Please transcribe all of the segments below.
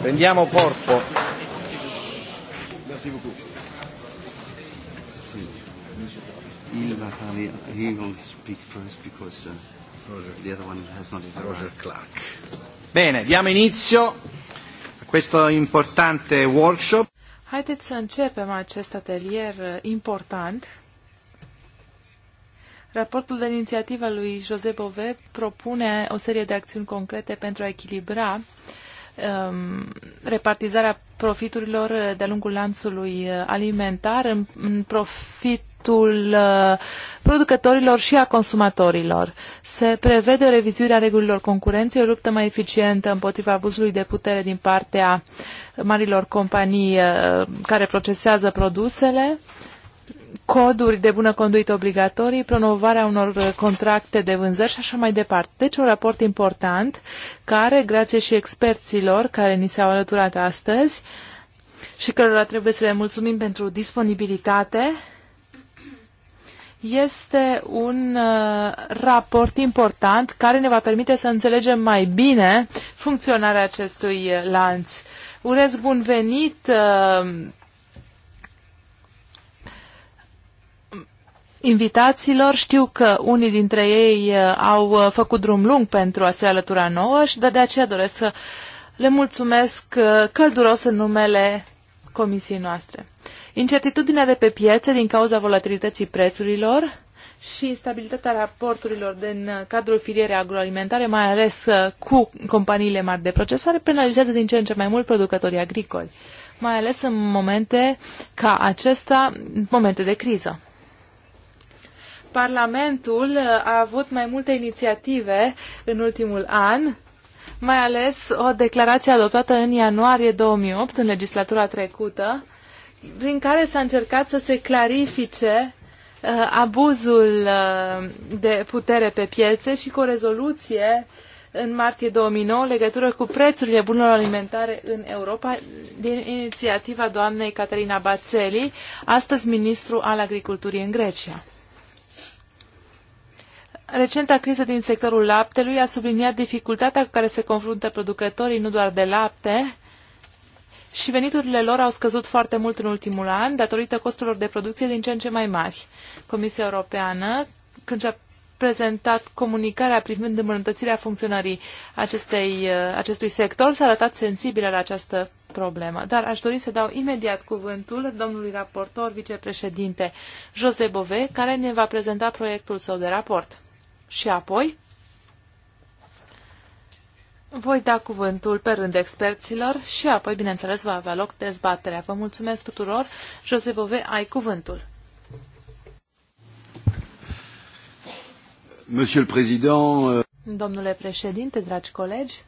Prendiamo corpo. Uh, Bene, diamo inizio a questo importante workshop. Haideți să începem acest atelier uh, important Raportul de inițiativă lui José Bové propune o serie de acțiuni concrete pentru a echilibra um, repartizarea profiturilor de-a lungul lanțului alimentar în, în profit uh, producătorilor și a consumatorilor. Se prevede revizuirea regulilor concurenței, o luptă mai eficientă împotriva abuzului de putere din partea marilor companii uh, care procesează produsele coduri de bună conduită obligatorii, promovarea unor uh, contracte de vânzări și așa mai departe. Deci un raport important care, grație și experților care ni s-au alăturat astăzi și cărora trebuie să le mulțumim pentru disponibilitate, este un uh, raport important care ne va permite să înțelegem mai bine funcționarea acestui uh, lanț. Urez bun venit uh, invitațiilor. Știu că unii dintre ei uh, au uh, făcut drum lung pentru a se alătura nouă și de aceea doresc să le mulțumesc uh, călduros în numele comisiei noastre. Incertitudinea de pe piețe din cauza volatilității prețurilor și instabilitatea raporturilor din cadrul filierei agroalimentare, mai ales cu companiile mari de procesare, penalizează din ce în ce mai mult producătorii agricoli, mai ales în momente ca acesta, momente de criză. Parlamentul uh, a avut mai multe inițiative în ultimul an, mai ales o declarație adoptată în ianuarie 2008, în legislatura trecută, prin care s-a încercat să se clarifice uh, abuzul uh, de putere pe piețe și cu o rezoluție în martie 2009 legătură cu prețurile bunurilor alimentare în Europa din inițiativa doamnei Caterina Bațeli, astăzi ministru al agriculturii în Grecia. Recenta criză din sectorul laptelui a subliniat dificultatea cu care se confruntă producătorii nu doar de lapte, și veniturile lor au scăzut foarte mult în ultimul an datorită costurilor de producție din ce în ce mai mari. Comisia Europeană, când și-a prezentat comunicarea privind îmbunătățirea funcționării acestei, acestui sector, s-a arătat sensibilă la această problemă. Dar aș dori să dau imediat cuvântul domnului raportor, vicepreședinte Jose Bove, care ne va prezenta proiectul său de raport și apoi voi da cuvântul pe rând experților și apoi, bineînțeles, va avea loc dezbaterea. Vă mulțumesc tuturor. Jose Bove, ai cuvântul. Monsieur le Président, euh, Domnule președinte, dragi colegi,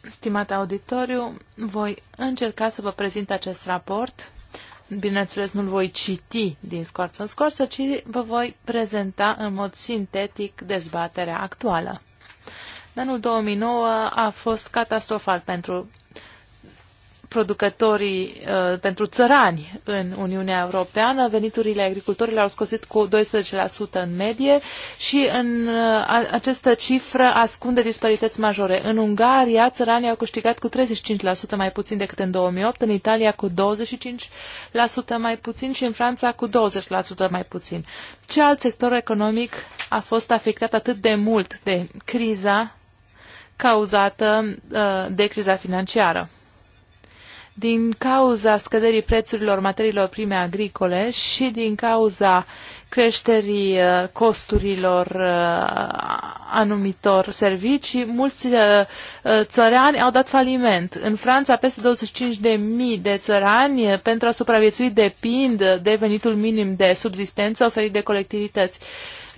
stimat auditoriu, voi încerca să vă prezint acest raport bineînțeles, nu-l voi citi din scoarță în scoarță, ci vă voi prezenta în mod sintetic dezbaterea actuală. Anul 2009 a fost catastrofal pentru producătorii uh, pentru țărani în Uniunea Europeană. Veniturile agricultorilor au scosit cu 12% în medie și în uh, această cifră ascunde disparități majore. În Ungaria, țăranii au câștigat cu 35% mai puțin decât în 2008, în Italia cu 25% mai puțin și în Franța cu 20% mai puțin. Ce alt sector economic a fost afectat atât de mult de criza cauzată uh, de criza financiară? din cauza scăderii prețurilor materiilor prime agricole și din cauza creșterii uh, costurilor uh, anumitor servicii, mulți uh, țărani au dat faliment. În Franța, peste 25.000 de țărani pentru a supraviețui depind de venitul minim de subzistență oferit de colectivități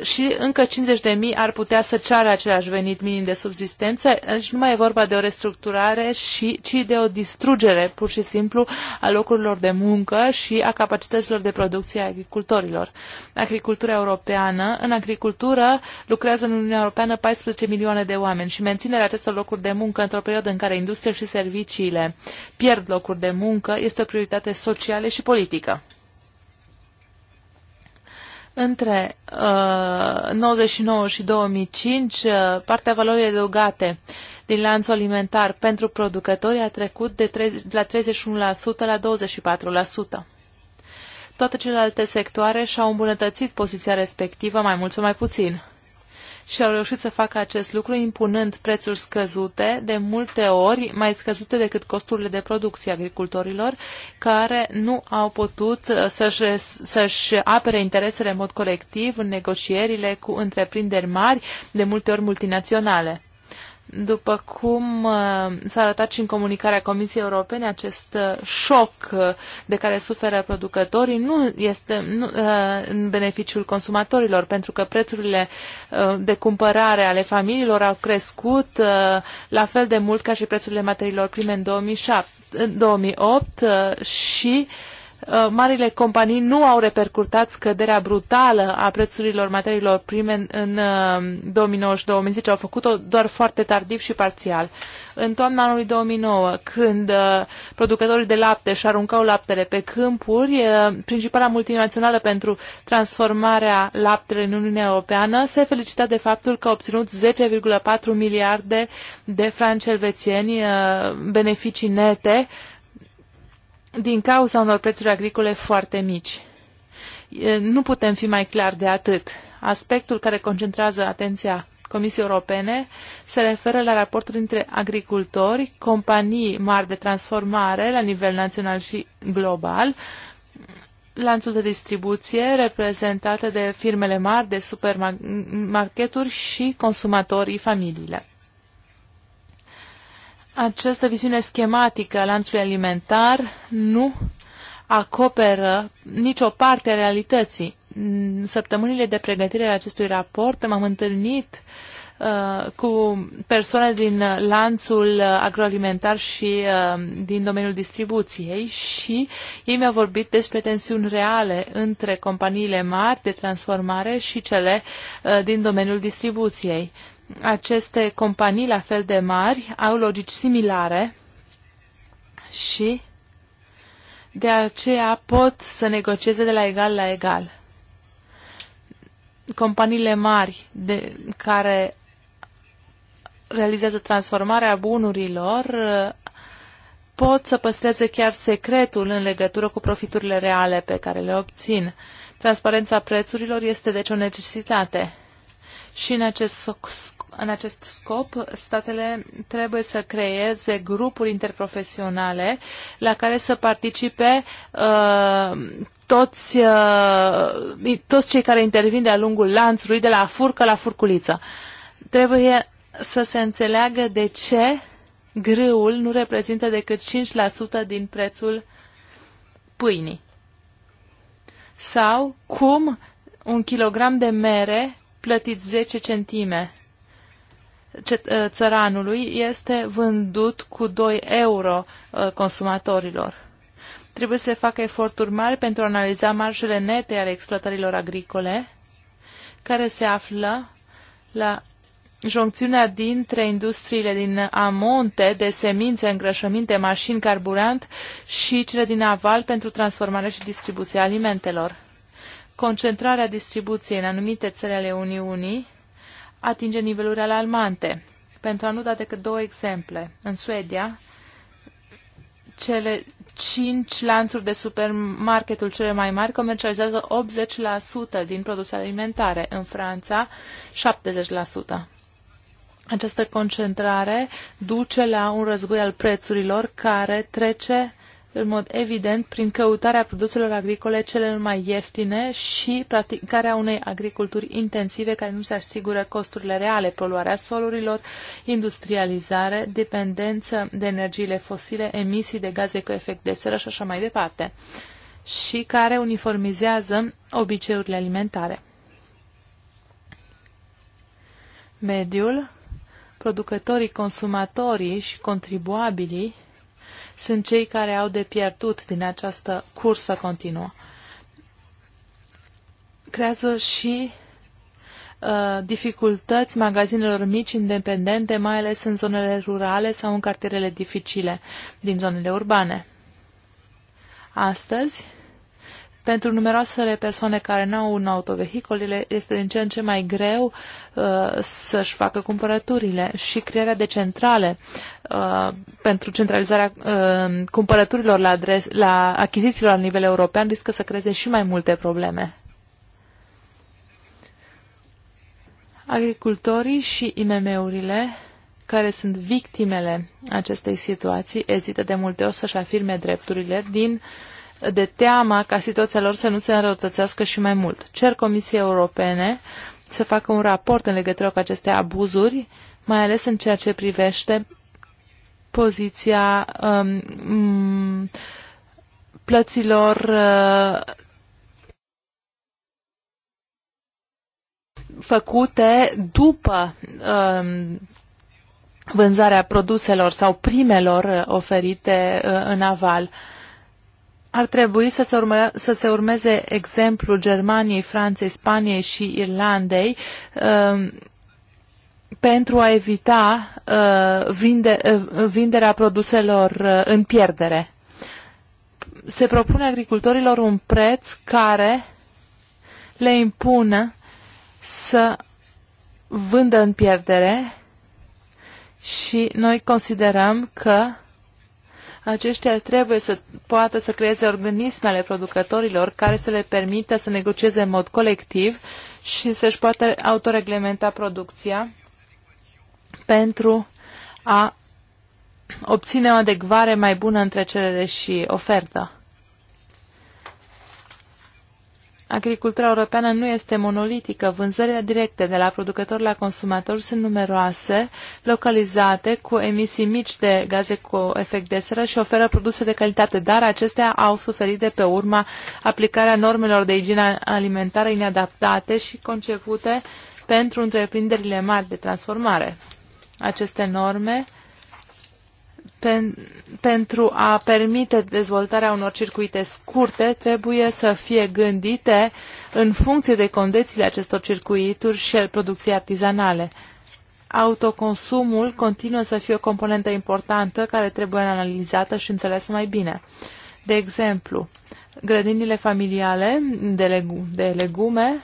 și încă 50.000 ar putea să ceară același venit minim de subsistență, deci nu mai e vorba de o restructurare, și, ci de o distrugere pur și simplu a locurilor de muncă și a capacităților de producție a agricultorilor. Agricultura europeană, în agricultură lucrează în Uniunea Europeană 14 milioane de oameni și menținerea acestor locuri de muncă într-o perioadă în care industria și serviciile pierd locuri de muncă este o prioritate socială și politică. Între uh, 99 și 2005, uh, partea valorii adăugate din lanțul alimentar pentru producători a trecut de, de la 31% la 24%. Toate celelalte sectoare și-au îmbunătățit poziția respectivă, mai mult sau mai puțin și au reușit să facă acest lucru impunând prețuri scăzute, de multe ori mai scăzute decât costurile de producție agricultorilor, care nu au putut uh, să-și, să apere interesele în mod colectiv în negocierile cu întreprinderi mari, de multe ori multinaționale. După cum uh, s-a arătat și în comunicarea Comisiei Europene, acest uh, șoc uh, de care suferă producătorii nu este nu, în beneficiul consumatorilor, pentru că prețurile de cumpărare ale familiilor au crescut la fel de mult ca și prețurile materiilor prime în 2007, 2008 și Uh, marile companii nu au repercutat scăderea brutală a prețurilor materiilor prime în 2009-2010, uh, au făcut-o doar foarte tardiv și parțial. În toamna anului 2009, când uh, producătorii de lapte și aruncau laptele pe câmpuri, principala multinațională pentru transformarea laptele în Uniunea Europeană se felicita de faptul că a obținut 10,4 miliarde de franci elvețieni beneficii nete din cauza unor prețuri agricole foarte mici. Nu putem fi mai clar de atât. Aspectul care concentrează atenția Comisiei Europene se referă la raportul între agricultori, companii mari de transformare la nivel național și global, lanțul de distribuție reprezentate de firmele mari, de supermarketuri și consumatorii, familiile. Această viziune schematică a lanțului alimentar nu acoperă nicio parte a realității. În săptămânile de pregătire a acestui raport m-am întâlnit uh, cu persoane din lanțul agroalimentar și uh, din domeniul distribuției și ei mi-au vorbit despre tensiuni reale între companiile mari de transformare și cele uh, din domeniul distribuției aceste companii la fel de mari au logici similare și de aceea pot să negocieze de la egal la egal. Companiile mari de, care realizează transformarea bunurilor pot să păstreze chiar secretul în legătură cu profiturile reale pe care le obțin. Transparența prețurilor este deci o necesitate. Și în acest în acest scop, statele trebuie să creeze grupuri interprofesionale la care să participe uh, toți, uh, toți cei care intervin de-a lungul lanțului, de la furcă la furculiță. Trebuie să se înțeleagă de ce grâul nu reprezintă decât 5% din prețul pâinii. Sau cum un kilogram de mere plătit 10 centime. Uh, țăranului este vândut cu 2 euro uh, consumatorilor. Trebuie să facă eforturi mari pentru a analiza marjele nete ale exploatărilor agricole, care se află la joncțiunea dintre industriile din amonte de semințe, îngrășăminte, mașini, carburant și cele din aval pentru transformarea și distribuția alimentelor. Concentrarea distribuției în anumite țări ale Uniunii atinge niveluri alarmante. Pentru a nu da decât două exemple, în Suedia, cele cinci lanțuri de supermarketul cele mai mari comercializează 80% din produse alimentare, în Franța 70%. Această concentrare duce la un război al prețurilor care trece în mod evident prin căutarea produselor agricole cele mai ieftine și practicarea unei agriculturi intensive care nu se asigură costurile reale, poluarea solurilor, industrializare, dependență de energiile fosile, emisii de gaze cu efect de seră și așa mai departe și care uniformizează obiceiurile alimentare. Mediul, producătorii, consumatorii și contribuabilii sunt cei care au de pierdut din această cursă continuă. Creează și uh, dificultăți magazinelor mici, independente, mai ales în zonele rurale sau în cartierele dificile din zonele urbane. Astăzi, pentru numeroasele persoane care nu au un autovehicolile, este din ce în ce mai greu uh, să-și facă cumpărăturile și crearea de centrale uh, pentru centralizarea uh, cumpărăturilor la, adres, la achizițiilor la nivel european riscă să creeze și mai multe probleme. Agricultorii și IMM-urile care sunt victimele acestei situații ezită de multe ori să-și afirme drepturile din uh, de teama ca situația lor să nu se înrăutățească și mai mult. Cer Comisiei Europene să facă un raport în legătură cu aceste abuzuri, mai ales în ceea ce privește poziția um, plăților uh, făcute după um, vânzarea produselor sau primelor oferite uh, în aval. Uh, ar trebui să se, urmă, să se urmeze exemplul Germaniei, Franței, Spaniei și Irlandei uh, pentru a evita uh, vinde, uh, vinderea produselor uh, în pierdere. Se propune agricultorilor un preț care le impună să vândă în pierdere și noi considerăm că aceștia trebuie să poată să creeze organismele producătorilor care să le permită să negocieze în mod colectiv și să-și poată autoreglementa producția pentru a obține o adecvare mai bună între cerere și ofertă. Agricultura europeană nu este monolitică. Vânzările directe de la producător la consumator sunt numeroase, localizate, cu emisii mici de gaze cu efect de seră și oferă produse de calitate, dar acestea au suferit de pe urma aplicarea normelor de igienă alimentară inadaptate și concepute pentru întreprinderile mari de transformare. Aceste norme pen, pentru a permite dezvoltarea unor circuite scurte, trebuie să fie gândite în funcție de condițiile acestor circuituri și producției artizanale. Autoconsumul continuă să fie o componentă importantă care trebuie analizată și înțeleasă mai bine. De exemplu, grădinile familiale de, legu- de legume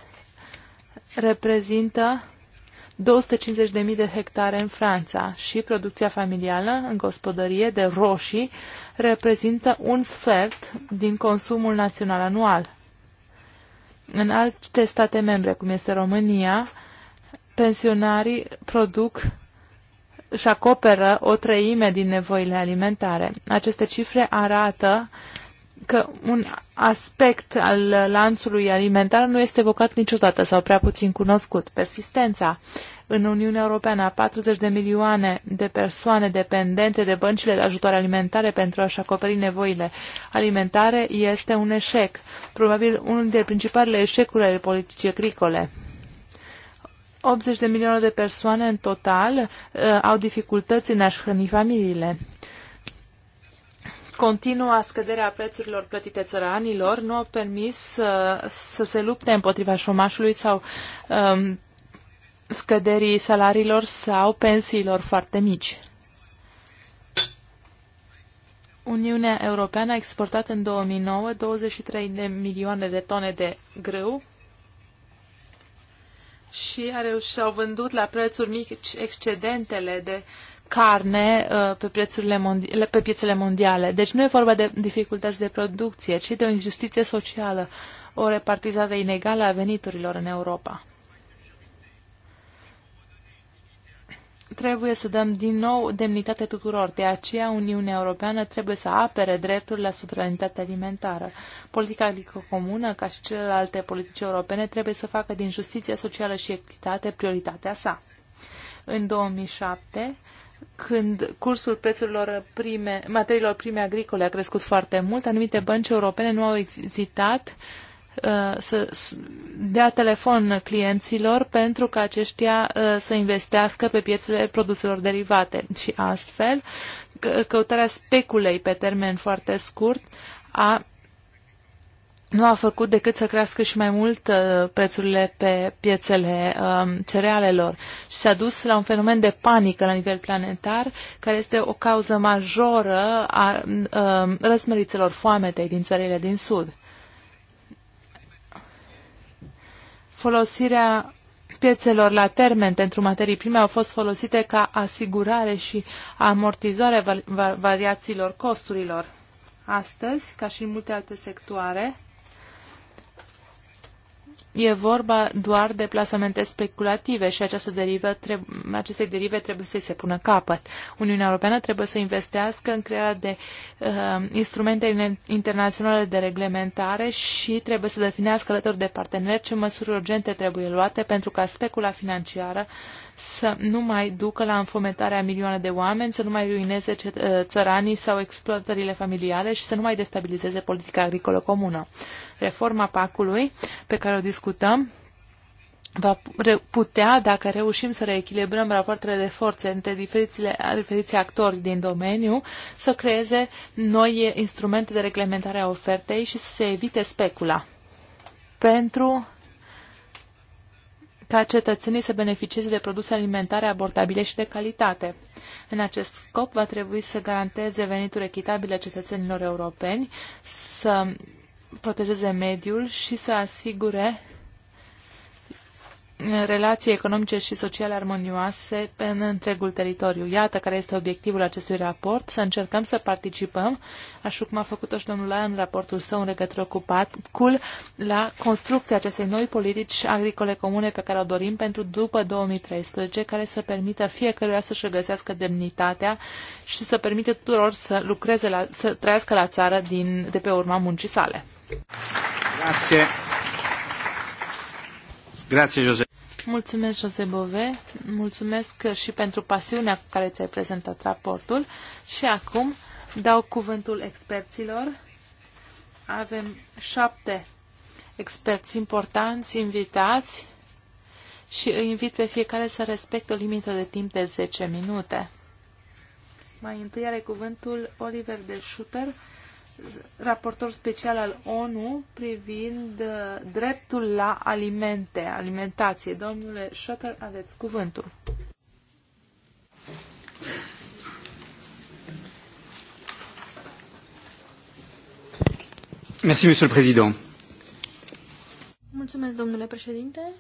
reprezintă 250.000 de hectare în Franța și producția familială în gospodărie de roșii reprezintă un sfert din consumul național anual. În alte state membre, cum este România, pensionarii produc și acoperă o treime din nevoile alimentare. Aceste cifre arată uh, că un aspect al lanțului alimentar nu este evocat niciodată sau prea puțin cunoscut. Persistența. În Uniunea Europeană, a 40 de milioane de persoane dependente de băncile de ajutoare alimentare pentru a-și acoperi nevoile alimentare este un eșec, probabil unul dintre principalele eșecuri ale politicii agricole. 80 de milioane de persoane în total uh, au dificultăți în a-și hrăni familiile. Continua scăderea prețurilor plătite țăranilor nu au permis să, uh, să se lupte împotriva șomașului sau um, scăderii salariilor sau pensiilor foarte mici. Uniunea Europeană a exportat în 2009 23 de milioane de tone de grâu și a reușit, au vândut la prețuri mici excedentele de carne uh, pe, prețurile mondiale, pe piețele mondiale. Deci nu e vorba de dificultăți de producție, ci de o injustiție socială, o repartizare inegală a veniturilor în Europa. Trebuie să dăm din nou demnitate tuturor, de aceea Uniunea Europeană trebuie să apere drepturile la suveranitate alimentară. Politica agricolă comună, ca și celelalte politici europene, trebuie să facă din justiția socială și echitate prioritatea sa. În 2007, când cursul prețurilor prime, materiilor prime agricole a crescut foarte mult, anumite bănci europene nu au ezitat uh, să dea telefon clienților pentru ca aceștia uh, să investească pe piețele produselor derivate. Și astfel, căutarea speculei pe termen foarte scurt a nu a făcut decât să crească și mai mult uh, prețurile pe piețele um, cerealelor și s-a dus la un fenomen de panică la nivel planetar, care este o cauză majoră a um, răsmărițelor foametei din țările din Sud. Folosirea piețelor la termen pentru materii prime au fost folosite ca asigurare și amortizare variațiilor costurilor. Astăzi, ca și în multe alte sectoare, E vorba doar de plasamente speculative și această derivă treb- acestei derive trebuie să se pună capăt. Uniunea Europeană trebuie să investească în crearea de uh, instrumente internaționale de reglementare și trebuie să definească alături de parteneri ce măsuri urgente trebuie luate pentru ca specula financiară să nu mai ducă la înfometarea milioane de oameni, să nu mai ruineze ă, țăranii sau exploatările familiale și să nu mai destabilizeze politica agricolă comună. Reforma PAC-ului pe care o discutăm va putea, dacă reușim să reechilibrăm rapoartele de forțe între diferiții actori din domeniu, să creeze noi instrumente de reglementare a ofertei și să se evite specula pentru ca cetățenii să beneficieze de produse alimentare abordabile și de calitate. În acest scop, va trebui să garanteze venituri echitabile cetățenilor europeni, să protejeze mediul și să asigure relații economice și sociale armonioase în întregul teritoriu. Iată care este obiectivul acestui raport, să încercăm să participăm, așa cum a făcut-o și domnul Lai în raportul său în legătură cu PAC-ul, la construcția acestei noi politici agricole comune pe care o dorim pentru după 2013, care să permită fiecăruia să-și găsească demnitatea și să permită tuturor să lucreze, la, să trăiască la țară din, de pe urma muncii sale. Grazie. Grazie, José. Mulțumesc, Jose Bove, mulțumesc și pentru pasiunea cu care ți-ai prezentat raportul și acum dau cuvântul experților. Avem șapte experți importanți invitați și îi invit pe fiecare să respecte o limită de timp de 10 minute. Mai întâi are cuvântul Oliver de Schutter raportor special al ONU privind uh, dreptul la alimente, alimentație. Domnule Schotter, aveți cuvântul. Merci, Monsieur le Président. Mulțumesc, domnule președinte.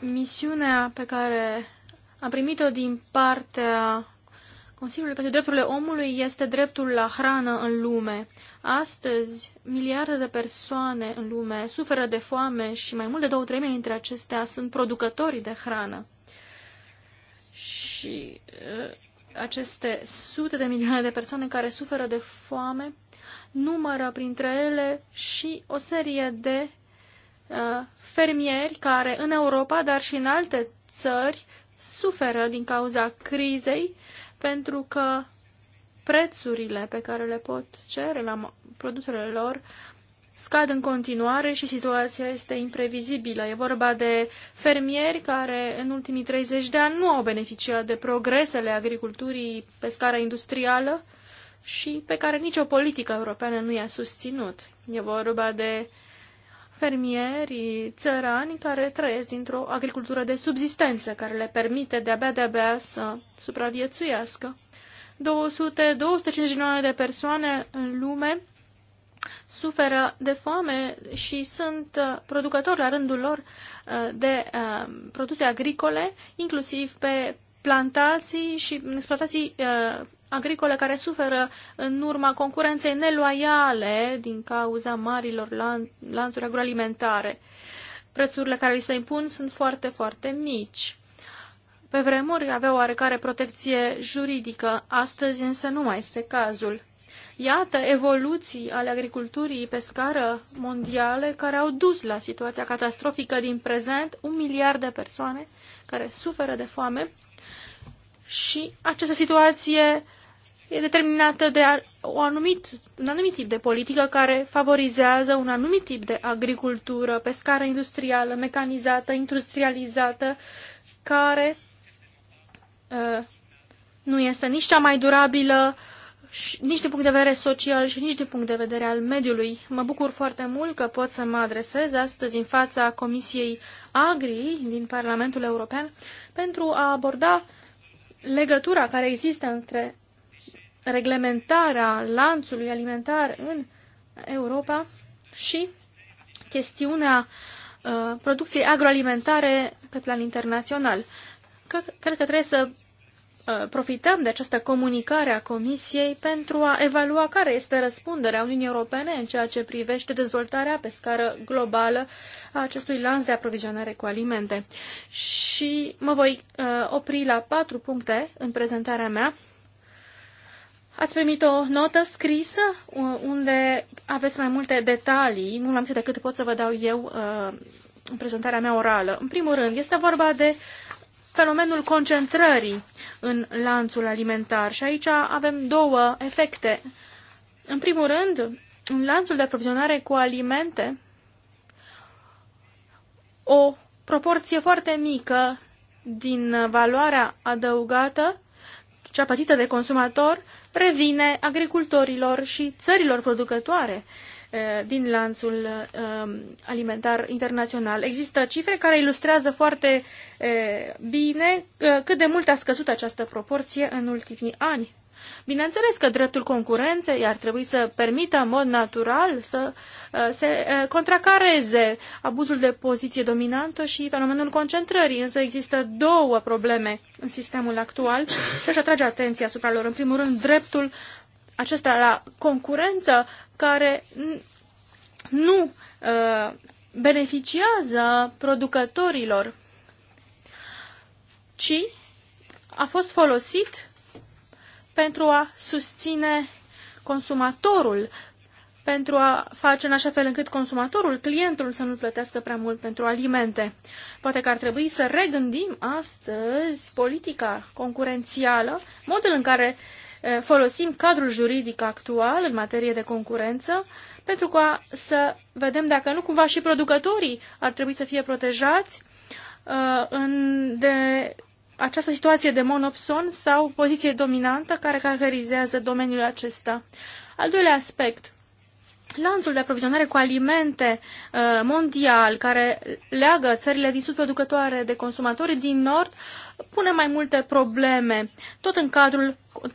Misiunea pe care am primit-o din partea Consiliul pentru Drepturile Omului este dreptul la hrană în lume. Astăzi, miliarde de persoane în lume suferă de foame și mai mult de două treime dintre acestea sunt producătorii de hrană. Și uh, aceste sute de milioane de persoane care suferă de foame numără printre ele și o serie de uh, fermieri care în Europa, dar și în alte țări, suferă din cauza crizei pentru că prețurile pe care le pot cere la produsele lor scad în continuare și situația este imprevizibilă. E vorba de fermieri care în ultimii 30 de ani nu au beneficiat de progresele agriculturii pe scară industrială și pe care nicio politică europeană nu i-a susținut. E vorba de fermierii țărani care trăiesc dintr-o agricultură de subzistență, care le permite de-abia de-abia să supraviețuiască. 200-250 milioane de persoane în lume suferă de foame și sunt uh, producători la rândul lor uh, de uh, produse agricole, inclusiv pe plantații și exploatații agricole care suferă în urma concurenței neloiale din cauza marilor lan lanțuri agroalimentare. Prețurile care li se impun sunt foarte, foarte mici. Pe vremuri avea oarecare protecție juridică, astăzi însă nu mai este cazul. Iată evoluții ale agriculturii pe scară mondială care au dus la situația catastrofică din prezent, un miliard de persoane care suferă de foame și această situație e determinată de o anumit, un anumit tip de politică care favorizează un anumit tip de agricultură pe scară industrială, mecanizată, industrializată, care uh, nu este nici cea mai durabilă, nici din punct de vedere social și nici din punct de vedere al mediului. Mă bucur foarte mult că pot să mă adresez astăzi în fața Comisiei Agri din Parlamentul European pentru a aborda legătura care există între reglementarea lanțului alimentar în Europa și chestiunea uh, producției agroalimentare pe plan internațional. Cred că trebuie să uh, profităm de această comunicare a Comisiei pentru a evalua care este răspunderea Uniunii Europene în ceea ce privește dezvoltarea pe scară globală a acestui lanț de aprovizionare cu alimente. Și mă voi uh, opri la patru puncte în prezentarea mea Ați primit o notă scrisă unde aveți mai multe detalii, mult mai multe decât pot să vă dau eu uh, în prezentarea mea orală. În primul rând, este vorba de fenomenul concentrării în lanțul alimentar și aici avem două efecte. În primul rând, în lanțul de aprovizionare cu alimente, o proporție foarte mică din valoarea adăugată cea plătită de consumator revine agricultorilor și țărilor producătoare eh, din lanțul ehm, alimentar internațional. Există cifre care ilustrează foarte eh, bine eh, cât de mult a scăzut această proporție în ultimii ani. Bineînțeles că dreptul concurenței ar trebui să permită în mod natural să uh, se uh, contracareze abuzul de poziție dominantă și fenomenul concentrării, însă există două probleme în sistemul actual și aș atrage atenția asupra lor. În primul rând, dreptul acesta la concurență care nu uh, beneficiază producătorilor, ci a fost folosit pentru a susține consumatorul, pentru a face în așa fel încât consumatorul, clientul, să nu plătească prea mult pentru alimente. Poate că ar trebui să regândim astăzi politica concurențială, modul în care folosim cadrul juridic actual în materie de concurență, pentru ca să vedem dacă nu cumva și producătorii ar trebui să fie protejați în, de această situație de monopson sau poziție dominantă care caracterizează domeniul acesta. Al doilea aspect, lanțul de aprovizionare cu alimente uh, mondial care leagă țările din sud producătoare de consumatori din nord pune mai multe probleme, tot în cadrul uh,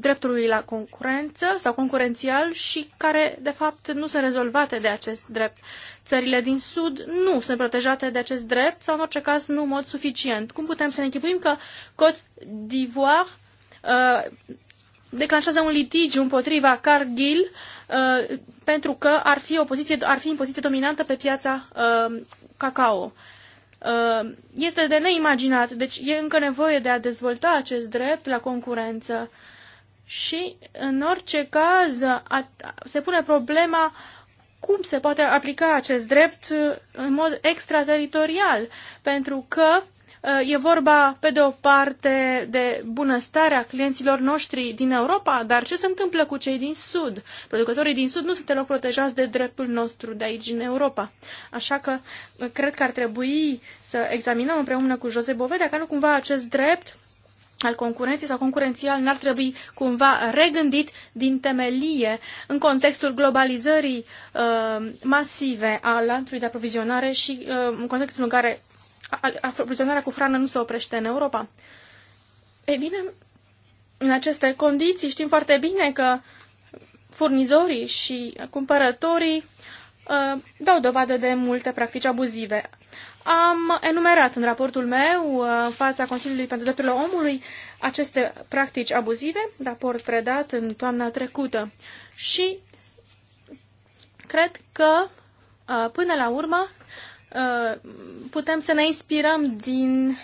dreptului la concurență sau concurențial și care, de fapt, nu sunt rezolvate de acest drept. Țările din Sud nu sunt protejate de acest drept sau, în orice caz, nu în mod suficient. Cum putem să ne închipuim că Côte d'Ivoire uh, declanșează un litigiu împotriva Cargill Uh, pentru că ar fi, o poziție, ar fi în poziție dominantă pe piața uh, cacao. Uh, este de neimaginat, deci e încă nevoie de a dezvolta acest drept la concurență și, în orice caz, se pune problema cum se poate aplica acest drept în mod extrateritorial, pentru că E vorba, pe de o parte, de bunăstarea clienților noștri din Europa, dar ce se întâmplă cu cei din Sud? Producătorii din Sud nu sunt deloc protejați de dreptul nostru de aici, în Europa. Așa că cred că ar trebui să examinăm împreună cu Jose Bove dacă nu cumva acest drept al concurenței sau concurențial n-ar trebui cumva regândit din temelie în contextul globalizării uh, masive a lanțului de aprovizionare și uh, în contextul în care aprovizionarea cu hrană nu se oprește în Europa. E bine, în aceste condiții știm foarte bine că furnizorii și cumpărătorii uh, dau dovadă de multe practici abuzive. Am enumerat în raportul meu, uh, în fața Consiliului pentru Drepturile Omului, aceste practici abuzive, raport predat în toamna trecută. Și cred că, uh, până la urmă, Uh, putem să ne inspirăm din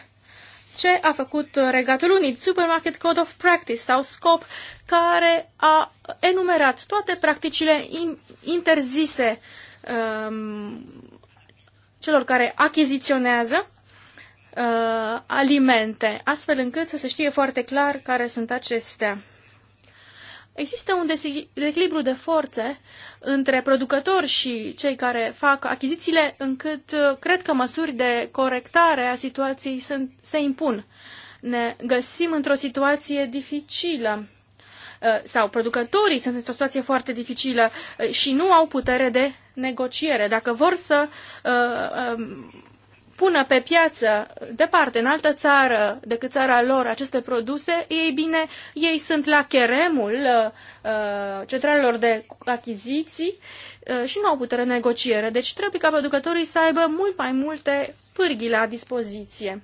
ce a făcut Regatul Unit, Supermarket Code of Practice sau SCOP, care a enumerat toate practicile interzise um, celor care achiziționează uh, alimente, astfel încât să se știe foarte clar care sunt acestea. Există un dezechilibru de forțe între producători și cei care fac achizițiile, încât uh, cred că măsuri de corectare a situației sunt, se impun. Ne găsim într-o situație dificilă uh, sau producătorii sunt într-o situație foarte dificilă uh, și nu au putere de negociere. Dacă vor să uh, um, pună pe piață, departe, în altă țară decât țara lor, aceste produse, ei bine, ei sunt la cheremul uh, uh centralelor de achiziții uh, și nu au putere negociere. Deci trebuie ca producătorii să aibă mult mai multe pârghii la dispoziție.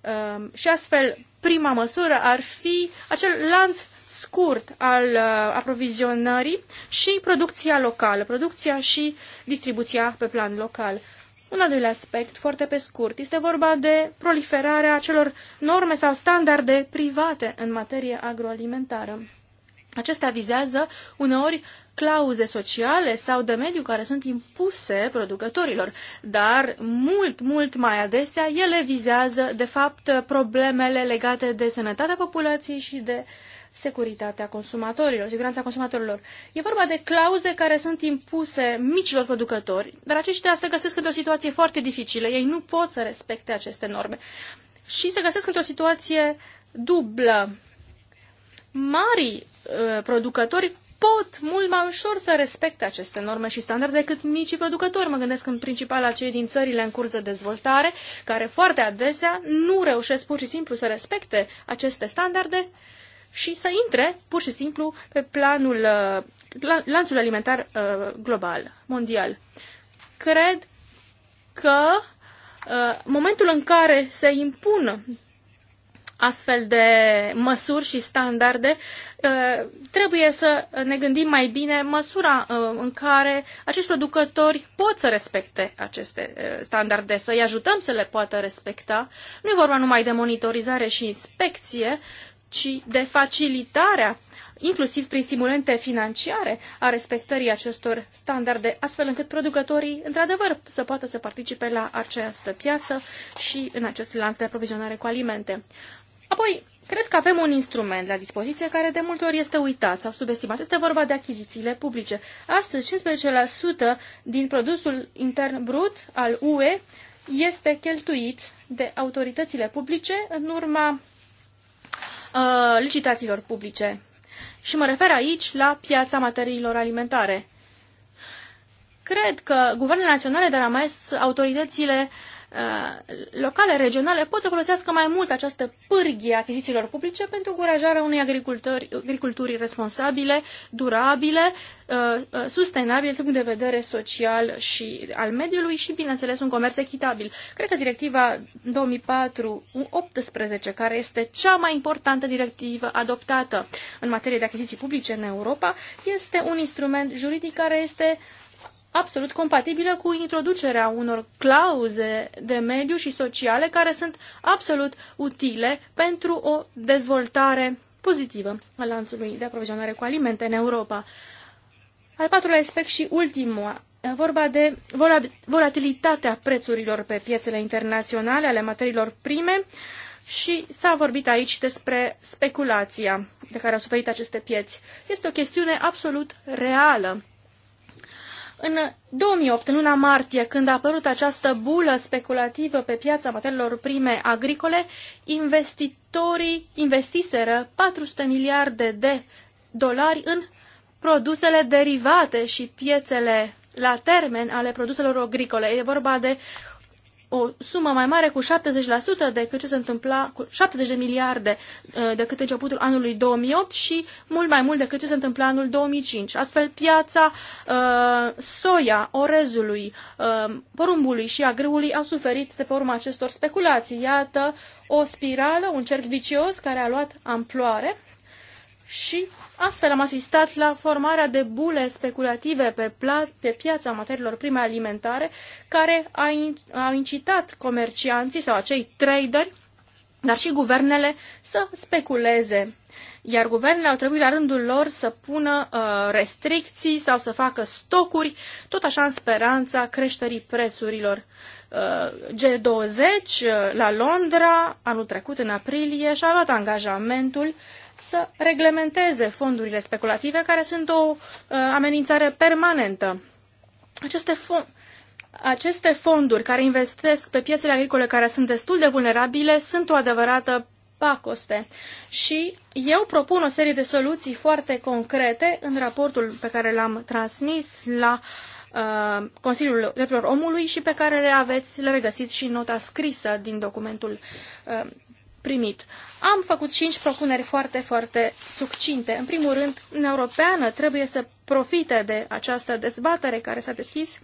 Uh, și astfel, prima măsură ar fi acel lanț scurt al uh, aprovizionării și producția locală, producția și distribuția pe plan local. Un al doilea aspect, foarte pe scurt, este vorba de proliferarea acelor norme sau standarde private în materie agroalimentară. Acestea vizează uneori clauze sociale sau de mediu care sunt impuse producătorilor, dar mult, mult mai adesea ele vizează, de fapt, problemele legate de sănătatea populației și de securitatea consumatorilor, siguranța consumatorilor. E vorba de clauze care sunt impuse micilor producători, dar aceștia se găsesc într-o situație foarte dificilă. Ei nu pot să respecte aceste norme și se găsesc într-o situație dublă. Mari uh, producători pot mult mai ușor să respecte aceste norme și standarde decât micii producători. Mă gândesc în principal la cei din țările în curs de dezvoltare, care foarte adesea nu reușesc pur și simplu să respecte aceste standarde și să intre pur și simplu pe planul, uh, lanțul alimentar uh, global, mondial. Cred că uh, momentul în care se impun astfel de măsuri și standarde, trebuie să ne gândim mai bine măsura în care acești producători pot să respecte aceste standarde, să-i ajutăm să le poată respecta. Nu e vorba numai de monitorizare și inspecție, ci de facilitarea inclusiv prin stimulente financiare a respectării acestor standarde, astfel încât producătorii, într-adevăr, să poată să participe la această piață și în acest lanț de aprovizionare cu alimente. Apoi, cred că avem un instrument la dispoziție care de multe ori este uitat sau subestimat. Este vorba de achizițiile publice. Astăzi, 15% din produsul intern brut al UE este cheltuit de autoritățile publice în urma Uh, licitațiilor publice. Și mă refer aici la piața materiilor alimentare. Cred că guvernele naționale, dar mai ales autoritățile uh, Uh, locale, regionale, pot să folosească mai mult această pârghie achizițiilor publice pentru încurajarea unei agriculturi, agriculturi responsabile, durabile, uh, uh, sustenabile din punct de vedere social și al mediului și, bineînțeles, un comerț echitabil. Cred că directiva 2004-18, care este cea mai importantă directivă adoptată în materie de achiziții publice în Europa, este un instrument juridic care este absolut compatibilă cu introducerea unor clauze de mediu și sociale care sunt absolut utile pentru o dezvoltare pozitivă a lanțului de aprovizionare cu alimente în Europa. Al patrulea aspect și ultimul, vorba de volatilitatea prețurilor pe piețele internaționale ale materiilor prime și s-a vorbit aici despre speculația de care au suferit aceste pieți. Este o chestiune absolut reală în 2008, în luna martie, când a apărut această bulă speculativă pe piața materiilor prime agricole, investitorii investiseră 400 miliarde de dolari în produsele derivate și piețele la termen ale produselor agricole. E vorba de o sumă mai mare cu 70% decât ce se întâmpla cu 70 de miliarde uh, decât începutul anului 2008 și mult mai mult decât ce se întâmpla anul 2005. Astfel, piața uh, soia, orezului, uh, porumbului și a grâului au suferit de pe urma acestor speculații. Iată o spirală, un cerc vicios care a luat amploare și astfel am asistat la formarea de bule speculative pe, pe piața materiilor prime alimentare care a in au incitat comercianții sau acei traderi, dar și guvernele să speculeze. Iar guvernele au trebuit la rândul lor să pună uh, restricții sau să facă stocuri, tot așa în speranța creșterii prețurilor. Uh, G20 uh, la Londra anul trecut, în aprilie, și-a luat angajamentul să reglementeze fondurile speculative, care sunt o uh, amenințare permanentă. Aceste, fond, aceste fonduri care investesc pe piețele agricole, care sunt destul de vulnerabile, sunt o adevărată pacoste. Și eu propun o serie de soluții foarte concrete în raportul pe care l-am transmis la uh, Consiliul Drepturilor Omului și pe care le aveți, le regăsiți și în nota scrisă din documentul uh, primit. Am făcut cinci propuneri foarte, foarte succinte. În primul rând, Uniunea Europeană trebuie să profite de această dezbatere care s-a deschis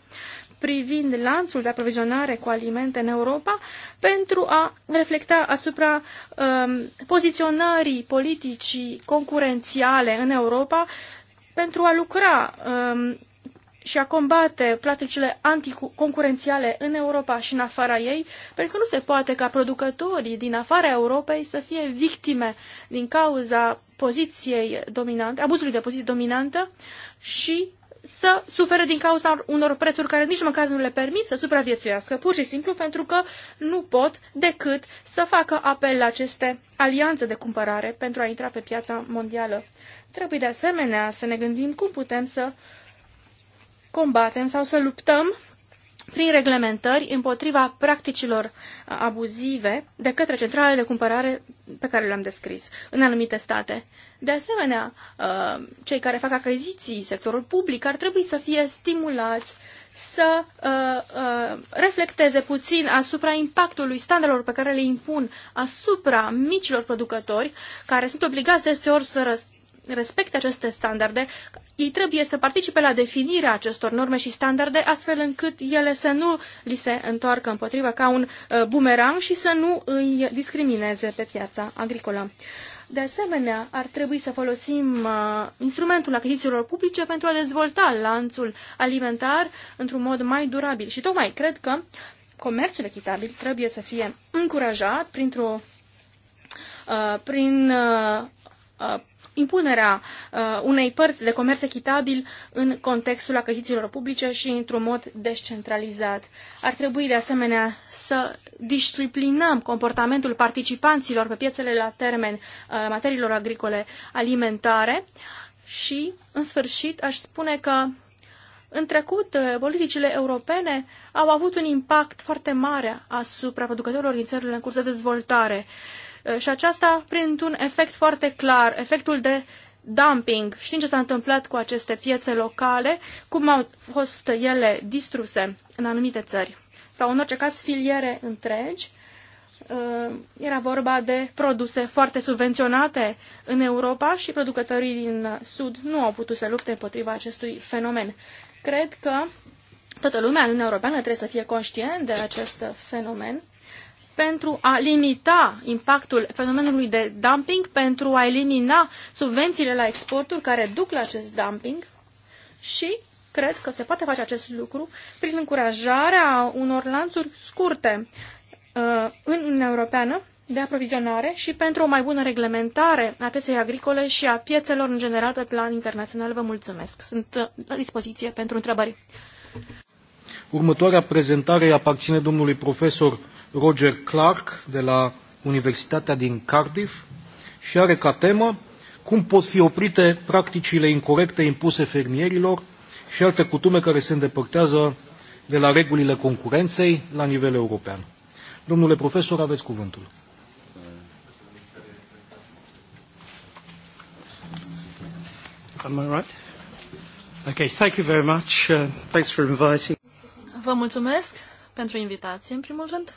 privind lanțul de aprovizionare cu alimente în Europa pentru a reflecta asupra um, poziționării politicii concurențiale în Europa pentru a lucra um, și a combate practicile anticoncurențiale în Europa și în afara ei, pentru că nu se poate ca producătorii din afara Europei să fie victime din cauza poziției dominante, abuzului de poziție dominantă și să sufere din cauza unor prețuri care nici măcar nu le permit să supraviețuiască, pur și simplu pentru că nu pot decât să facă apel la aceste alianțe de cumpărare pentru a intra pe piața mondială. Trebuie de asemenea să ne gândim cum putem să combatem sau să luptăm prin reglementări împotriva practicilor abuzive de către centralele de cumpărare pe care le-am descris în anumite state. De asemenea, uh, cei care fac achiziții, sectorul public, ar trebui să fie stimulați să uh, uh, reflecteze puțin asupra impactului standardelor pe care le impun asupra micilor producători, care sunt obligați deseori să răspundă respecte aceste standarde, ei trebuie să participe la definirea acestor norme și standarde, astfel încât ele să nu li se întoarcă împotriva ca un uh, bumerang și să nu îi discrimineze pe piața agricolă. De asemenea, ar trebui să folosim uh, instrumentul achizițiilor publice pentru a dezvolta lanțul alimentar într-un mod mai durabil. Și tocmai cred că comerțul echitabil trebuie să fie încurajat printr-o, uh, prin uh, uh impunerea uh, unei părți de comerț echitabil în contextul achizițiilor publice și într-un mod descentralizat. Ar trebui de asemenea să disciplinăm comportamentul participanților pe piețele la termen uh, materiilor agricole alimentare și, în sfârșit, aș spune că în trecut, uh, politicile europene au avut un impact foarte mare asupra producătorilor din țările în curs de dezvoltare. Uh, Uh, și aceasta printr-un efect foarte clar, efectul de dumping. Știm ce s-a întâmplat cu aceste piețe locale, cum au fost ele distruse în anumite țări sau în orice caz filiere întregi. Uh, era vorba de produse foarte subvenționate în Europa și producătorii din Sud nu au putut să lupte împotriva acestui fenomen. Cred că toată lumea în Uniunea Europeană trebuie să fie conștient de acest fenomen pentru a limita impactul fenomenului de dumping, pentru a elimina subvențiile la exporturi care duc la acest dumping și cred că se poate face acest lucru prin încurajarea unor lanțuri scurte uh, în Uniunea Europeană de aprovizionare și pentru o mai bună reglementare a pieței agricole și a piețelor în general pe plan internațional. Vă mulțumesc. Sunt uh, la dispoziție pentru întrebări. Următoarea prezentare aparține domnului profesor Roger Clark de la Universitatea din Cardiff și are ca temă cum pot fi oprite practicile incorrecte impuse fermierilor și alte cutume care se îndepărtează de la regulile concurenței la nivel european. Domnule profesor, aveți cuvântul. Am I right? Okay, thank you very much. Uh, thanks for inviting. Vă mulțumesc pentru invitație, în primul rând.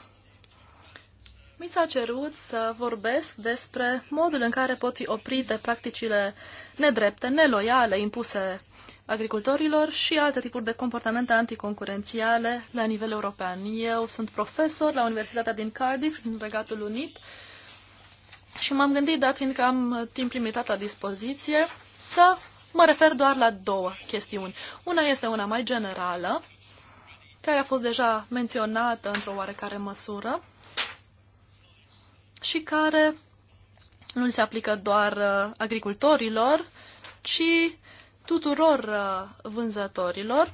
Mi s-a cerut să vorbesc despre modul în care pot fi oprite practicile nedrepte, neloiale, impuse agricultorilor și alte tipuri de comportamente anticoncurențiale la nivel european. Eu sunt profesor la Universitatea din Cardiff, în Regatul Unit, și m-am gândit, dat fiindcă am timp limitat la dispoziție, să mă refer doar la două chestiuni. Una este una mai generală, care a fost deja menționată într-o oarecare măsură, și care nu se aplică doar uh, agricultorilor, ci tuturor uh, vânzătorilor.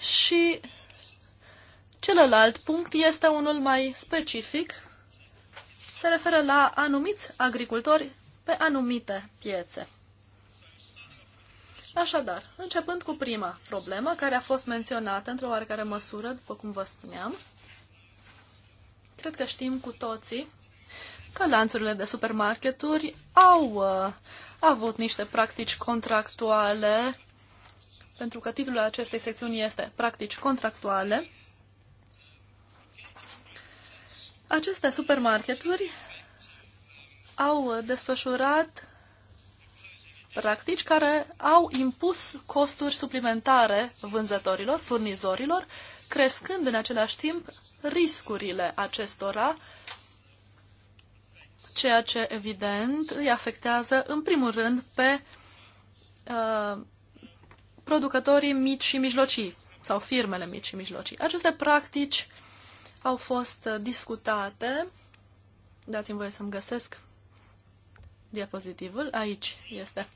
Și celălalt punct este unul mai specific, se referă la anumiți agricultori pe anumite piețe. Așadar, începând cu prima problemă, care a fost menționată într-o oarecare măsură, după cum vă spuneam, cred că știm cu toții că lanțurile de supermarketuri au uh, avut niște practici contractuale, pentru că titlul acestei secțiuni este Practici contractuale. Aceste supermarketuri au uh, desfășurat practici care au impus costuri suplimentare vânzătorilor, furnizorilor, crescând în același timp riscurile acestora, ceea ce evident îi afectează în primul rând pe uh, producătorii mici și mijlocii sau firmele mici și mijlocii. Aceste practici au fost discutate. Dați-mi voie să-mi găsesc diapozitivul. Aici este.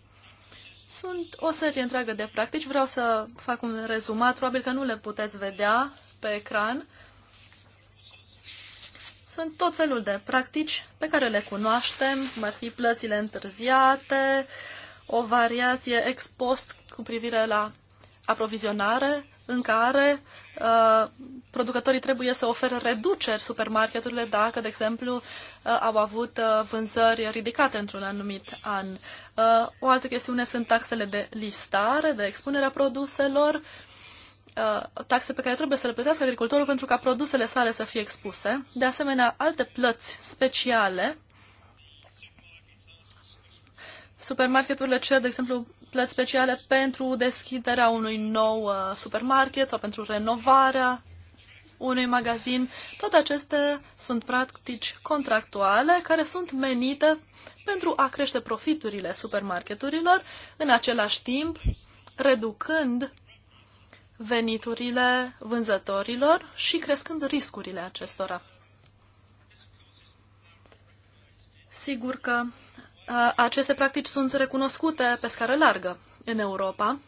Sunt o serie întreagă de practici. Vreau să fac un rezumat. Probabil că nu le puteți vedea pe ecran. Sunt tot felul de practici pe care le cunoaștem, cum ar fi plățile întârziate, o variație ex post cu privire la aprovizionare, în care uh, producătorii trebuie să oferă reduceri supermarketurile dacă, de exemplu, uh, au avut uh, vânzări ridicate într-un anumit an. Uh, o altă chestiune sunt taxele de listare, de expunerea produselor, uh, taxe pe care trebuie să le plătească agricultorul pentru ca produsele sale să fie expuse. De asemenea, alte plăți speciale Supermarketurile cer, de exemplu, plăți speciale pentru deschiderea unui nou uh, supermarket sau pentru renovarea unui magazin. Toate acestea sunt practici contractuale care sunt menite pentru a crește profiturile supermarketurilor, în același timp reducând veniturile vânzătorilor și crescând riscurile acestora. Sigur că aceste practici sunt recunoscute pe scară largă în Europa.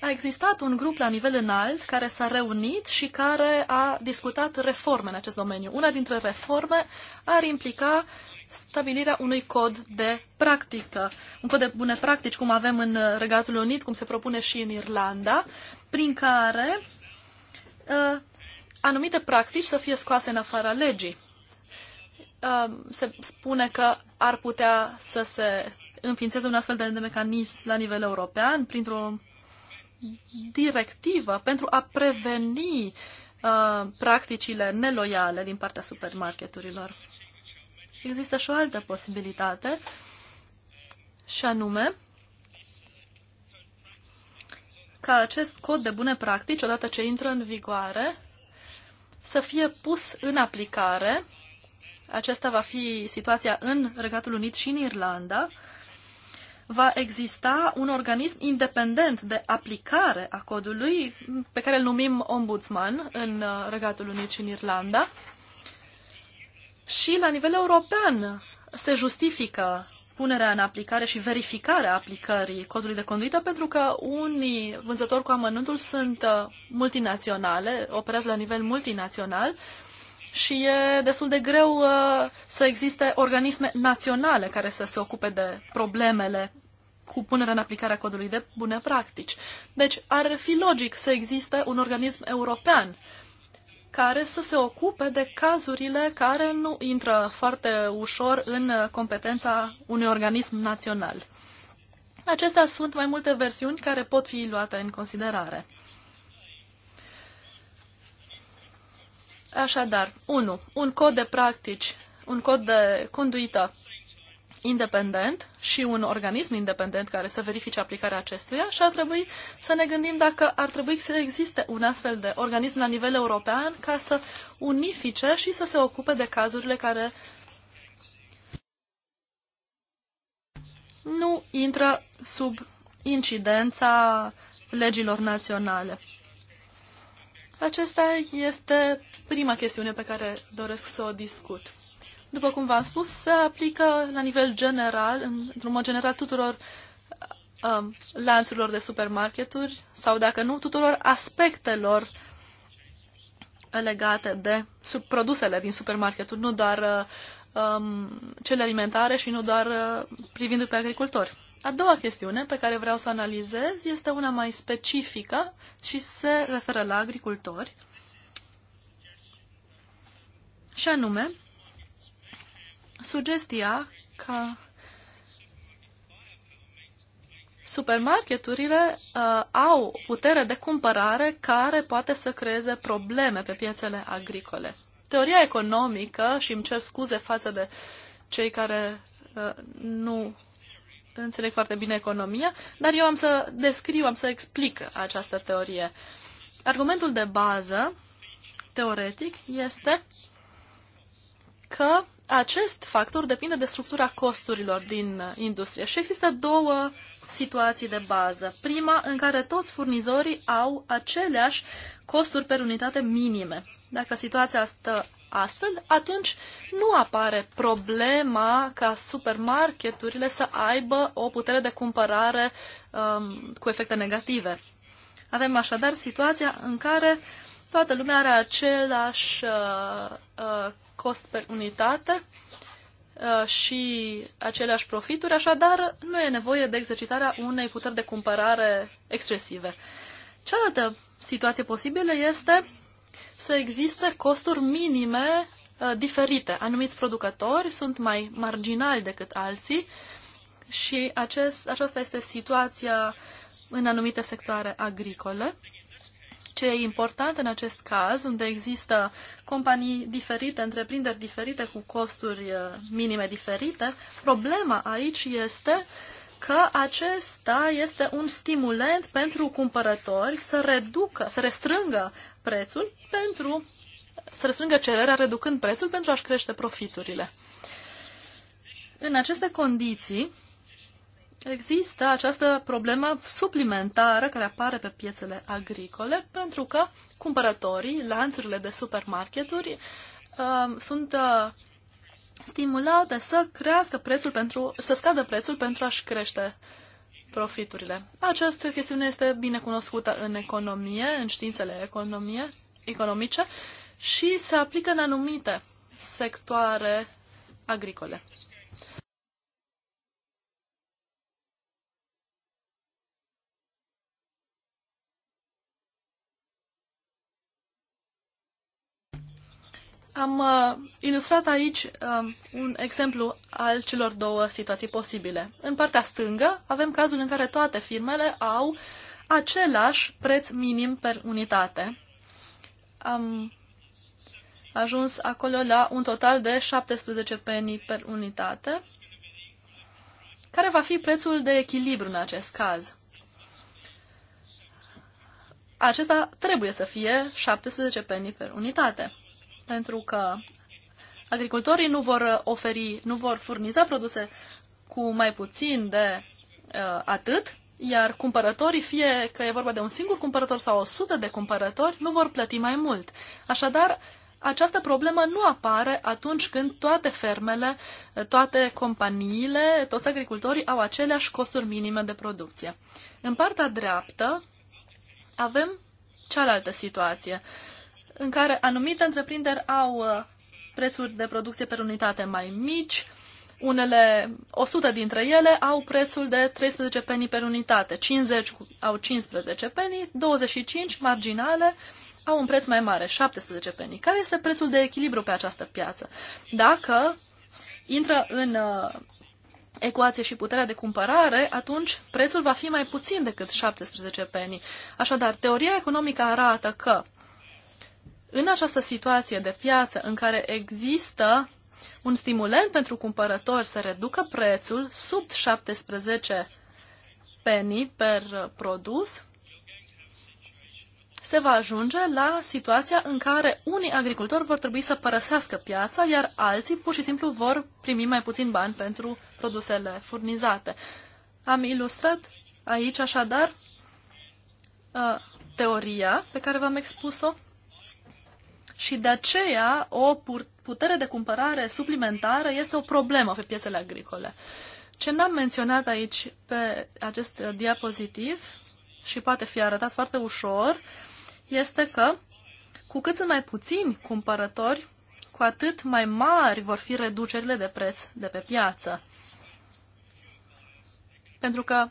A existat un grup la nivel înalt care s-a reunit și care a discutat reforme în acest domeniu. Una dintre reforme ar implica stabilirea unui cod de practică, un cod de bune practici, cum avem în Regatul Unit, cum se propune și în Irlanda, prin care uh, anumite practici să fie scoase în afara legii. Um, se spune că ar putea să se înființeze un astfel de mecanism la nivel european printr-o directivă pentru a preveni uh, practicile neloiale din partea supermarketurilor. Există și o altă posibilitate și anume ca acest cod de bune practici, odată ce intră în vigoare, să fie pus în aplicare aceasta va fi situația în Regatul Unit și în Irlanda, va exista un organism independent de aplicare a codului, pe care îl numim ombudsman în uh, Regatul Unit și în Irlanda. Și la nivel european se justifică punerea în aplicare și verificarea aplicării codului de conduită, pentru că unii vânzători cu amănuntul sunt uh, multinaționale, operează la nivel multinațional și e destul de greu uh, să existe organisme naționale care să se ocupe de problemele cu punerea în aplicare a codului de bune practici. Deci ar fi logic să existe un organism european care să se ocupe de cazurile care nu intră foarte ușor în competența unui organism național. Acestea sunt mai multe versiuni care pot fi luate în considerare. Așadar, 1. Un cod de practici, un cod de conduită independent și un organism independent care să verifice aplicarea acestuia și ar trebui să ne gândim dacă ar trebui să existe un astfel de organism la nivel european ca să unifice și să se ocupe de cazurile care nu intră sub incidența legilor naționale. Aceasta este prima chestiune pe care doresc să o discut. După cum v-am spus, se aplică la nivel general, într-un mod general, tuturor um, lanțurilor de supermarketuri sau, dacă nu, tuturor aspectelor legate de sub produsele din supermarketuri, nu doar uh, um, cele alimentare și nu doar uh, privindu pe agricultori. A doua chestiune pe care vreau să o analizez este una mai specifică și se referă la agricultori. Și anume, sugestia ca supermarketurile uh, au putere de cumpărare care poate să creeze probleme pe piețele agricole. Teoria economică, și îmi cer scuze față de cei care uh, nu înțeleg foarte bine economia, dar eu am să descriu, am să explic această teorie. Argumentul de bază, teoretic, este că acest factor depinde de structura costurilor din industrie și există două situații de bază. Prima, în care toți furnizorii au aceleași costuri per unitate minime. Dacă situația stă astfel, atunci nu apare problema ca supermarketurile să aibă o putere de cumpărare um, cu efecte negative. Avem așadar situația în care toată lumea are același uh, uh, cost pe unitate uh, și aceleași profituri, așadar nu e nevoie de exercitarea unei puteri de cumpărare excesive. Cealaltă situație posibilă este să existe costuri minime uh, diferite. Anumiți producători sunt mai marginali decât alții și acest, aceasta este situația în anumite sectoare agricole. Ce e important în acest caz, unde există companii diferite, întreprinderi diferite cu costuri uh, minime diferite, problema aici este că acesta este un stimulent pentru cumpărători să reducă, să restrângă prețul pentru să restrângă cererea, reducând prețul pentru a-și crește profiturile. În aceste condiții, Există această problemă suplimentară care apare pe piețele agricole pentru că cumpărătorii, lanțurile de supermarketuri uh, sunt uh, stimulate să crească prețul pentru, să scadă prețul pentru a-și crește profiturile. Această chestiune este bine cunoscută în economie, în științele economie, economice și se aplică în anumite sectoare agricole. Am uh, ilustrat aici uh, un exemplu al celor două situații posibile. În partea stângă avem cazul în care toate firmele au același preț minim per unitate am ajuns acolo la un total de 17 penii per unitate. Care va fi prețul de echilibru în acest caz? Acesta trebuie să fie 17 penii per unitate, pentru că agricultorii nu vor oferi, nu vor furniza produse cu mai puțin de uh, atât, iar cumpărătorii, fie că e vorba de un singur cumpărător sau o sută de cumpărători, nu vor plăti mai mult. Așadar, această problemă nu apare atunci când toate fermele, toate companiile, toți agricultorii au aceleași costuri minime de producție. În partea dreaptă avem cealaltă situație, în care anumite întreprinderi au uh, prețuri de producție per unitate mai mici, unele, 100 dintre ele au prețul de 13 penny per unitate, 50 au 15 penny, 25 marginale au un preț mai mare, 17 penny. Care este prețul de echilibru pe această piață? Dacă intră în uh, ecuație și puterea de cumpărare, atunci prețul va fi mai puțin decât 17 penny. Așadar, teoria economică arată că în această situație de piață în care există un stimulent pentru cumpărători să reducă prețul sub 17 penny per produs, se va ajunge la situația în care unii agricultori vor trebui să părăsească piața, iar alții pur și simplu vor primi mai puțin bani pentru produsele furnizate. Am ilustrat aici așadar uh, teoria pe care v-am expus-o și de aceea o putere de cumpărare suplimentară este o problemă pe piețele agricole. Ce n-am menționat aici pe acest uh, diapozitiv și poate fi arătat foarte ușor, este că cu cât sunt mai puțini cumpărători, cu atât mai mari vor fi reducerile de preț de pe piață. Pentru că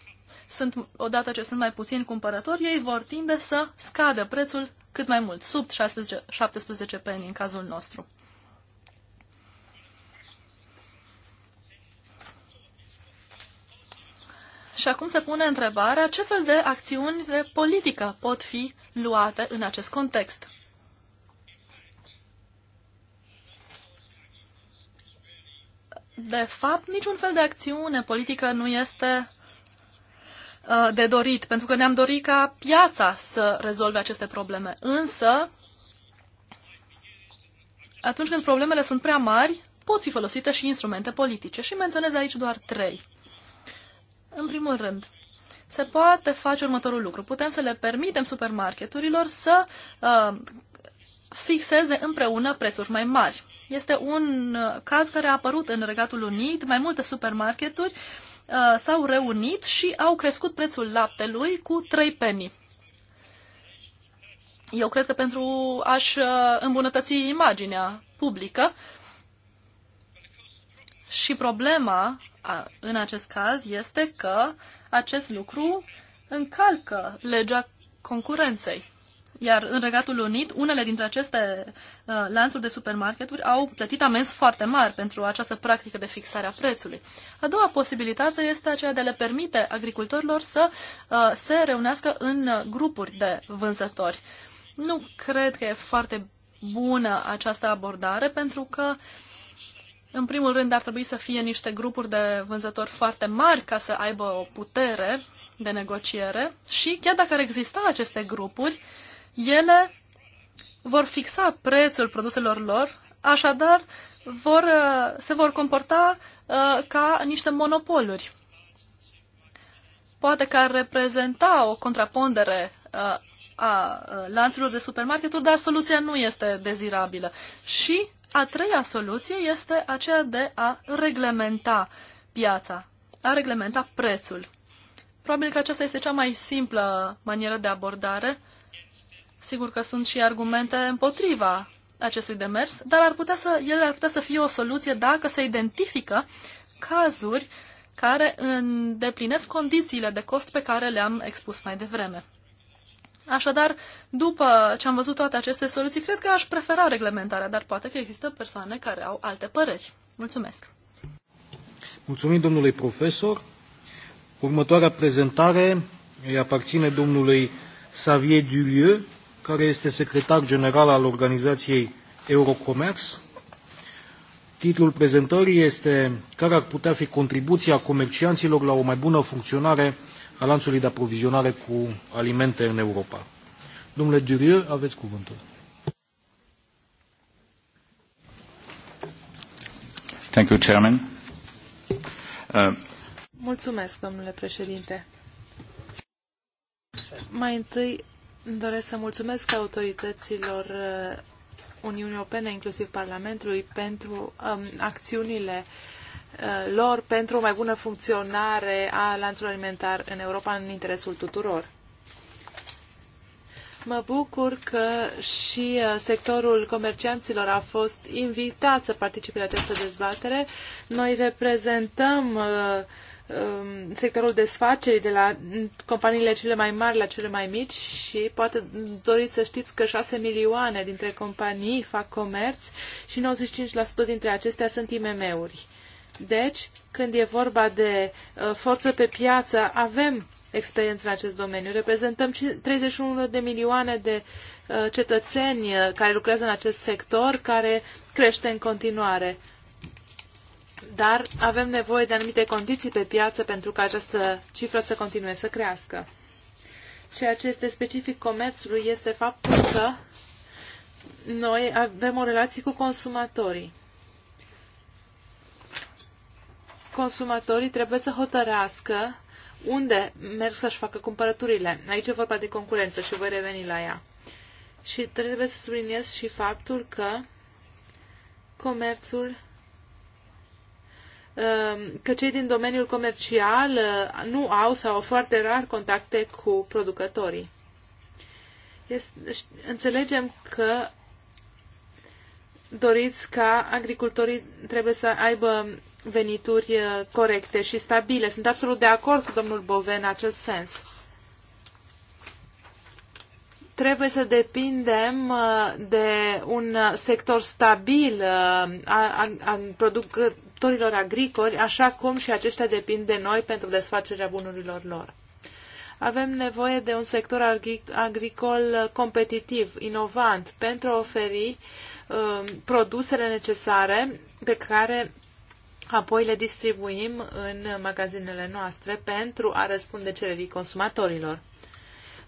sunt, odată ce sunt mai puțini cumpărători, ei vor tinde să scadă prețul cât mai mult, sub 16, 17 penny în cazul nostru. Și acum se pune întrebarea ce fel de acțiuni de politică pot fi luate în acest context. De fapt, niciun fel de acțiune politică nu este Uh, de dorit, pentru că ne-am dorit ca piața să rezolve aceste probleme. Însă, atunci când problemele sunt prea mari, pot fi folosite și instrumente politice. Și menționez aici doar trei. În primul rând, se poate face următorul lucru. Putem să le permitem supermarketurilor să uh, fixeze împreună prețuri mai mari. Este un uh, caz care a apărut în Regatul Unit. Mai multe supermarketuri uh, Uh, s-au reunit și au crescut prețul laptelui cu 3 penny. Eu cred că pentru a-și uh, îmbunătăți imaginea publică și problema în acest caz este că acest lucru încalcă legea concurenței. Iar în Regatul Unit, unele dintre aceste uh, lanțuri de supermarketuri au plătit amenzi foarte mari pentru această practică de fixare a prețului. A doua posibilitate este aceea de a le permite agricultorilor să uh, se reunească în grupuri de vânzători. Nu cred că e foarte bună această abordare pentru că în primul rând ar trebui să fie niște grupuri de vânzători foarte mari ca să aibă o putere de negociere și chiar dacă ar exista aceste grupuri, uh, ele vor fixa prețul produselor lor, așadar vor, uh, se vor comporta uh, ca niște monopoluri. Poate că ar reprezenta o contrapondere uh, a lanțurilor de supermarketuri, dar soluția nu este dezirabilă. Și a treia soluție este aceea de a reglementa piața, a reglementa prețul. Probabil că aceasta este cea mai simplă manieră de abordare Sigur că sunt și argumente împotriva acestui demers, dar ar putea să, el ar putea să fie o soluție dacă se identifică cazuri care îndeplinesc condițiile de cost pe care le-am expus mai devreme. Așadar, după ce am văzut toate aceste soluții, cred că aș prefera reglementarea, dar poate că există persoane care au alte păreri. Mulțumesc! Mulțumim domnului profesor. Următoarea prezentare îi aparține domnului Xavier Dulieu, care este secretar general al organizației Eurocomerț. Titlul prezentării este Care ar putea fi contribuția comercianților la o mai bună funcționare a lanțului de aprovizionare cu alimente în Europa? Domnule Durieu, aveți cuvântul. Thank you, Chairman. Uh... Mulțumesc, domnule președinte. Mai întâi Doresc să mulțumesc autorităților uh, Uniunii Europene, inclusiv Parlamentului, pentru um, acțiunile uh, lor pentru o mai bună funcționare a lanțului alimentar în Europa în interesul tuturor. Mă bucur că și uh, sectorul comercianților a fost invitat să participe la această dezbatere. Noi reprezentăm uh, Um, sectorul desfacerii de la companiile cele mai mari la cele mai mici și poate doriți să știți că 6 milioane dintre companii fac comerț și 95% dintre acestea sunt IMM-uri. Deci, când e vorba de uh, forță pe piață, avem experiență în acest domeniu. Reprezentăm 31 de milioane de uh, cetățeni uh, care lucrează în acest sector, care crește în continuare dar avem nevoie de anumite condiții pe piață pentru ca această cifră să continue să crească. Ceea ce este specific comerțului este faptul că noi avem o relație cu consumatorii. Consumatorii trebuie să hotărască unde merg să-și facă cumpărăturile. Aici e vorba de concurență și voi reveni la ea. Și trebuie să subliniez și faptul că comerțul Um, că cei din domeniul comercial uh, nu au sau au foarte rar contacte cu producătorii. Este, înțelegem că doriți ca agricultorii trebuie să aibă venituri uh, corecte și stabile. Sunt absolut de acord cu domnul Bove în acest sens. Trebuie să depindem uh, de un sector stabil a, a, a produc, sectorilor agricoli, așa cum și aceștia depind de noi pentru desfacerea bunurilor lor. Avem nevoie de un sector agricol competitiv, inovant, pentru a oferi uh, produsele necesare pe care apoi le distribuim în magazinele noastre pentru a răspunde cererii consumatorilor.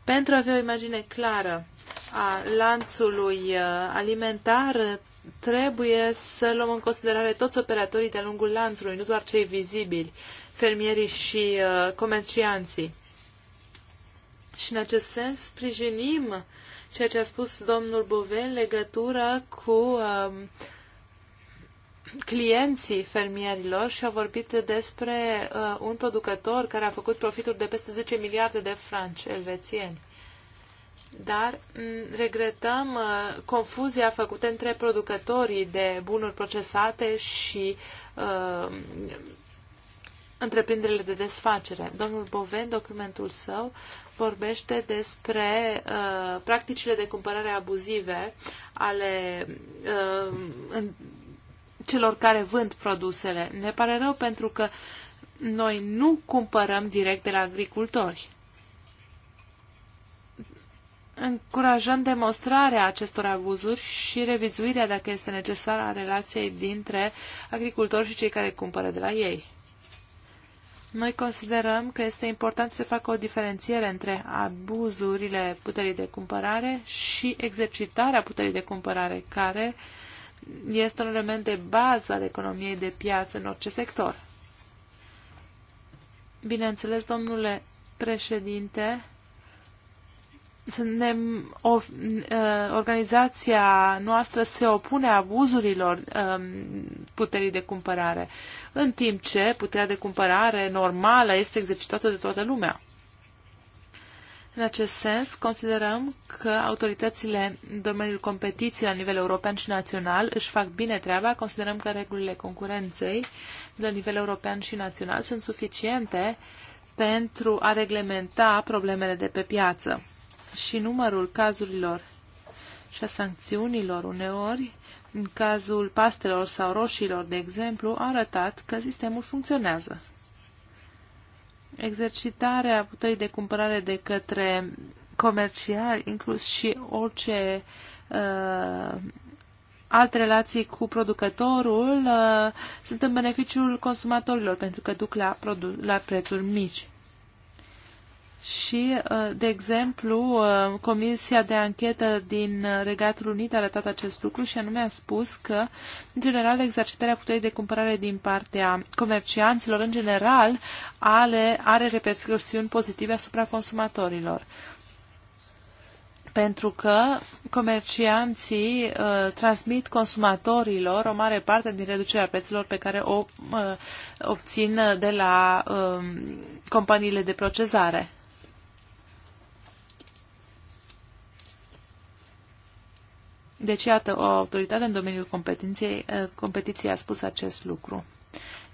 Pentru a avea o imagine clară a lanțului uh, alimentar, trebuie să luăm în considerare toți operatorii de-a lungul lanțului, nu doar cei vizibili, fermierii și uh, comercianții. Și în acest sens sprijinim ceea ce a spus domnul Bove în legătură cu um, clienții fermierilor și au vorbit despre uh, un producător care a făcut profituri de peste 10 miliarde de franci elvețieni. Dar mm, regretăm uh, confuzia făcută între producătorii de bunuri procesate și uh, întreprinderile de desfacere. Domnul Boven, documentul său, vorbește despre uh, practicile de cumpărare abuzive ale uh, în, celor care vând produsele. Ne pare rău pentru că noi nu cumpărăm direct de la agricultori. Încurajăm demonstrarea acestor abuzuri și revizuirea, dacă este necesară, a relației dintre agricultori și cei care cumpără de la ei. Noi considerăm că este important să facă o diferențiere între abuzurile puterii de cumpărare și exercitarea puterii de cumpărare, care uh, este un element de bază al economiei de piață în orice sector. Bineînțeles, domnule președinte, ne, o, uh, organizația noastră se opune abuzurilor um, puterii de cumpărare, în timp ce puterea de cumpărare normală este exercitată de toată lumea. În acest sens, considerăm că autoritățile în domeniul competiției la nivel european și național își fac bine treaba. Considerăm că regulile concurenței la nivel european și național sunt suficiente pentru a reglementa problemele de pe piață. Și numărul cazurilor și a sancțiunilor uneori, în cazul pastelor sau roșilor de exemplu, a arătat că sistemul funcționează. Exercitarea puterii de cumpărare de către comerciali, inclus și orice uh, alte relații cu producătorul uh, sunt în beneficiul consumatorilor pentru că duc la, la prețuri mici și, uh, de exemplu, uh, Comisia de Anchetă din uh, Regatul Unit a arătat acest lucru și anume a spus că, în general, exercitarea puterii de cumpărare din partea comercianților, în general, ale, are repercusiuni pozitive asupra consumatorilor. Pentru că comercianții uh, transmit consumatorilor o mare parte din reducerea prețurilor pe care o uh, obțin de la uh, companiile de procesare. Deci, iată, o autoritate în domeniul competiției, eh, competiției a spus acest lucru.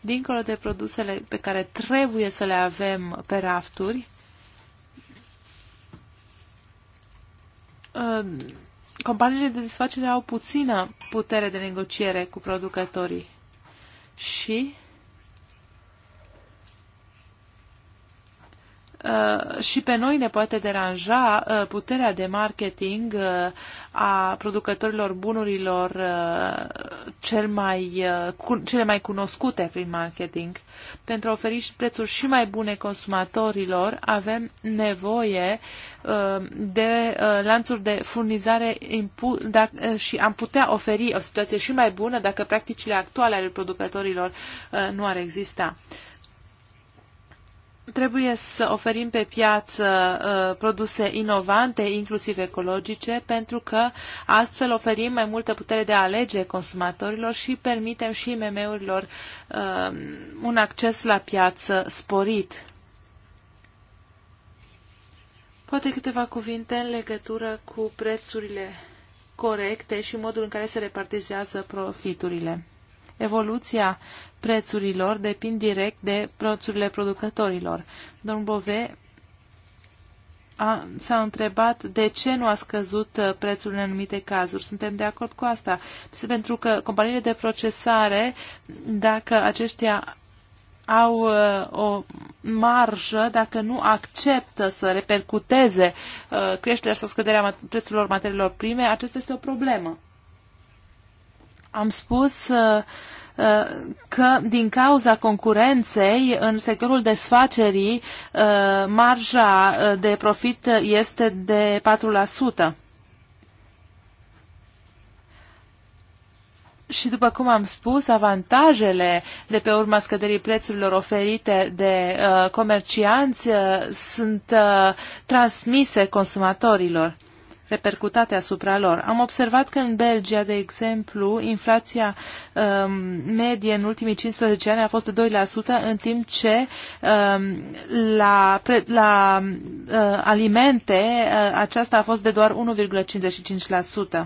Dincolo de produsele pe care trebuie să le avem pe rafturi, eh, companiile de desfacere au puțină putere de negociere cu producătorii și Uh, și pe noi ne poate deranja uh, puterea de marketing uh, a producătorilor bunurilor cel mai, cele mai cunoscute prin marketing. Pentru a oferi prețuri și mai bune consumatorilor, avem nevoie de lanțuri de furnizare da-, și am putea oferi o situație și mai bună dacă practicile actuale ale producătorilor nu ar exista. Trebuie să oferim pe piață uh, produse inovante, inclusiv ecologice, pentru că astfel oferim mai multă putere de a alege consumatorilor și permitem și mm urilor uh, un acces la piață sporit. Poate câteva cuvinte în legătură cu prețurile corecte și modul în care se repartizează profiturile evoluția prețurilor depind direct de prețurile producătorilor. Domnul Bove s-a întrebat de ce nu a scăzut uh, prețul în anumite cazuri. Suntem de acord cu asta. Este pentru că companiile de procesare, dacă aceștia au uh, o marjă dacă nu acceptă să repercuteze uh, creșterea sau scăderea prețurilor materiilor prime, acesta este o problemă am spus uh, uh, că din cauza concurenței în sectorul desfacerii uh, marja de profit este de 4%. Și după cum am spus, avantajele de pe urma scăderii prețurilor oferite de uh, comercianți uh, sunt uh, transmise consumatorilor repercutate asupra lor. Am observat că în Belgia, de exemplu, inflația um, medie în ultimii 15 ani a fost de 2%, în timp ce um, la, pre, la uh, alimente uh, aceasta a fost de doar 1,55%.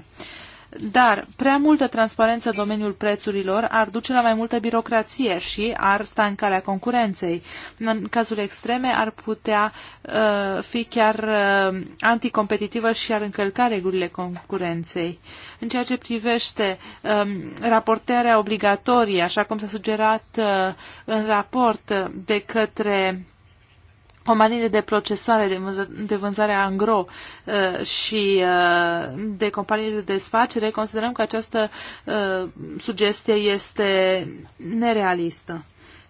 Dar prea multă transparență în domeniul prețurilor ar duce la mai multă birocrație și ar sta în calea concurenței. În cazul extreme ar putea uh, fi chiar uh, anticompetitivă și ar încălca regulile concurenței. În ceea ce privește um, uh, raportarea obligatorie, așa cum s-a sugerat uh, în raport de către companiile de procesare, de, vânză, de vânzare angro uh, și uh, de companiile de desfacere, considerăm că această uh, sugestie este nerealistă.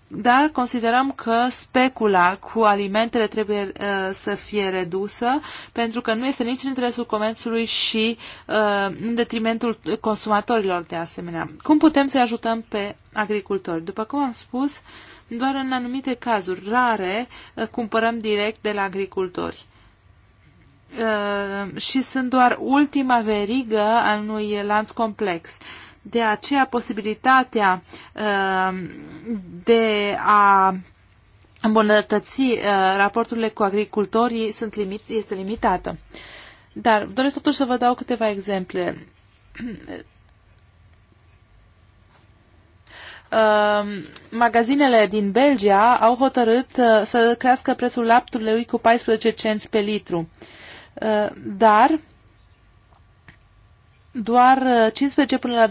Dar considerăm că specula cu alimentele trebuie uh, să fie redusă, pentru că nu este nici în interesul comerțului și uh, în detrimentul consumatorilor de asemenea. Cum putem să ajutăm pe agricultori? După cum am spus, uh, doar în anumite cazuri rare uh, cumpărăm direct de la agricultori. Uh, și sunt doar ultima verigă a unui lanț complex. De aceea posibilitatea uh, de a îmbunătăți raporturile cu agricultorii sunt limit, este limitată. Dar doresc totuși să vă dau câteva exemple Um, magazinele din Belgia au hotărât uh, să crească prețul laptului cu 14 cenți pe litru. Uh, dar doar 15 uh, până la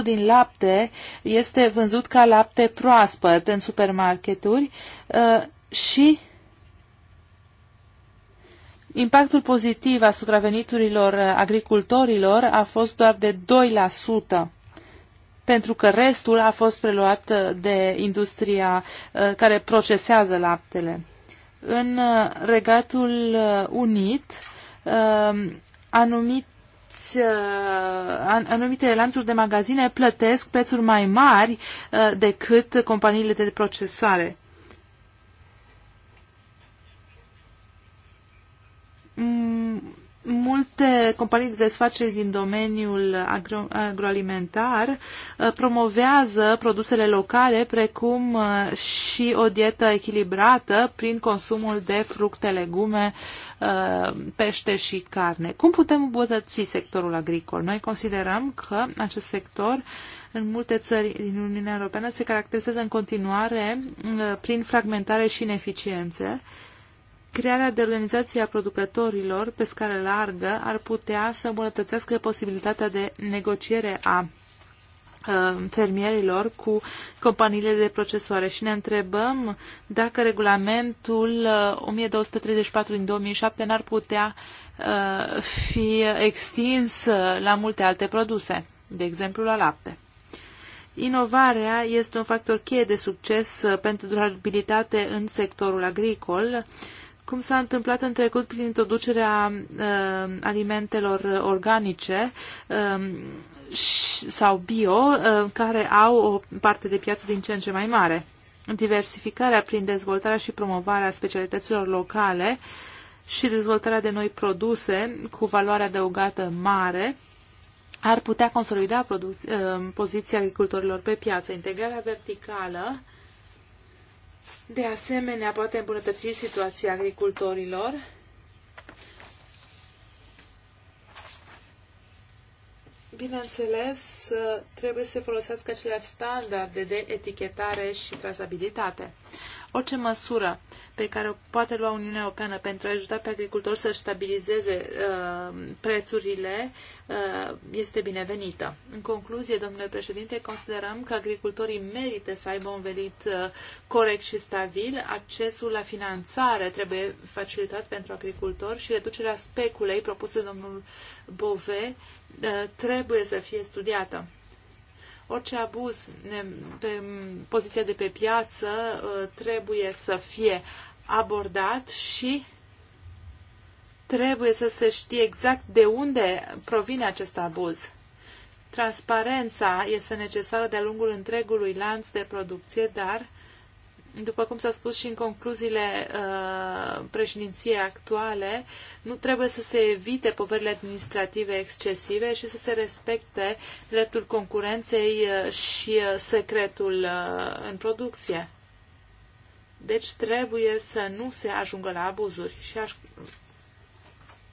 20% din lapte este vândut ca lapte proaspăt în supermarketuri uh, și impactul pozitiv asupra veniturilor uh, agricultorilor a fost doar de 2% pentru că restul a fost preluat uh, de industria uh, care procesează laptele. În uh, Regatul Unit, um, anumit anumite lanțuri de magazine plătesc prețuri mai mari decât companiile de procesoare. Mm multe companii de desfaceri din domeniul agro, agroalimentar uh, promovează produsele locale, precum uh, și o dietă echilibrată prin consumul de fructe, legume, uh, pește și carne. Cum putem îmbunătăți sectorul agricol? Noi considerăm că acest sector în multe țări din Uniunea Europeană se caracterizează în continuare prin fragmentare și ineficiențe Crearea de organizații a producătorilor pe scară largă ar putea să îmbunătățească posibilitatea de negociere a fermierilor cu companiile de procesoare și ne întrebăm dacă regulamentul 1234 din 2007 n-ar putea fi extins la multe alte produse, de exemplu la lapte. Inovarea este un factor cheie de succes pentru durabilitate în sectorul agricol cum s-a întâmplat în trecut prin introducerea uh, alimentelor organice uh, sau bio, uh, care au o parte de piață din ce în ce mai mare. Diversificarea prin dezvoltarea și promovarea specialităților locale și dezvoltarea de noi produse cu valoare adăugată mare ar putea consolida uh, poziția agricultorilor pe piață. Integrarea verticală de asemenea, poate îmbunătăți situația agricultorilor. Bineînțeles, trebuie să folosească aceleași standarde de etichetare și trasabilitate. Orice măsură pe care o poate lua Uniunea Europeană pentru a ajuta pe agricultori să-și stabilizeze uh, prețurile uh, este binevenită. În concluzie, domnule președinte, considerăm că agricultorii merită să aibă un venit uh, corect și stabil. Accesul la finanțare trebuie facilitat pentru agricultori și reducerea speculei propusă domnul Bove uh, trebuie să fie studiată. Orice abuz pe poziția de pe piață uh, trebuie să fie abordat și trebuie să se știe exact de unde provine acest abuz. Transparența este necesară de-a lungul întregului lanț de producție, dar după cum s-a spus și în concluziile uh, președinției actuale, nu trebuie să se evite poverile administrative excesive și să se respecte dreptul concurenței uh, și uh, secretul uh, în producție. Deci trebuie să nu se ajungă la abuzuri și aș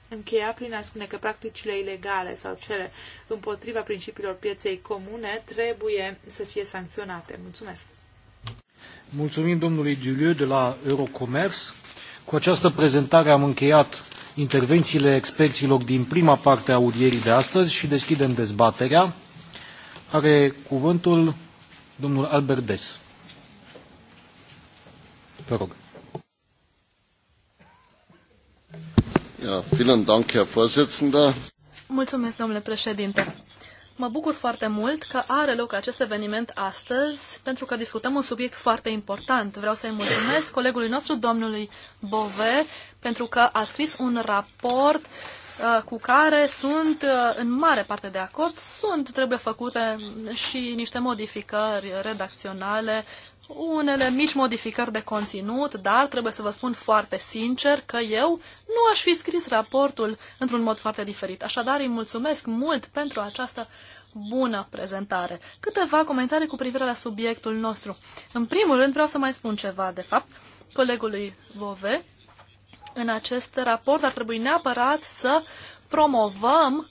încheia prin a spune că practicile ilegale sau cele împotriva principiilor pieței comune trebuie să fie sancționate. Mulțumesc! Mulțumim domnului Dulieu de la Eurocommerce. Cu această prezentare am încheiat intervențiile experților din prima parte a audierii de astăzi și deschidem dezbaterea. Are cuvântul domnul Albert Des. Vă rog. Ja, vielen Dank, Herr Vorsitzender. Mulțumesc, domnule președinte. Mă bucur foarte mult că are loc acest eveniment astăzi, pentru că discutăm un subiect foarte important. Vreau să-i mulțumesc colegului nostru, domnului Bove, pentru că a scris un raport uh, cu care sunt uh, în mare parte de acord. Sunt, trebuie făcute și niște modificări redacționale unele mici modificări de conținut, dar trebuie să vă spun foarte sincer că eu nu aș fi scris raportul într-un mod foarte diferit. Așadar, îi mulțumesc mult pentru această bună prezentare. Câteva comentarii cu privire la subiectul nostru. În primul rând vreau să mai spun ceva, de fapt, colegului Vove. În acest raport ar trebui neapărat să promovăm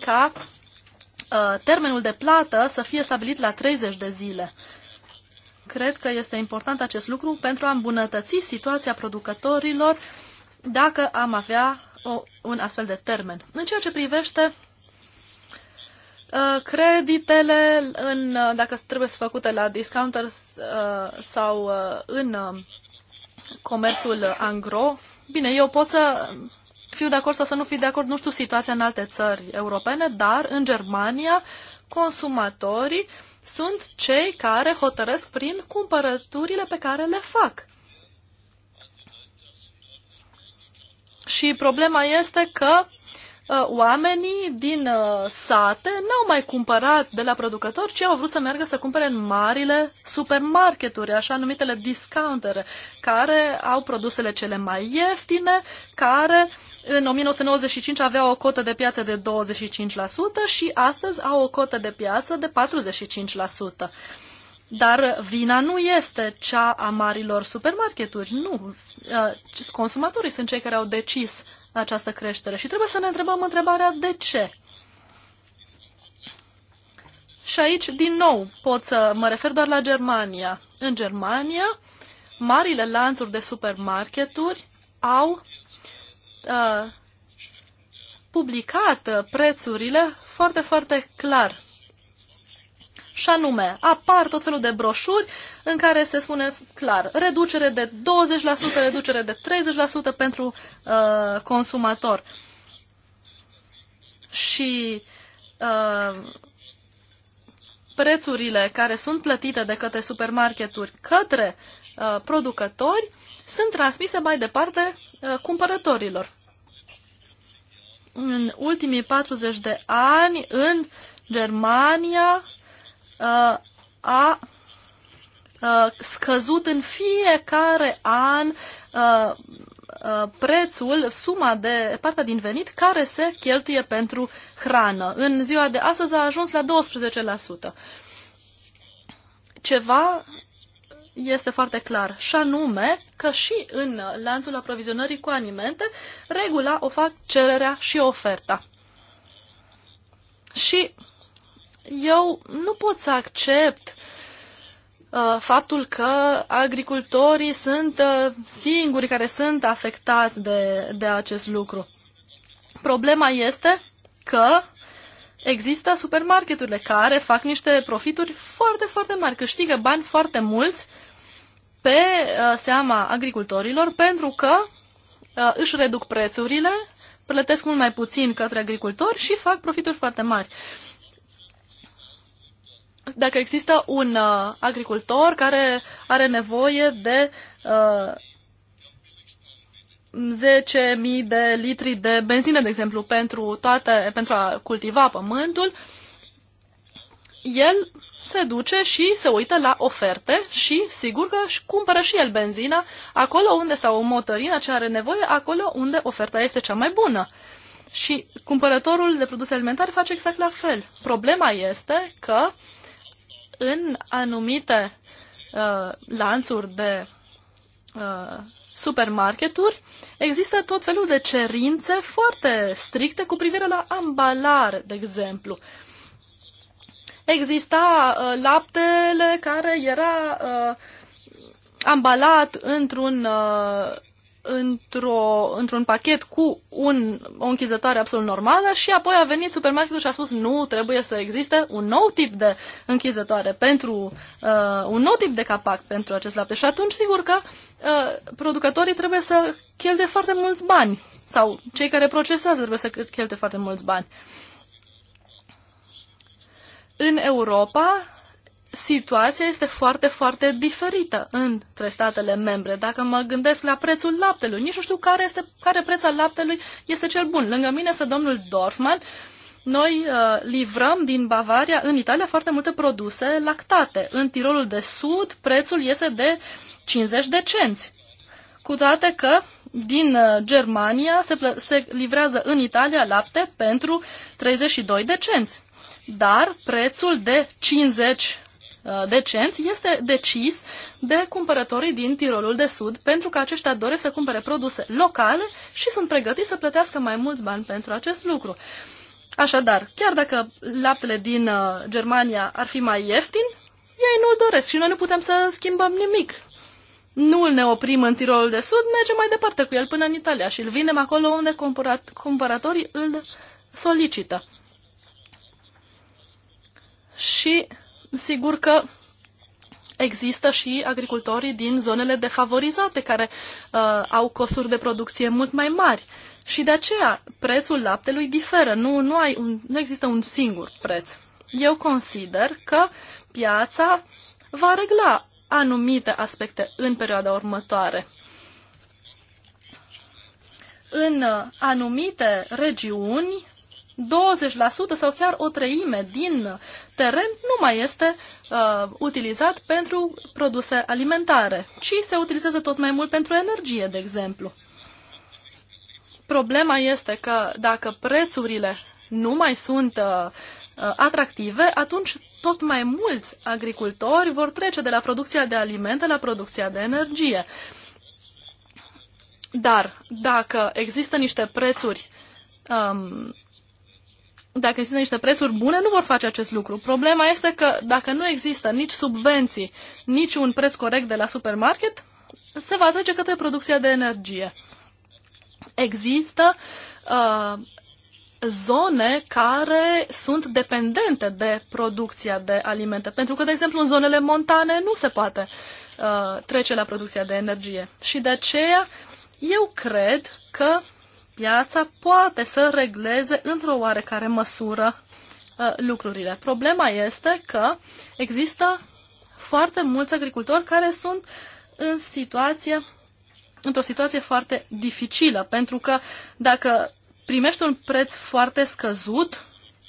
ca uh, termenul de plată să fie stabilit la 30 de zile. Uh, Cred că este important acest lucru pentru a îmbunătăți situația producătorilor dacă am avea o, un astfel de termen. În ceea ce privește uh, creditele, în, uh, dacă trebuie să făcute la discounters uh, sau în comerțul angro, bine, eu pot să fiu de acord sau să nu fiu de acord, nu știu situația în alte țări europene, dar în Germania consumatorii uh, sunt cei care hotărăsc prin cumpărăturile pe care le fac. Și problema este că uh, oamenii din uh, sate n-au mai cumpărat de la producători, ci au vrut să meargă să cumpere în marile supermarketuri, așa numitele discountere, care au produsele cele mai ieftine, care în 1995 avea o cotă de piață de 25% și astăzi au o cotă de piață de 45%. Dar vina nu este cea a marilor supermarketuri, nu. Uh, consumatorii sunt cei care au decis această creștere și trebuie să ne întrebăm întrebarea de ce. Și aici, din nou, pot să mă refer doar la Germania. În Germania, marile lanțuri de supermarketuri au publicat uh, prețurile foarte, foarte clar. Și anume, apar tot felul de broșuri în care se spune clar reducere de 20%, reducere de 30% pentru uh, consumator. Și uh, prețurile care sunt plătite de către supermarketuri către uh, producători sunt transmise mai departe Uh, cumpărătorilor. În ultimii 40 de ani, în Germania, uh, a uh, scăzut în fiecare an prețul, suma de partea din venit care se cheltuie pentru hrană. În ziua de astăzi a ajuns la 12%. Ceva este foarte clar, și anume că și în lanțul aprovizionării cu alimente, regula o fac cererea și oferta. Și eu nu pot să accept uh, faptul că agricultorii sunt uh, singuri care sunt afectați de, de acest lucru. Problema este că există supermarketurile care fac niște profituri foarte, foarte mari, câștigă bani foarte mulți pe uh, seama agricultorilor pentru că uh, își reduc prețurile, plătesc mult mai puțin către agricultori și fac profituri foarte mari. Dacă există un uh, agricultor care are nevoie de uh, 10.000 de litri de benzină, de exemplu, pentru, toate, pentru a cultiva pământul, el se duce și se uită la oferte și, sigur că își cumpără și el benzina acolo unde, sau o motorină ce are nevoie, acolo unde oferta este cea mai bună. Și cumpărătorul de produse alimentare face exact la fel. Problema este că în anumite uh, lanțuri de uh, supermarketuri, există tot felul de cerințe foarte stricte cu privire la ambalare, de exemplu. Exista uh, laptele care era uh, ambalat într-un uh, într-o, într-un pachet cu un, o închizătoare absolut normală și apoi a venit supermarketul și a spus nu, trebuie să existe un nou tip de închizătoare pentru uh, un nou tip de capac pentru acest lapte. Și atunci, sigur că uh, producătorii trebuie să cheltuie foarte mulți bani sau cei care procesează trebuie să cheltuie foarte mulți bani. În Europa, situația este foarte, foarte diferită între statele membre. Dacă mă gândesc la prețul laptelui, nici nu știu care, este, care preț al laptelui este cel bun. Lângă mine este domnul Dorfman. Noi uh, livrăm din Bavaria în Italia foarte multe produse lactate. În Tirolul de Sud prețul este de 50 de cenți. Cu toate că din uh, Germania se, se livrează în Italia lapte pentru 32 de cenți dar prețul de 50 Uh, decenți este decis de cumpărătorii din Tirolul de Sud, pentru că aceștia doresc să cumpere produse locale și sunt pregătiți să plătească mai mulți bani pentru acest lucru. Așadar, chiar dacă laptele din uh, Germania ar fi mai ieftin, ei nu-l doresc și noi nu putem să schimbăm nimic. Nu ne oprim în Tirolul de Sud, mergem mai departe cu el până în Italia și îl vindem acolo unde cumpărătorii îl solicită. Și Sigur că există și agricultorii din zonele defavorizate care uh, au costuri de producție mult mai mari. Și de aceea prețul laptelui diferă, nu, nu, ai un, nu există un singur preț. Eu consider că piața va regla anumite aspecte în perioada următoare. În uh, anumite regiuni, 20% sau chiar o treime din teren nu mai este uh, utilizat pentru produse alimentare, ci se utilizează tot mai mult pentru energie, de exemplu. Problema este că dacă prețurile nu mai sunt uh, uh atractive, atunci tot mai mulți agricultori vor trece de la producția de alimente la producția de energie. Dar dacă există niște prețuri um, dacă există niște prețuri bune, nu vor face acest lucru. Problema este că dacă nu există nici subvenții, nici un preț corect de la supermarket, se va trece către producția de energie. Există uh, zone care sunt dependente de producția de alimente, pentru că, de exemplu, în zonele montane nu se poate uh, trece la producția de energie. Și de aceea eu cred că piața poate să regleze într-o oarecare măsură uh, lucrurile. Problema este că există foarte mulți agricultori care sunt în situație, într-o situație foarte dificilă, pentru că dacă primești un preț foarte scăzut,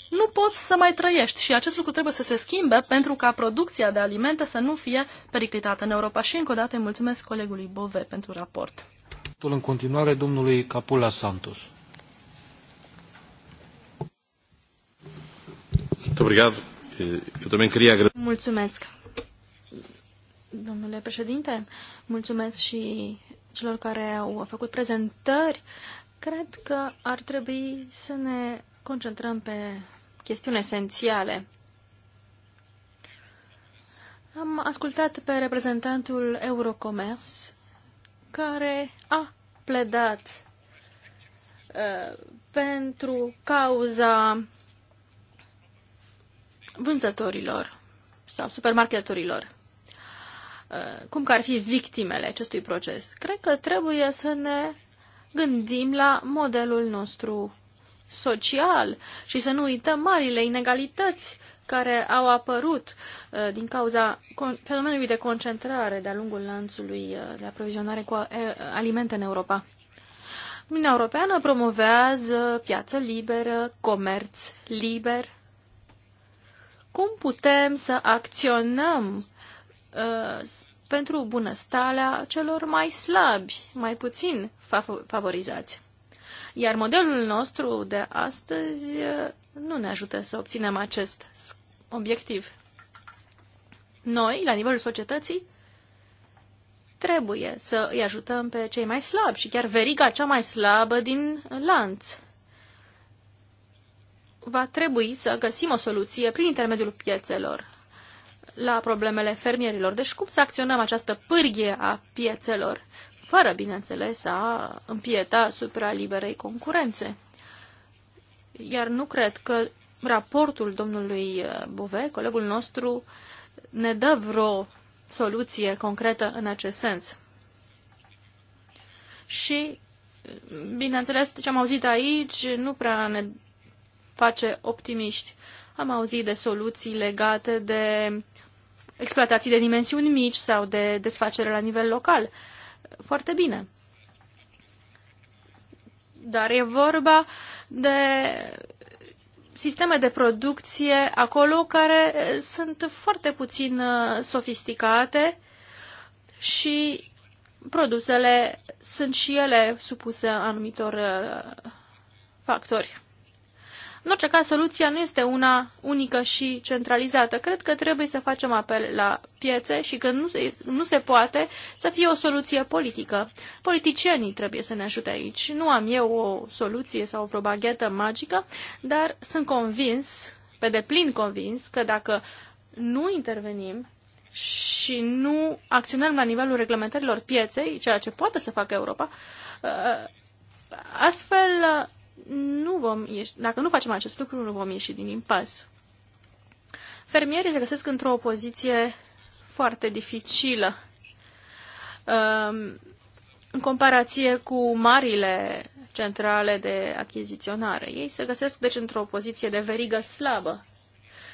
nu poți să mai trăiești și acest lucru trebuie să se schimbe pentru ca producția de alimente să nu fie periclitată în Europa. Și încă o dată mulțumesc colegului Bove pentru raport. În continuare, domnului Capula Santos. Mulțumesc. Domnule președinte, mulțumesc și celor care au făcut prezentări. Cred că ar trebui să ne concentrăm pe chestiuni esențiale. Am ascultat pe reprezentantul Eurocommerce care a pledat uh, pentru cauza vânzătorilor sau supermarketurilor. Uh, cum că ar fi victimele acestui proces? Cred că trebuie să ne gândim la modelul nostru social și să nu uităm marile inegalități care au apărut uh, din cauza fenomenului de concentrare de-a lungul lanțului uh, de aprovizionare cu uh, alimente în Europa. Uniunea Europeană promovează piață liberă, comerț liber. Cum putem să acționăm uh, pentru bunăstarea celor mai slabi, mai puțin favorizați? Iar modelul nostru de astăzi uh, nu ne ajută să obținem acest obiectiv. Noi, la nivelul societății, trebuie să îi ajutăm pe cei mai slabi și chiar veriga cea mai slabă din lanț. Va trebui să găsim o soluție prin intermediul piețelor la problemele fermierilor. Deci cum să acționăm această pârghie a piețelor? fără, bineînțeles, a împieta asupra liberei concurențe. Iar nu cred că raportul domnului uh, Bove, colegul nostru, ne dă vreo soluție concretă în acest sens. Și, uh, bineînțeles, ce am auzit aici nu prea ne face optimiști. Am auzit de soluții legate de exploatații de dimensiuni mici sau de desfacere la nivel local foarte bine. Dar e vorba de sisteme de producție acolo care sunt foarte puțin sofisticate și produsele sunt și ele supuse anumitor factori. În orice caz, soluția nu este una unică și centralizată. Cred că trebuie să facem apel la piețe și că nu se, nu se poate să fie o soluție politică. Politicienii trebuie să ne ajute aici. Nu am eu o soluție sau o baghetă magică, dar sunt convins, pe deplin convins, că dacă nu intervenim și nu acționăm la nivelul reglementărilor pieței, ceea ce poate să facă Europa, ă, astfel nu vom ieși, dacă nu facem acest lucru, nu vom ieși din impas. Fermierii se găsesc într-o poziție foarte dificilă um, în comparație cu marile centrale de achiziționare. Ei se găsesc, deci, într-o poziție de verigă slabă,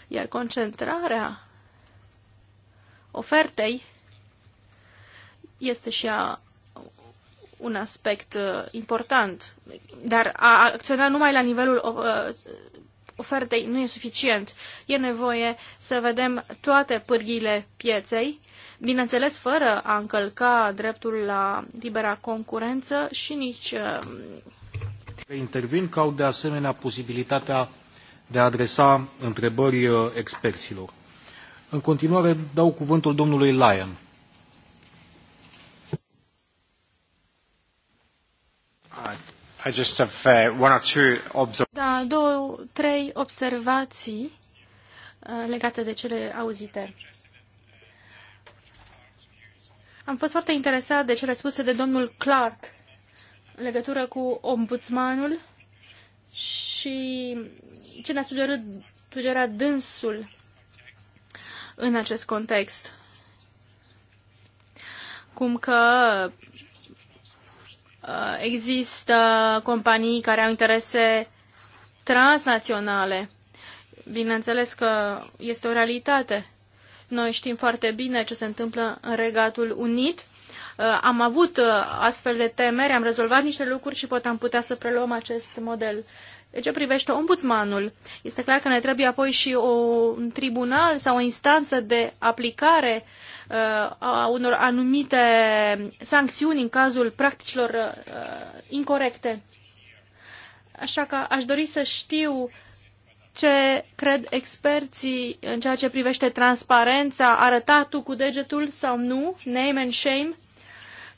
iar concentrarea ofertei este și a un aspect uh, important. Dar a acționa numai la nivelul uh, ofertei nu e suficient. E nevoie să vedem toate pârghile pieței, bineînțeles fără a încălca dreptul la libera concurență și nici... Uh... Intervin că au de asemenea posibilitatea de a adresa întrebări uh, experților. În continuare dau cuvântul domnului Lyon. I just have uh, one or two da, două, trei observații uh, legate de cele auzite. Am fost foarte interesat de cele spuse de domnul Clark în legătură cu ombudsmanul și ce ne-a sugerat, sugerat dânsul în acest context. Cum că Uh, există companii care au interese transnaționale. Bineînțeles că este o realitate. Noi știm foarte bine ce se întâmplă în Regatul Unit. Uh, am avut uh, astfel de temeri, am rezolvat niște lucruri și pot am putea să preluăm acest model de ce privește ombudsmanul. Este clar că ne trebuie apoi și o, un tribunal sau o instanță de aplicare uh, a unor anumite sancțiuni în cazul practicilor uh, incorrecte. Așa că aș dori să știu ce cred experții în ceea ce privește transparența, arătatul cu degetul sau nu, name and shame,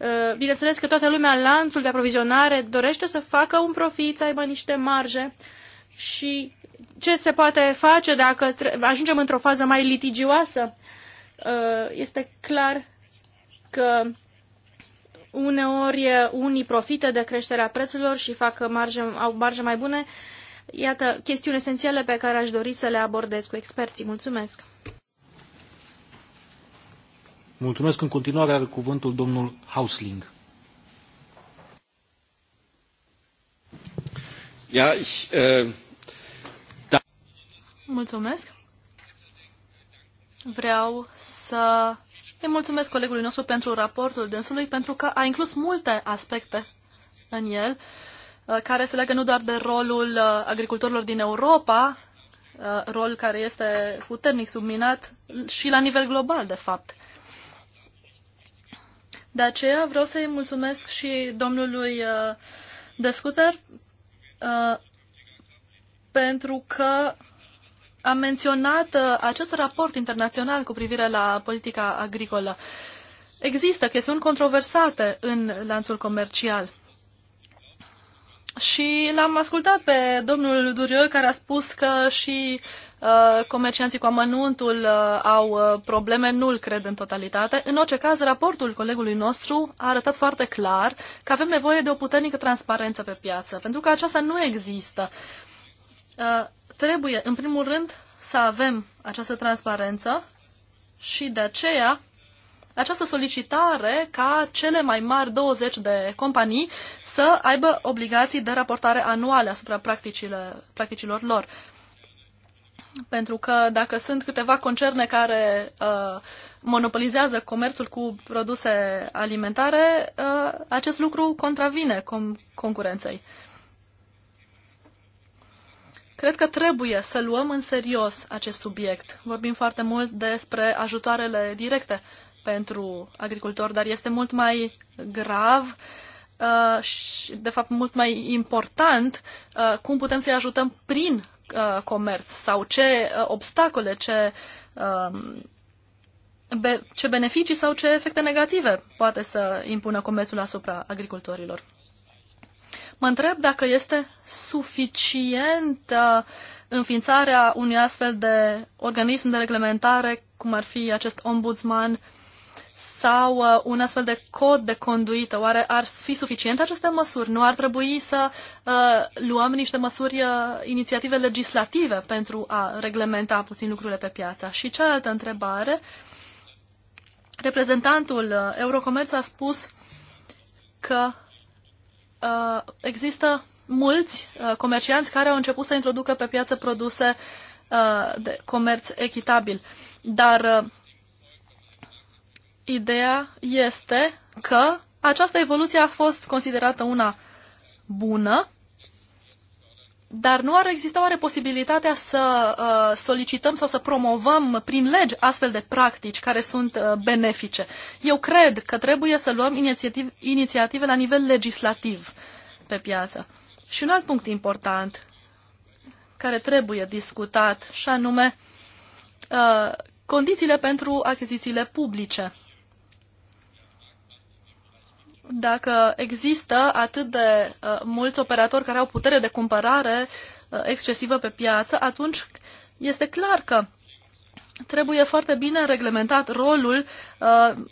Uh, bineînțeles că toată lumea, lanțul de aprovizionare dorește să facă un profit, să aibă niște marje și ce se poate face dacă ajungem într-o fază mai litigioasă? Uh, este clar că uneori unii profită de creșterea prețurilor și fac marge, au marje mai bune. Iată chestiuni esențiale pe care aș dori să le abordez cu experții. Mulțumesc! Mulțumesc în continuare, are cuvântul domnul Hausling. Ja, ich, äh, da. Mulțumesc. Vreau să îi mulțumesc colegului nostru pentru raportul dânsului, pentru că a inclus multe aspecte în el, uh, care se leagă nu doar de rolul uh, agricultorilor din Europa, uh, rol care este puternic subminat și la nivel global, de fapt. De aceea vreau să-i mulțumesc și domnului uh, Descuter uh, pentru că a menționat uh, acest raport internațional cu privire la politica agricolă. Există chestiuni controversate în lanțul comercial. Și l-am ascultat pe domnul Durieu care a spus că și Uh, comercianții cu amănuntul uh, au uh, probleme, nu-l cred în totalitate. În orice caz, raportul colegului nostru a arătat foarte clar că avem nevoie de o puternică transparență pe piață, pentru că aceasta nu există. Trebuie, în primul rând, să avem această transparență și de aceea această solicitare ca cele mai mari 20 de companii să aibă obligații de raportare anuale asupra practicilor lor. Pentru că dacă sunt câteva concerne care uh, monopolizează comerțul cu produse alimentare, uh, acest lucru contravine com- concurenței. Cred că trebuie să luăm în serios acest subiect. Vorbim foarte mult despre ajutoarele directe pentru agricultori, dar este mult mai grav uh, și, de fapt, mult mai important uh, cum putem să-i ajutăm prin Uh, comerț sau ce uh, obstacole, ce, um, ce beneficii sau ce efecte negative poate să impună comerțul asupra agricultorilor. Mă întreb dacă este suficientă înființarea unui astfel de organism de reglementare, cum ar fi acest ombudsman uh, sau uh, un astfel de cod de conduită? Oare ar fi suficient aceste măsuri? Nu ar trebui să uh, luăm niște măsuri, uh, inițiative legislative pentru a reglementa puțin lucrurile pe piață. Și cealaltă întrebare, reprezentantul uh, Eurocomerț a spus că uh, există mulți uh, comercianți care au început să introducă pe piață produse uh, de comerț echitabil. Dar uh, ideea este că această evoluție a fost considerată una bună, dar nu ar exista oare posibilitatea să uh, solicităm sau să promovăm prin legi astfel de practici care sunt uh, benefice? Eu cred că trebuie să luăm inițiativ, inițiative la nivel legislativ pe piață. Și un alt punct important care trebuie discutat, și anume uh, condițiile pentru achizițiile publice dacă există atât de uh, mulți operatori care au putere de cumpărare uh, excesivă pe piață, atunci este clar că trebuie foarte bine reglementat rolul uh, uh,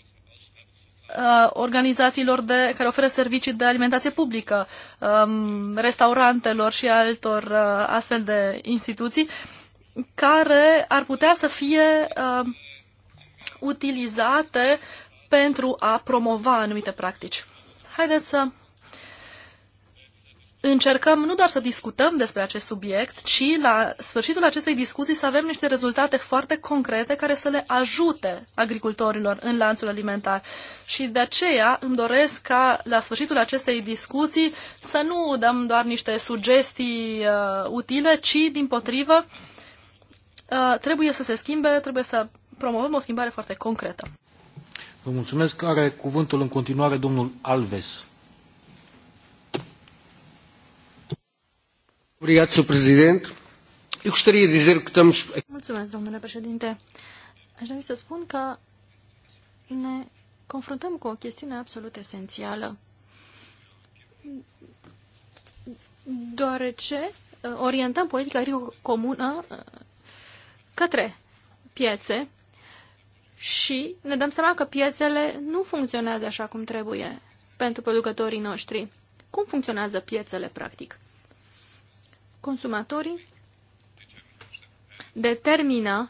organizațiilor de, care oferă servicii de alimentație publică, um, restaurantelor și altor uh, astfel de instituții, care ar putea să fie uh, utilizate pentru a promova anumite practici. Haideți să încercăm nu doar să discutăm despre acest subiect, ci la sfârșitul acestei discuții să avem niște rezultate foarte concrete care să le ajute agricultorilor în lanțul alimentar. Și de aceea îmi doresc ca la sfârșitul acestei discuții să nu dăm doar niște sugestii uh, utile, ci din potrivă uh, trebuie să se schimbe, trebuie să promovăm o schimbare foarte concretă. Vă mulțumesc. Are cuvântul în continuare domnul Alves. Mulțumesc, domnule președinte. Aș dori să spun că ne confruntăm cu o chestiune absolut esențială. Deoarece uh, orientăm politica agricolă comună uh, către piețe și ne dăm seama că piețele nu funcționează așa cum trebuie pentru producătorii noștri. Cum funcționează piețele, practic? Consumatorii determină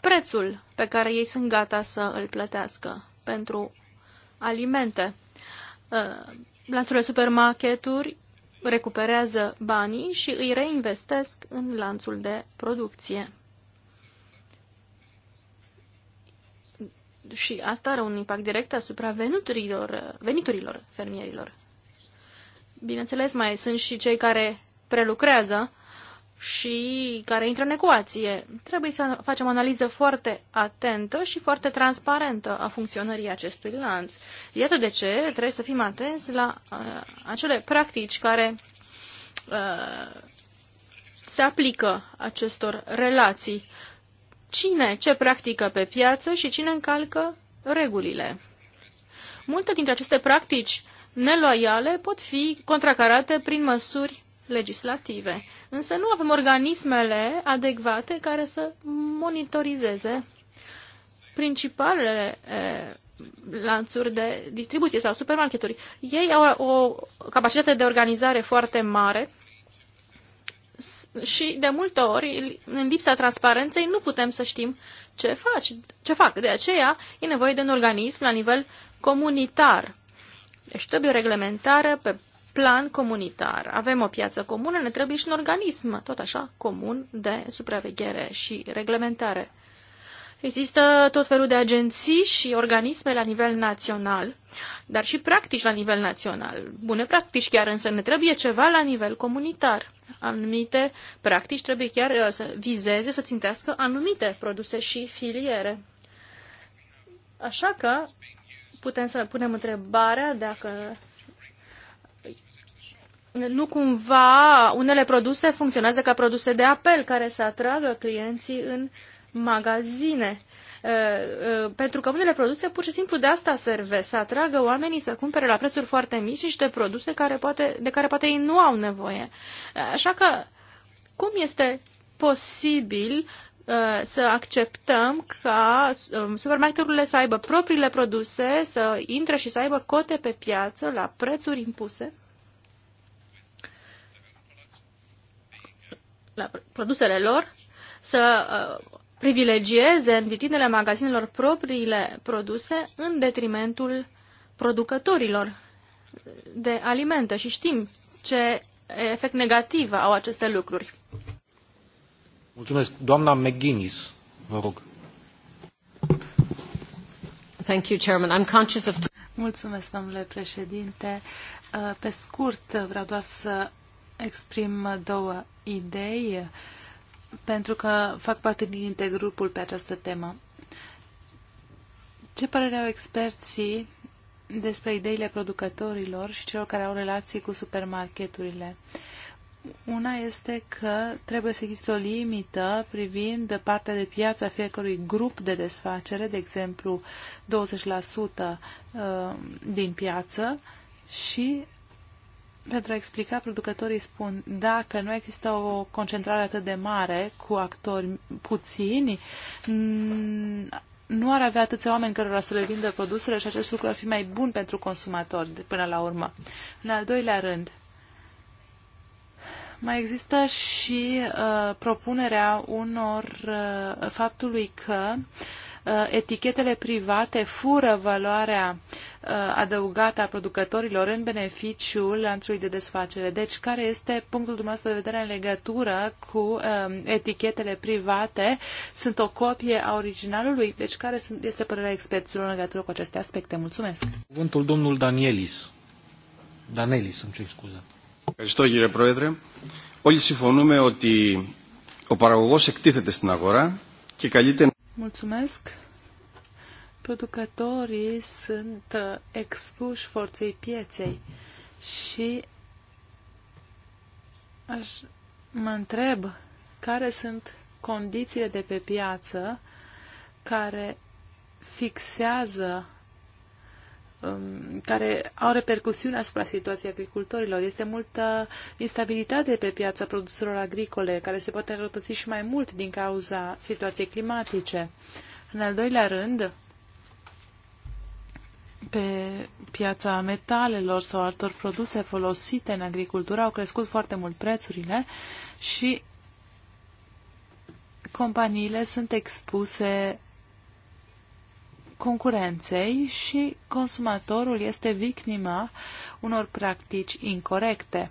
prețul pe care ei sunt gata să îl plătească pentru alimente. Ă, Lanțurile supermarketuri recuperează banii și îi reinvestesc în lanțul de producție. și asta are un impact direct asupra veniturilor, veniturilor fermierilor. Bineînțeles, mai sunt și cei care prelucrează și care intră în ecuație. Trebuie să facem o analiză foarte atentă și foarte transparentă a funcționării acestui lanț. Iată de ce trebuie să fim atenți la uh, acele practici care uh, se aplică acestor relații cine ce practică pe piață și cine încalcă regulile. Multe dintre aceste practici neloiale pot fi contracarate prin măsuri legislative, însă nu avem organismele adecvate care să monitorizeze principalele e, lanțuri de distribuție sau supermarketuri. Ei au o capacitate de organizare foarte mare și de multe ori, în lipsa transparenței, nu putem să știm ce, faci, ce fac. De aceea e nevoie de un organism la nivel comunitar. Deci trebuie reglementare pe plan comunitar. Avem o piață comună, ne trebuie și un organism, tot așa, comun de supraveghere și reglementare. Există tot felul de agenții și organisme la nivel național, dar și practici la nivel național. Bune practici chiar, însă ne trebuie ceva la nivel comunitar. Anumite practici trebuie chiar uh, să vizeze, să țintească anumite produse și filiere. Așa că putem să punem întrebarea dacă nu cumva unele produse funcționează ca produse de apel care să atragă clienții în uh, magazine. Uh, uh, pentru că unele produse pur și simplu de asta serve, să atragă oamenii să cumpere la prețuri foarte mici niște produse care poate, de care poate ei nu au nevoie. Așa că, cum este posibil uh, să acceptăm ca um, supermarketurile să aibă propriile produse, să intre și să aibă cote pe piață la prețuri impuse? La produsele lor, să uh, privilegieze în vitinele magazinelor propriile produse în detrimentul producătorilor de alimente și știm ce efect negativ au aceste lucruri. Mulțumesc. Doamna McGuinness, vă rog. Thank you, Chairman. I'm conscious of... Mulțumesc, domnule președinte. Pe scurt, vreau doar să exprim două idei pentru că fac parte din intergrupul pe această temă. Ce părere au experții despre ideile producătorilor și celor care au relații cu supermarketurile? Una este că trebuie să existe o limită privind partea de piață a fiecărui grup de desfacere, de exemplu 20% uh, din piață, și pentru a explica, producătorii spun, dacă nu există o concentrare atât de mare cu actori puțini, nu ar avea atâția oameni cărora să le vindă produsele și acest lucru ar fi mai bun pentru consumatori până la urmă. În al doilea rând, mai există și uh, propunerea unor uh, faptului că uh, Uh, etichetele private fură valoarea uh, adăugată a producătorilor în beneficiul lanțului de desfacere. Deci, care este punctul dumneavoastră de vedere în legătură cu um, etichetele private? Sunt o copie a originalului? Deci, care este părerea experților în legătură cu aceste aspecte? Mulțumesc! Cuvântul domnul Danielis. Danielis, îmi cer scuze. Ευχαριστώ κύριε Πρόεδρε. Όλοι συμφωνούμε ότι ο παραγωγός εκτίθεται στην αγορά και καλείται Mulțumesc. Producătorii sunt uh, expuși forței pieței și aș mă întreb care sunt condițiile de pe piață care fixează Um, care au repercusiuni asupra situației agricultorilor. Este multă instabilitate pe piața produselor agricole, care se poate rătăți și mai mult din cauza situației climatice. În al doilea rând, pe piața metalelor sau altor produse folosite în agricultură au crescut foarte mult prețurile și companiile sunt expuse concurenței și consumatorul este victima unor practici incorrecte.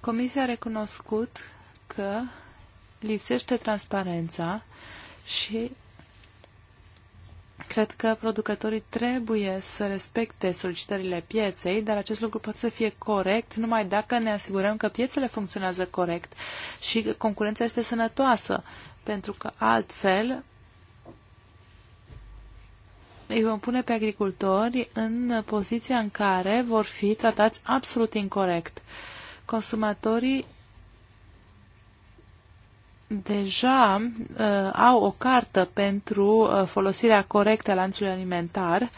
Comisia a recunoscut că lipsește transparența și cred că producătorii trebuie să respecte solicitările pieței, dar acest lucru poate să fie corect numai dacă ne asigurăm că piețele funcționează corect și că concurența este sănătoasă, pentru că altfel îi vom pune pe agricultori în poziția în care vor fi tratați absolut incorrect. Consumatorii deja uh, au o cartă pentru uh, folosirea corectă a lanțului alimentar,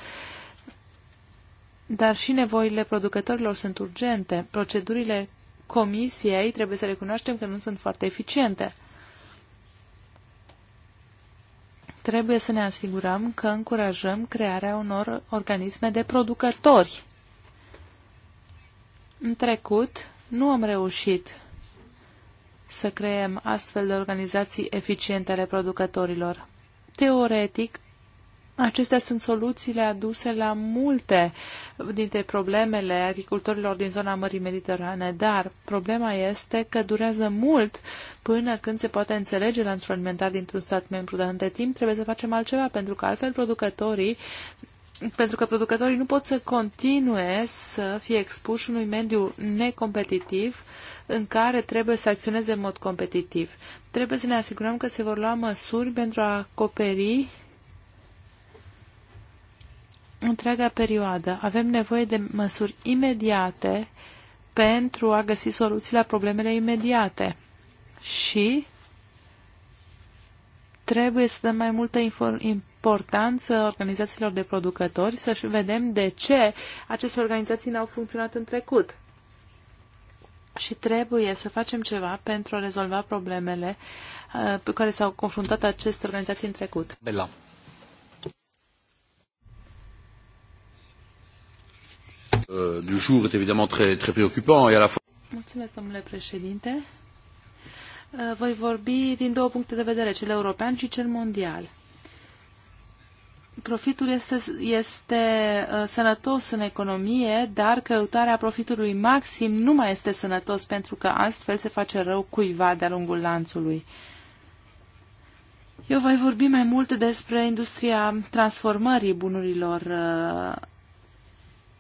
dar și nevoile producătorilor sunt urgente. Procedurile comisiei trebuie să recunoaștem că nu sunt foarte eficiente. Trebuie să ne asigurăm că încurajăm crearea unor organisme de producători. În trecut nu am reușit să creăm astfel de organizații eficiente ale producătorilor. Teoretic, Acestea sunt soluțiile aduse la multe dintre problemele agricultorilor din zona Mării Mediterane, dar problema este că durează mult până când se poate înțelege lanțul alimentar dintr-un stat membru, dar între timp trebuie să facem altceva, pentru că altfel producătorii pentru că producătorii nu pot să continue să fie expuși unui mediu necompetitiv în care trebuie să acționeze în mod competitiv. Trebuie să ne asigurăm că se vor lua măsuri pentru a acoperi întreaga perioadă. Avem nevoie de măsuri imediate pentru a găsi soluții la problemele imediate. Și trebuie să dăm mai multă importanță organizațiilor de producători, să vedem de ce aceste organizații n-au funcționat în trecut. Și trebuie să facem ceva pentru a rezolva problemele pe uh, care s-au confruntat aceste organizații în trecut. Bella. Mulțumesc, domnule președinte. Euh, voi vorbi din două puncte de vedere, cel european și cel mondial profitul este, este uh, sănătos în economie, dar căutarea profitului maxim nu mai este sănătos pentru că astfel se face rău cuiva de-a lungul lanțului. Eu voi vorbi mai mult despre industria transformării bunurilor uh,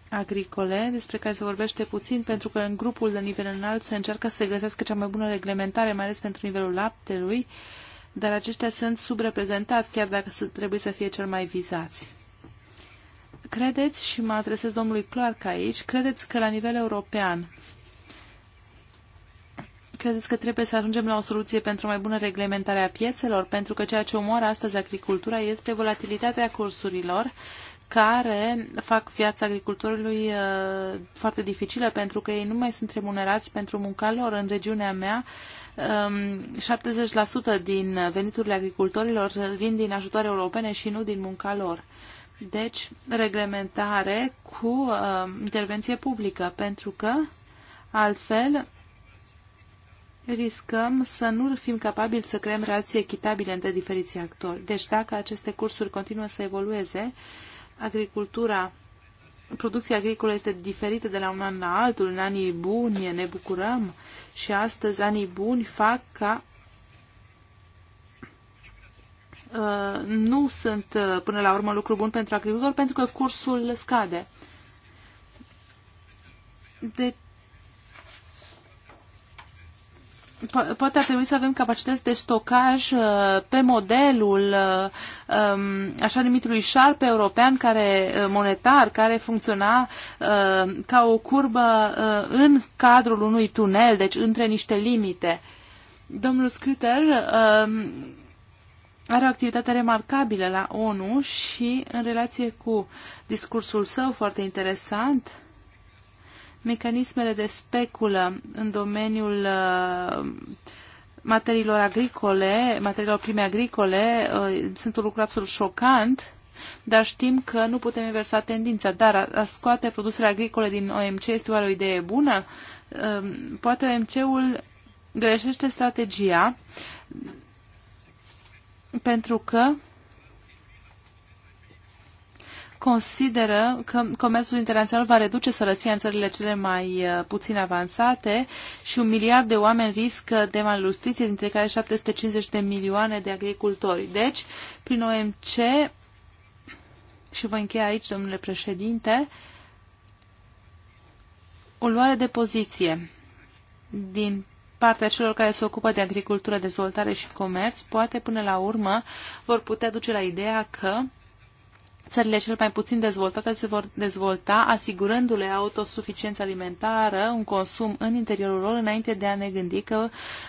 agricole, despre care se vorbește puțin, pentru că în grupul de nivel înalt se încearcă să se găsească cea mai bună reglementare, mai ales pentru nivelul laptelui, dar aceștia sunt subreprezentați, chiar dacă trebuie să fie cel mai vizați. Credeți, și mă adresez domnului Clark aici, credeți că la nivel european credeți că trebuie să ajungem la o soluție pentru mai bună reglementare a piețelor? Pentru că ceea ce omoară astăzi agricultura este volatilitatea cursurilor, uh, care fac viața agricultorului uh, foarte dificilă pentru că ei nu mai sunt remunerați pentru munca lor. În regiunea mea, 70% um, din veniturile agricultorilor vin din ajutoare europene și nu din munca lor. Deci, reglementare cu uh, intervenție publică, pentru că altfel riscăm să nu fim capabili să creăm relații echitabile între diferiții actori. Deci, dacă aceste cursuri continuă să evolueze, uh, agricultura, producția agricolă este diferită de la un an la altul. În anii buni ne bucurăm și astăzi anii buni fac ca uh, nu sunt uh, până la urmă lucru bun pentru agricultor pentru că cursul scade. Deci po- poate ar trebui să avem capacități de stocaj uh, pe modelul uh, um, așa numitului șarpe european care uh, monetar, care funcționa uh, ca o curbă uh, în cadrul unui tunel, deci între niște limite. Domnul Scuter uh, um, are o activitate remarcabilă la ONU și în relație cu discursul său foarte interesant, uh, mecanismele de speculă în domeniul uh, materiilor agricole, materiilor prime agricole, uh, sunt un lucru absolut șocant, dar știm că nu putem inversa tendința. Dar a scoate produsele agricole din OMC este oare o idee bună? Um, poate OMC-ul greșește strategia pentru că consideră că comerțul internațional va reduce sărăția în țările cele mai uh, puțin avansate și un miliard de oameni riscă de malnutriție, dintre care 750 de milioane de agricultori. Deci, prin OMC, și voi încheia aici, domnule președinte, o luare de poziție din partea celor care se ocupă de agricultură, dezvoltare și comerț, poate până la urmă vor putea duce la ideea că țările cel mai puțin dezvoltate se vor dezvolta, asigurându-le autosuficiență alimentară, un consum în interiorul lor, înainte de a ne gândi că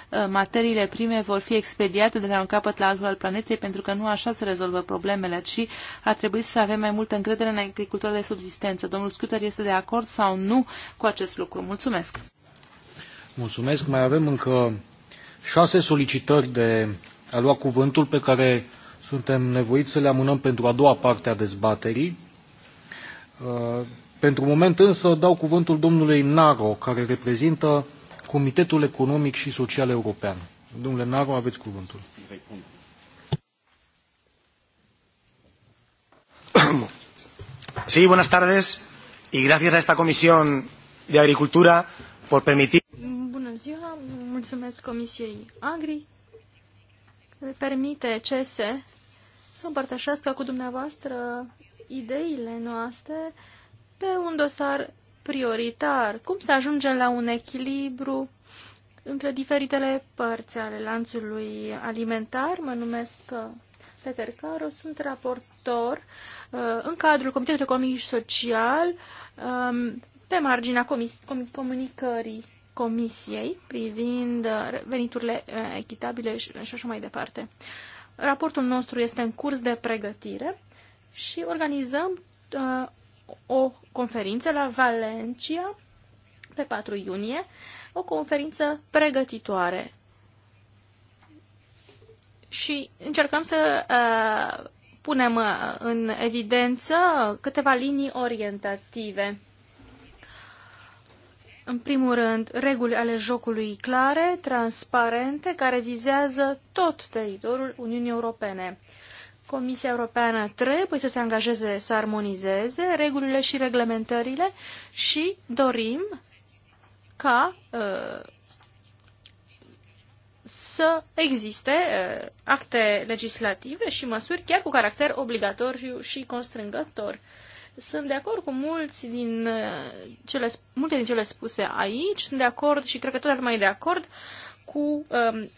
uh, materiile prime vor fi expediate de la un capăt la altul al planetei, pentru că nu așa se rezolvă problemele, ci ar trebui să avem mai multă încredere în agricultura de subsistență. Domnul Scuter este de acord sau nu cu acest lucru? Mulțumesc! Mulțumesc! Mai avem încă șase solicitări de a lua cuvântul pe care suntem nevoiți să le amânăm pentru a doua parte a dezbaterii. Uh, pentru moment însă dau cuvântul domnului Naro, care reprezintă Comitetul Economic și Social European. Domnule Naro, aveți cuvântul. Sí, buenas tardes y gracias a esta Comisión de Agricultura por permitir. Bună ziua, mulțumesc Comisiei Agri. Permite CESE să împărtășească cu dumneavoastră ideile noastre pe un dosar prioritar. Cum să ajungem la un echilibru între diferitele părți ale lanțului alimentar? Mă numesc uh, Peter Caro, sunt raportor uh, în cadrul Comitetului Economic și Social um, pe marginea comis- com- comunicării Comisiei privind uh, veniturile echitabile și așa mai departe. Raportul nostru este în curs de pregătire și organizăm uh, o conferință la Valencia pe 4 iunie, o conferință pregătitoare. Și încercăm să uh, punem uh, în evidență câteva linii orientative în primul rând, reguli ale jocului clare, transparente, care vizează tot teritoriul Uniunii Europene. Comisia Europeană trebuie să se angajeze să armonizeze regulile și reglementările și dorim ca uh, să existe uh, acte legislative și măsuri chiar cu caracter obligatoriu și constrângător. Uh, sunt de acord cu mulți din uh, cele, multe din cele spuse aici, sunt de acord și cred că tot lumea e de acord cu um,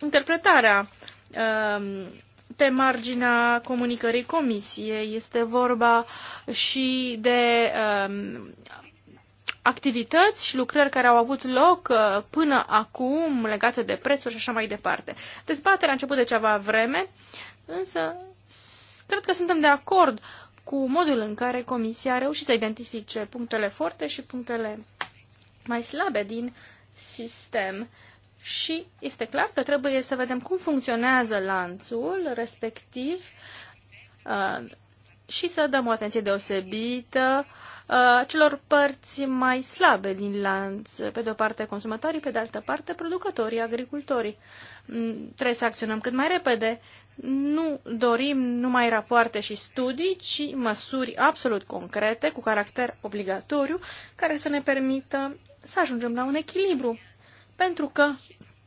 interpretarea um, pe marginea comunicării comisiei. Este vorba și de um, activități și lucrări care au avut loc uh, până acum legate de prețuri și așa mai departe. Dezbaterea a început de ceva vreme, însă cred că suntem de acord cu modul în care Comisia a reușit să identifice punctele forte și punctele mai slabe din sistem. Și este clar că trebuie să vedem cum funcționează lanțul respectiv uh, și să dăm o atenție deosebită uh, Uh, celor părți mai slabe din lanț, pe de o parte consumatorii, pe de altă parte producătorii, agricultorii. Mm, trebuie să acționăm cât mai repede. Nu dorim numai rapoarte și studii, ci măsuri absolut concrete, cu caracter obligatoriu, care să ne permită să ajungem la un echilibru. Pentru că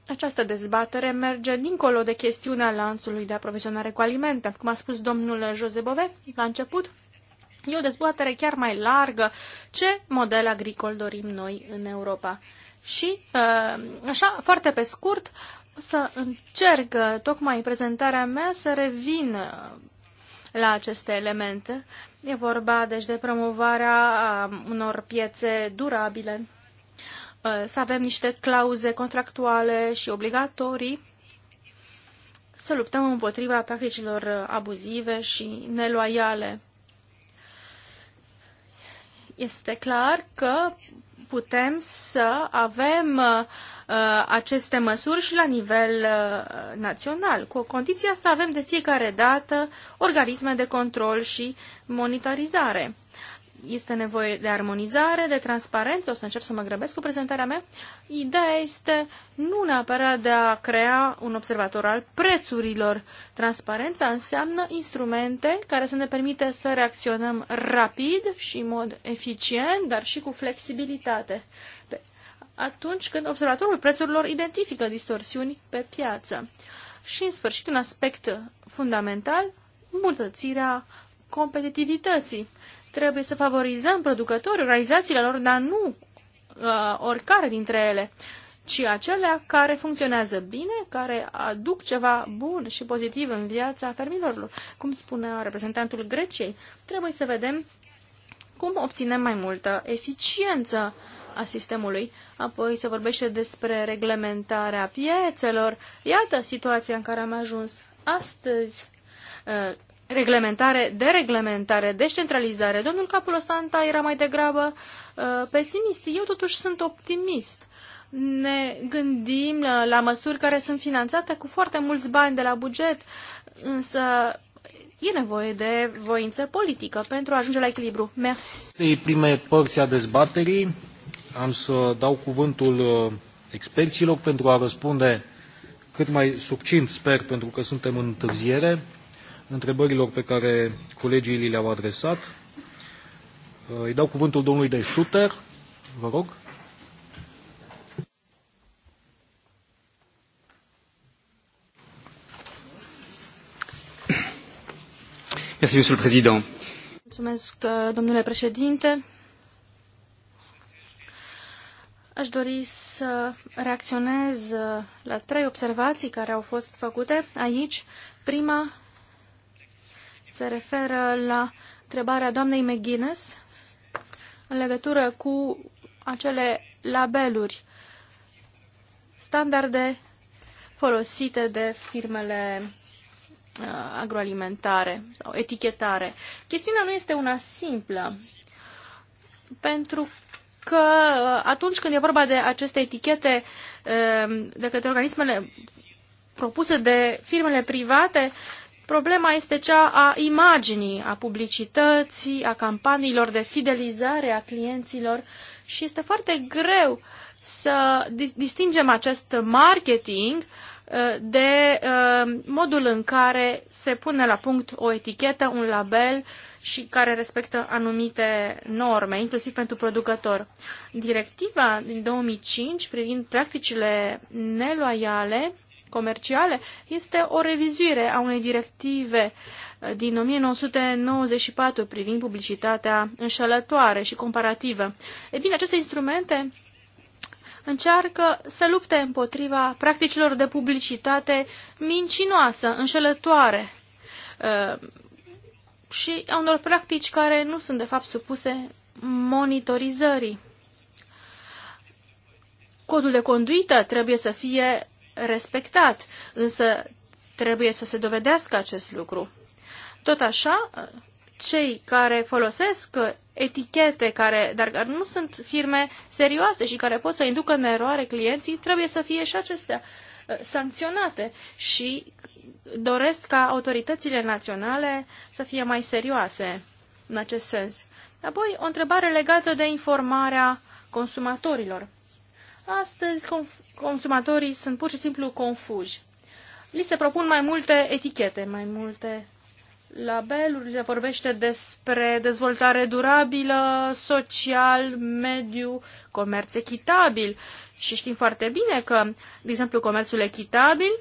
această dezbatere merge dincolo de chestiunea lanțului de aprovizionare cu alimente, cum a spus domnul Jose Bove la început. E o dezbatere chiar mai largă ce model agricol dorim noi în Europa. Și, uh, așa, foarte pe scurt, o să încerc uh, tocmai prezentarea mea să revin uh, la aceste elemente. E vorba, deci, de promovarea unor piețe durabile, să avem niște clauze contractuale și obligatorii, să luptăm împotriva practicilor abuzive și neloiale este clar că putem să avem uh, aceste măsuri și la nivel uh, național, cu condiția să avem de fiecare dată organisme de control și monitorizare este nevoie de armonizare, de transparență, o să încep să mă grăbesc cu prezentarea mea. Ideea este nu neapărat de a crea un observator al prețurilor. Transparența înseamnă instrumente care să ne permite să reacționăm rapid și în mod eficient, dar și cu flexibilitate. Atunci când observatorul prețurilor identifică distorsiuni pe piață. Și, în sfârșit, un aspect fundamental, îmbunătățirea competitivității. Trebuie să favorizăm producătorii, organizațiile lor, dar nu uh, oricare dintre ele, ci acelea care funcționează bine, care aduc ceva bun și pozitiv în viața fermilor. Cum spunea reprezentantul Greciei, trebuie să vedem cum obținem mai multă eficiență a sistemului. Apoi se vorbește despre reglementarea piețelor. Iată situația în care am ajuns astăzi. Uh, reglementare, dereglementare, descentralizare. Domnul Capulo Santa era mai degrabă uh, pesimist. Eu totuși sunt optimist. Ne gândim la, uh, la măsuri care sunt finanțate cu foarte mulți bani de la buget, însă e nevoie de voință politică pentru a ajunge la echilibru. Mersi. De prime părți a dezbaterii am să dau cuvântul uh, experților pentru a răspunde cât mai succint, sper, pentru că suntem în întârziere, întrebărilor pe care colegii li le-au adresat. Uh, îi dau cuvântul domnului de Schutter. Vă rog. Mulțumesc, uh, domnule președinte. Aș dori să reacționez uh, la trei observații care au fost făcute aici. Prima se referă la întrebarea doamnei McGuinness în legătură cu acele labeluri, standarde folosite de firmele uh, agroalimentare sau etichetare. Chestiunea nu este una simplă, pentru că uh, atunci când e vorba de aceste etichete uh, de către organismele propuse de firmele private, Problema este cea a imaginii, a publicității, a campaniilor de fidelizare a clienților și este foarte greu să distingem acest marketing uh, de uh, modul în care se pune la punct o etichetă, un label și care respectă anumite norme, inclusiv pentru producător. Directiva din 2005 privind practicile neloiale comerciale este o revizuire a unei directive uh, din 1994 privind publicitatea înșelătoare și comparativă. E bine, aceste instrumente încearcă să lupte împotriva practicilor de publicitate mincinoasă, înșelătoare uh, și a unor practici care nu sunt de fapt supuse monitorizării. Codul de conduită trebuie să fie respectat, însă trebuie să se dovedească acest lucru. Tot așa, cei care folosesc etichete care, dar care nu sunt firme serioase și care pot să inducă în eroare clienții, trebuie să fie și acestea uh, sancționate și doresc ca autoritățile naționale să fie mai serioase în acest sens. Apoi, o întrebare legată de informarea consumatorilor. Astăzi, consumatorii sunt pur și simplu confuși. Li se propun mai multe etichete, mai multe labeluri, se vorbește despre dezvoltare durabilă, social, mediu, comerț echitabil. Și știm foarte bine că, de exemplu, comerțul echitabil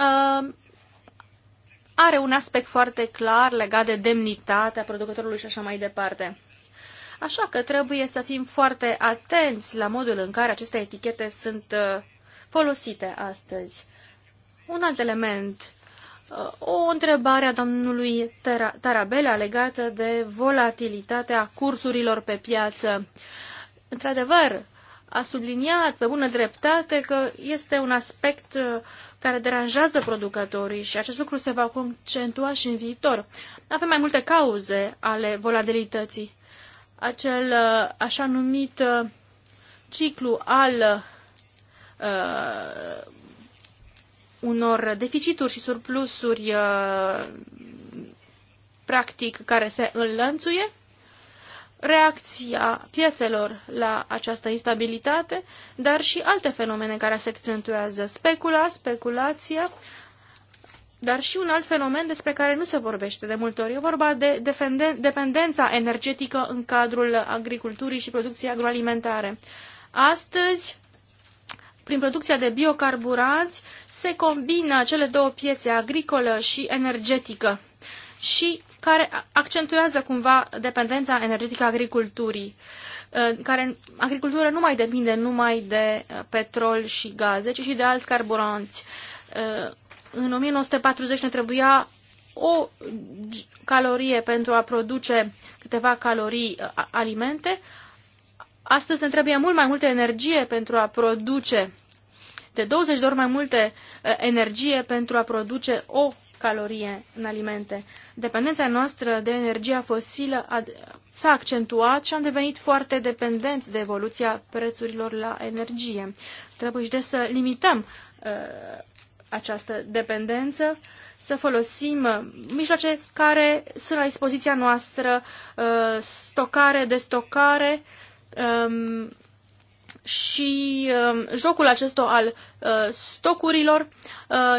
uh, are un aspect foarte clar legat de demnitatea producătorului și așa mai departe. Așa că trebuie să fim foarte atenți la modul în care aceste etichete sunt uh, folosite astăzi. Un alt element, uh, o întrebare a domnului Tarabela legată de volatilitatea cursurilor pe piață. Într-adevăr, a subliniat pe bună dreptate că este un aspect uh, care deranjează producătorii și acest lucru se va accentua și în viitor. Avem mai multe cauze ale volatilității acel uh, așa numit uh, ciclu al uh, unor deficituri și surplusuri uh, practic care se înlănțuie, reacția piețelor la această instabilitate, dar și alte fenomene care se accentuează, specula, speculația, dar și un alt fenomen despre care nu se vorbește de multe ori. E vorba de dependența energetică în cadrul agriculturii și producției agroalimentare. Astăzi, prin producția de biocarburanți, se combină cele două piețe, agricolă și energetică, și care accentuează cumva dependența energetică a agriculturii care agricultura nu mai depinde numai de uh, petrol și gaze, ci și de alți carburanți uh, în 1940 ne trebuia o calorie pentru a produce câteva calorii uh, alimente. Astăzi ne trebuie mult mai multă energie pentru a produce, de 20 de ori mai multe uh, energie pentru a produce o calorie în alimente. Dependența noastră de energia fosilă s-a accentuat și am devenit foarte dependenți de evoluția prețurilor la energie. Trebuie și de să limităm uh, această dependență, să folosim uh, mijloace care sunt la dispoziția noastră, uh, stocare, destocare um, și um, jocul acesta al uh, stocurilor,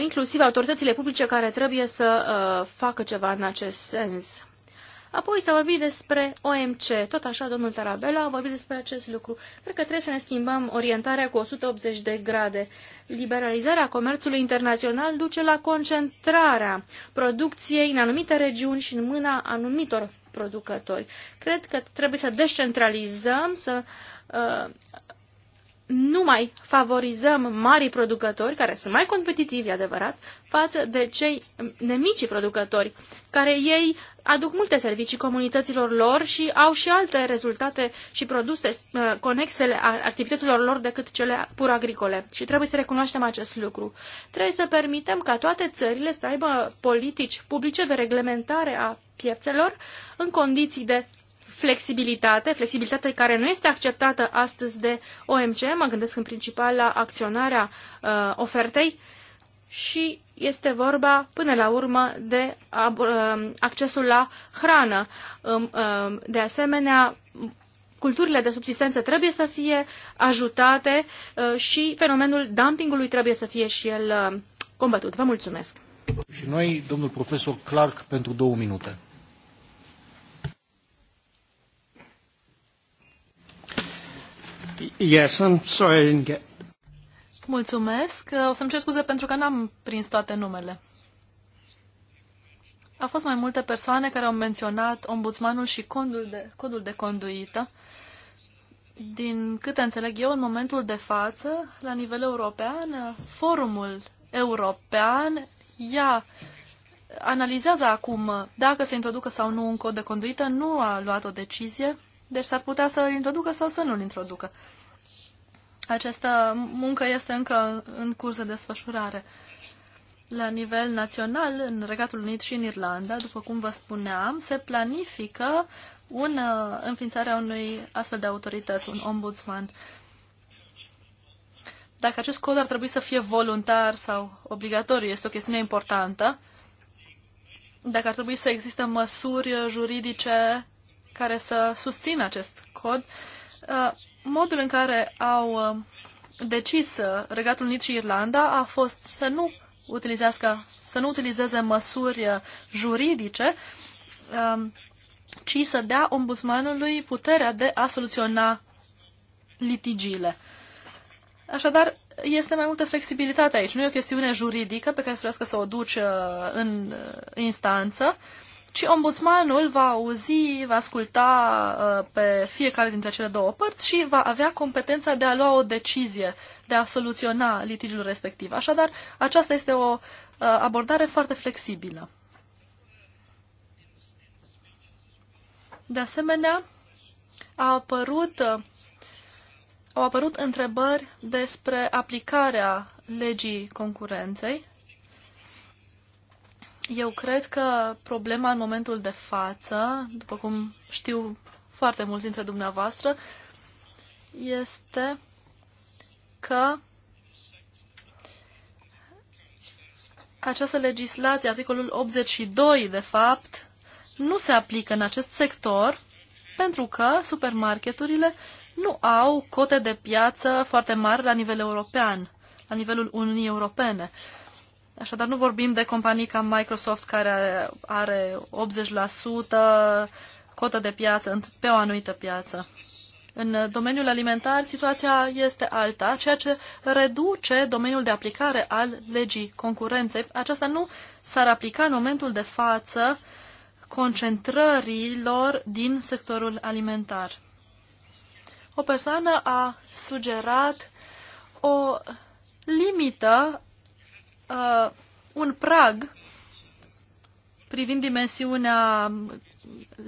inclusiv autoritățile publice care trebuie să facă ceva în acest sens. Apoi s-a vorbit despre OMC, tot așa domnul Tarabella a vorbit despre acest lucru. Cred că trebuie să ne schimbăm orientarea cu 180 de grade. Liberalizarea comerțului internațional duce la concentrarea producției în anumite regiuni și în mâna anumitor producători. Cred că trebuie să descentralizăm, să uh, nu mai favorizăm marii producători, care sunt mai competitivi, adevărat, față de cei nemici producători, care ei aduc multe servicii comunităților lor și au și alte rezultate și produse uh, conexele a activităților lor decât cele pur agricole. Și trebuie să recunoaștem acest lucru. Trebuie să permitem ca toate țările să aibă politici publice de reglementare a piețelor în condiții de flexibilitate, flexibilitate care nu este acceptată astăzi de OMC, mă gândesc în principal la acționarea uh, ofertei și este vorba până la urmă de uh, accesul la hrană. Um, uh, de asemenea, culturile de subsistență trebuie să fie ajutate uh, și fenomenul dumpingului trebuie să fie și el uh, combătut. Vă mulțumesc! Și noi, domnul profesor Clark, pentru două minute. Yes, I'm sorry I didn't get... Mulțumesc. O să-mi cer scuze pentru că n-am prins toate numele. A fost mai multe persoane care au menționat ombudsmanul și codul de, codul de conduită. Din câte înțeleg eu, în momentul de față, la nivel european, forumul european ia analizează acum dacă se introducă sau nu un cod de conduită, nu a luat o decizie, deci s-ar putea să îl introducă sau să nu îl introducă. Această muncă este încă în curs de desfășurare. La nivel național, în Regatul Unit și în Irlanda, după cum vă spuneam, se planifică un, uh, înființarea unui astfel de autorități, un ombudsman. Dacă acest cod ar trebui să fie voluntar sau obligatoriu, este o chestiune importantă. Dacă ar trebui să existe măsuri juridice care să susțină acest cod, uh, modul în care au uh, decis uh, Regatul Unit și Irlanda a fost să nu, utilizească, să nu utilizeze măsuri juridice, um, ci să dea ombudsmanului puterea de a soluționa litigiile. Așadar, este mai multă flexibilitate aici. Nu e o chestiune juridică pe care să vrească să o duci în instanță, și ombudsmanul va auzi, va asculta uh, pe fiecare dintre cele două părți și va avea competența de a lua o decizie, de a soluționa litigiul respectiv. Așadar, aceasta este o uh, abordare foarte flexibilă. De asemenea, a apărut, uh, au apărut întrebări despre aplicarea legii concurenței eu cred că problema în momentul de față, după cum știu foarte mulți dintre dumneavoastră, este că această legislație, articolul 82, de fapt, nu se aplică în acest sector pentru că supermarketurile nu au cote de piață foarte mari la nivel european, la nivelul Uniunii Europene. Uh, Așadar, nu vorbim de companii ca Microsoft care are 80% cotă de piață pe o anumită piață. În domeniul alimentar, situația este alta, ceea ce reduce domeniul de aplicare al legii concurenței. Aceasta nu s-ar aplica în momentul de față concentrărilor din sectorul alimentar. O persoană a sugerat o limită uh, un prag privind dimensiunea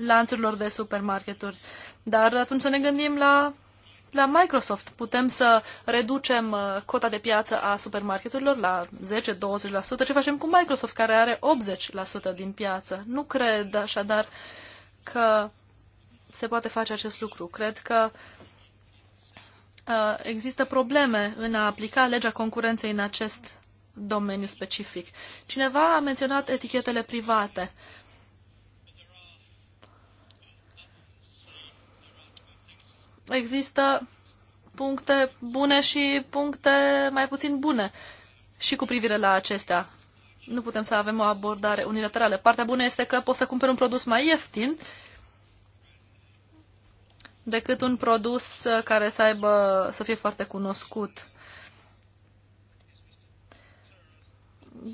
lanțurilor de supermarketuri. Dar atunci să ne gândim la, la Microsoft. Putem să reducem uh, cota de piață a supermarketurilor la 10-20%. Ce facem cu Microsoft, care are 80% din piață? Nu cred așadar că se poate face acest lucru. Cred că uh, există probleme în a aplica legea concurenței în acest domeniu specific. Cineva a menționat etichetele private. Există puncte bune și puncte mai puțin bune și cu privire la acestea. Nu putem să avem o abordare unilaterală. Partea bună este că poți să cumperi un produs mai ieftin decât un produs care să aibă, să fie foarte cunoscut.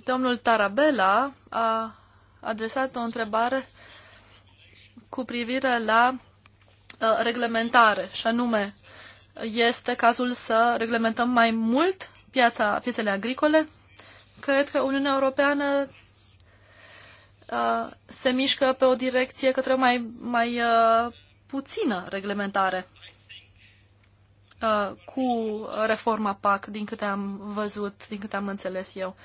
Domnul Tarabella a adresat o întrebare cu privire la ă, reglementare și anume este cazul să reglementăm mai mult piața, piețele agricole. Cred că Uniunea Europeană ă, se mișcă pe o direcție către mai, mai ă, puțină reglementare cu reforma PAC, din câte am văzut, din câte am înțeles eu.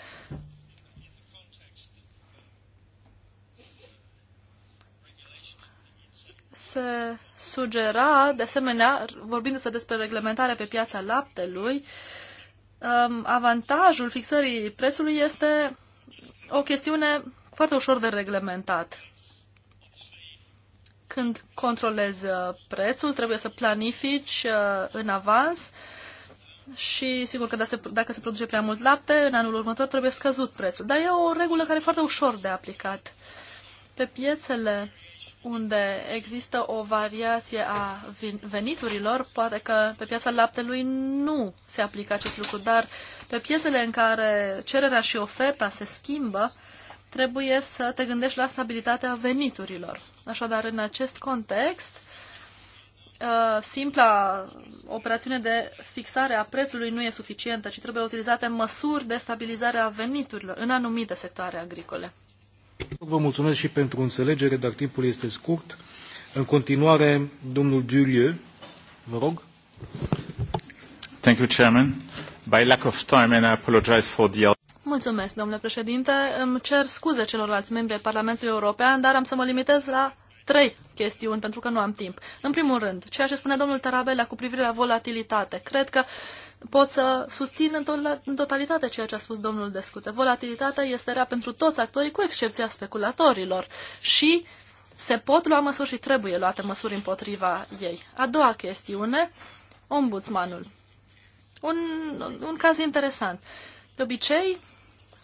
se sugera, de asemenea, vorbindu-se despre reglementarea pe piața laptelui, um, avantajul fixării prețului este o chestiune foarte ușor de reglementat. Când controlezi uh, prețul, trebuie să planifici uh, în avans și sigur că dacă se produce prea mult lapte, în anul următor trebuie scăzut prețul. Dar e o regulă care e foarte ușor de aplicat. Pe piețele unde există o variație a veniturilor, poate că pe piața laptelui nu se aplică acest lucru, dar pe piețele în care cererea și oferta se schimbă, trebuie să te gândești la stabilitatea veniturilor. Așadar, în acest context, ă, simpla operațiune de fixare a prețului nu e suficientă, ci trebuie utilizate măsuri de stabilizare a veniturilor în anumite sectoare agricole. Vă mulțumesc și pentru înțelegere, dar timpul este scurt. În continuare, domnul Durieu, vă rog. Thank you, Chairman. By lack of time, and I apologize for the Mulțumesc, domnule președinte. Îmi cer scuze celorlalți membri ai Parlamentului European, dar am să mă limitez la trei chestiuni, pentru că nu am timp. În primul rând, ceea ce spune domnul Tarabella cu privire la volatilitate. Cred că uh, pot să susțin în, to- în totalitate ceea ce a spus domnul Descute. Volatilitatea este rea pentru toți actorii, cu excepția speculatorilor. Și se pot lua măsuri și trebuie luate măsuri împotriva ei. A doua chestiune, ombudsmanul. Un, un caz interesant. De obicei,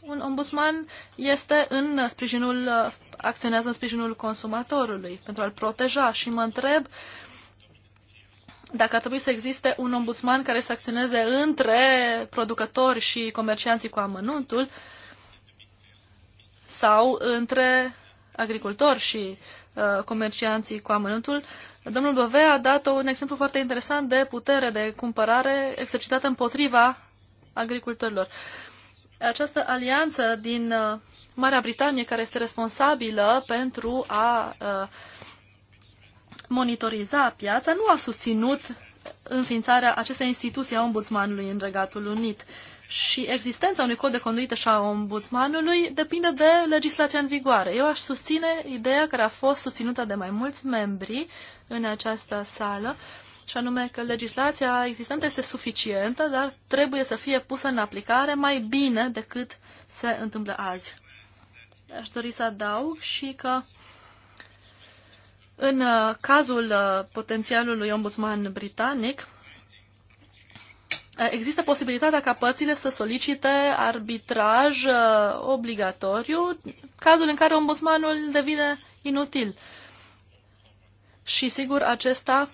un ombudsman este în sprijinul, acționează în sprijinul consumatorului pentru a-l proteja și mă întreb uh, dacă ar trebui să existe un ombudsman care să acționeze între producători și comercianții cu amănuntul sau între agricultori și uh, comercianții cu amănuntul. Domnul Băve a dat un exemplu foarte interesant de putere de cumpărare exercitată împotriva agricultorilor. Această alianță din uh, Marea Britanie, care este responsabilă pentru a uh, monitoriza piața nu a susținut înființarea acestei instituții a ombudsmanului în Regatul Unit. Și existența unui cod de conduită și a ombudsmanului depinde de legislația în vigoare. Eu aș susține ideea care a fost susținută de mai mulți membri în această sală, și anume că legislația existentă este suficientă, dar trebuie să fie pusă în aplicare mai bine decât se întâmplă azi. Aș dori să adaug și că în uh, cazul uh, potențialului ombudsman britanic, uh, Există posibilitatea ca părțile să solicite arbitraj obligatoriu, cazul în care ombudsmanul devine inutil. Și sigur, acesta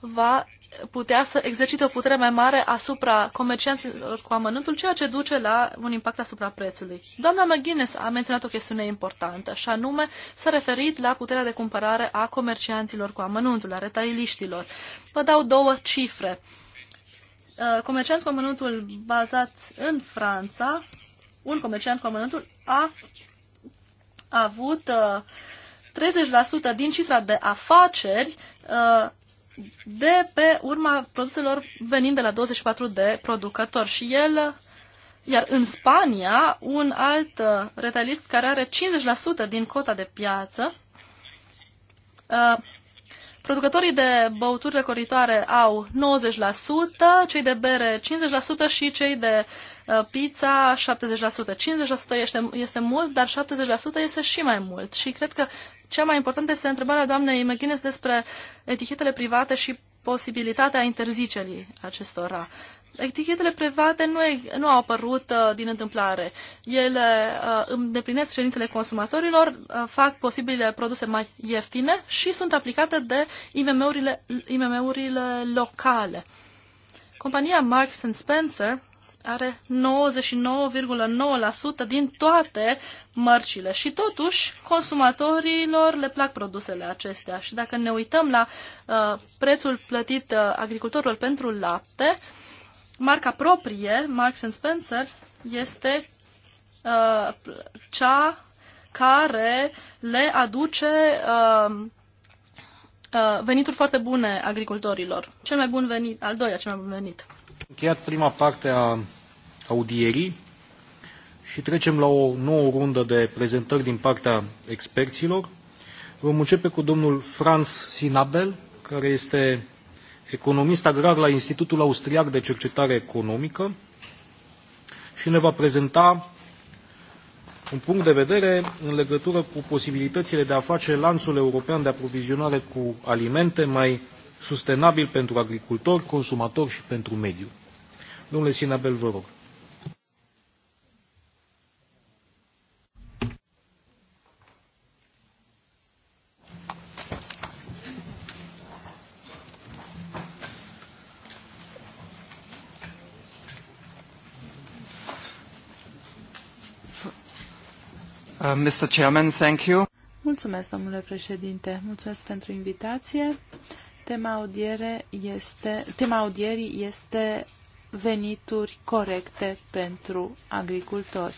va putea să exercite o putere mai mare asupra comercianților cu amănântul, ceea ce duce la un impact asupra prețului. Doamna McGuinness a menționat o chestiune importantă, și anume s-a referit la puterea de cumpărare a comercianților cu amănântul, a retailiștilor. Vă dau două cifre. Uh, comercianți cu amănântul bazați în Franța, un comerciant cu amănântul a avut 30% uh, din cifra de afaceri uh, de pe urma produselor venind de la 24 de producători și el iar în Spania, un alt uh, retailist care are 50% din cota de piață, uh, producătorii de băuturi recoritoare au 90%, cei de bere 50% și cei de uh, pizza 70%. 50% este, este mult, dar 70% este și mai mult. Și cred că cea mai importantă este întrebarea doamnei McGuinness despre etichetele private și posibilitatea interzicerii acestora. Etichetele private nu, e, nu au apărut uh, din întâmplare. Ele uh, îndeplinesc cerințele consumatorilor, uh, fac posibile produse mai ieftine și sunt aplicate de IMM-urile, IMM-urile locale. Compania Marks Spencer are 99,9% din toate mărcile și totuși consumatorilor le plac produsele acestea. Și dacă ne uităm la uh, prețul plătit uh, agricultorilor pentru lapte, marca proprie, Marks Spencer, este uh, cea care le aduce uh, uh, venituri foarte bune agricultorilor. Cel mai bun venit, al doilea cel mai bun venit. Încheiat prima parte a audierii și trecem la o nouă rundă de prezentări din partea experților. Vom începe cu domnul Franz Sinabel, care este economist agrar la Institutul Austriac de Cercetare Economică și ne va prezenta un punct de vedere în legătură cu posibilitățile de a face lanțul european de aprovizionare cu alimente mai sustenabil pentru agricultori, consumatori și pentru mediu. Domnule Sinabel, vă rog. Uh, Mr. Chairman, thank you. Mulțumesc, domnule președinte. Mulțumesc pentru invitație. Tema, audiere este, tema audierii este venituri corecte pentru agricultori.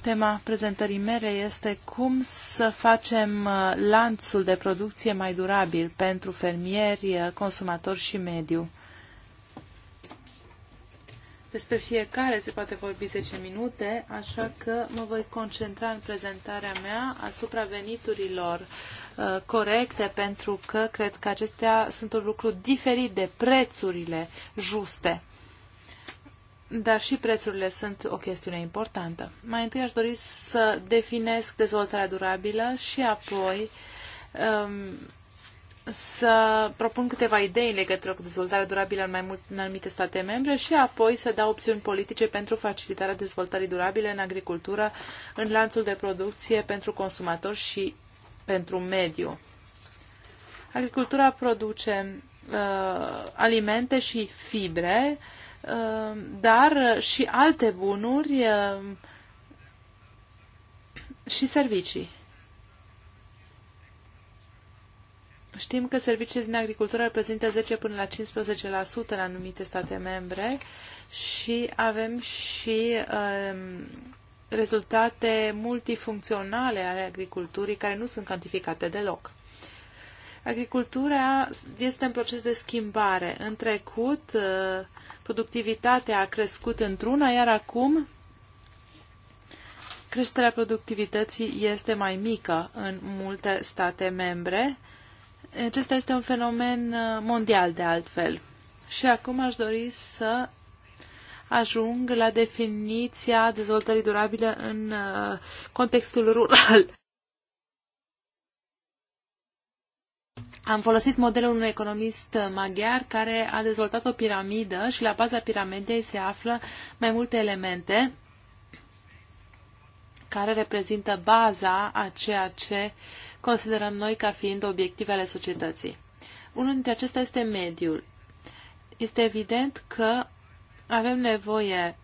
Tema prezentării mele este cum să facem uh, lanțul de producție mai durabil pentru fermieri, uh, consumatori și mediu. Despre fiecare se poate vorbi 10 minute, așa că mă voi concentra în prezentarea mea asupra veniturilor uh, corecte, pentru că cred că acestea sunt un lucru diferit de prețurile juste. Dar și prețurile sunt o chestiune importantă. Mai întâi aș dori să definesc dezvoltarea durabilă și apoi um, să propun câteva idei în legătură cu dezvoltarea durabilă în mai mult în anumite state membre și apoi să dau opțiuni politice pentru facilitarea dezvoltării durabile în agricultură, în lanțul de producție pentru consumator și pentru mediu. Agricultura produce uh, alimente și fibre, uh, dar și alte bunuri uh, și servicii. Știm că serviciile din agricultură reprezintă 10 până la 15% în anumite state membre și avem și um, rezultate multifuncționale ale agriculturii care nu sunt cantificate deloc. Agricultura este în proces de schimbare. În trecut, uh, productivitatea a crescut într-una, iar acum creșterea productivității este mai mică în multe state membre acesta este un fenomen uh, mondial, de altfel. Și acum aș dori să ajung la definiția dezvoltării durabile în uh, contextul rural. Am folosit modelul unui economist maghiar care a dezvoltat o piramidă și la baza piramidei se află mai multe elemente care reprezintă baza a ceea ce uh, considerăm noi ca fiind obiectivele societății. Unul dintre acestea este mediul. Este evident că avem nevoie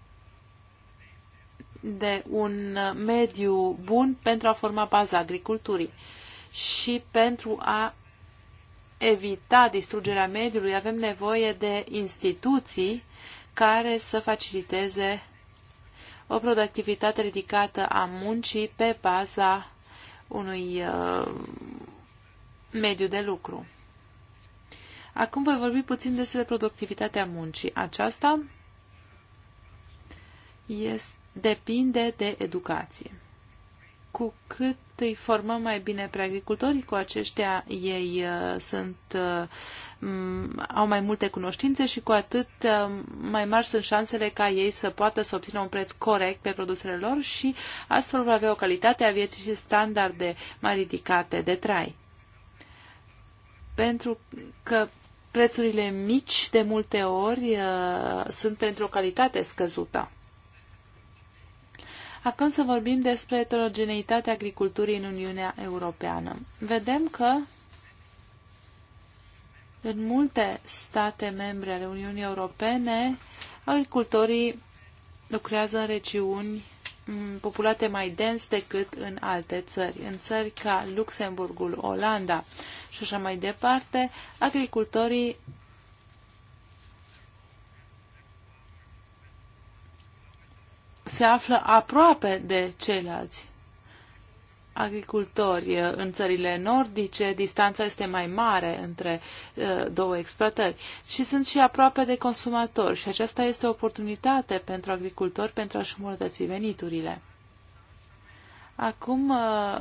de un mediu bun pentru a forma baza agriculturii și pentru a evita distrugerea mediului avem nevoie de instituții care să faciliteze o productivitate ridicată a muncii pe baza unui uh, mediu de lucru. Acum voi vorbi puțin despre productivitatea muncii. Aceasta este, depinde de educație. Cu cât îi formăm mai bine pe agricultorii, cu aceștia ei uh, sunt uh, Mm, au mai multe cunoștințe și cu atât uh, mai mari sunt șansele ca ei să poată să obțină un preț corect pe produsele lor și astfel vor avea o calitate a vieții și standarde mai ridicate de trai. Pentru că prețurile mici de multe ori uh, sunt pentru o calitate scăzută. Acum să vorbim despre heterogeneitatea agriculturii în Uniunea Europeană. Vedem că în multe state membre ale Uniunii Europene, agricultorii lucrează în regiuni mm, populate mai dens decât în alte țări. În țări ca Luxemburgul, Olanda și așa mai departe, agricultorii se află aproape de ceilalți agricultori uh, în țările nordice, distanța este mai mare între uh, două exploatări și sunt și aproape de consumatori și aceasta este o oportunitate pentru agricultori pentru a-și îmbunătăți veniturile. Acum, uh,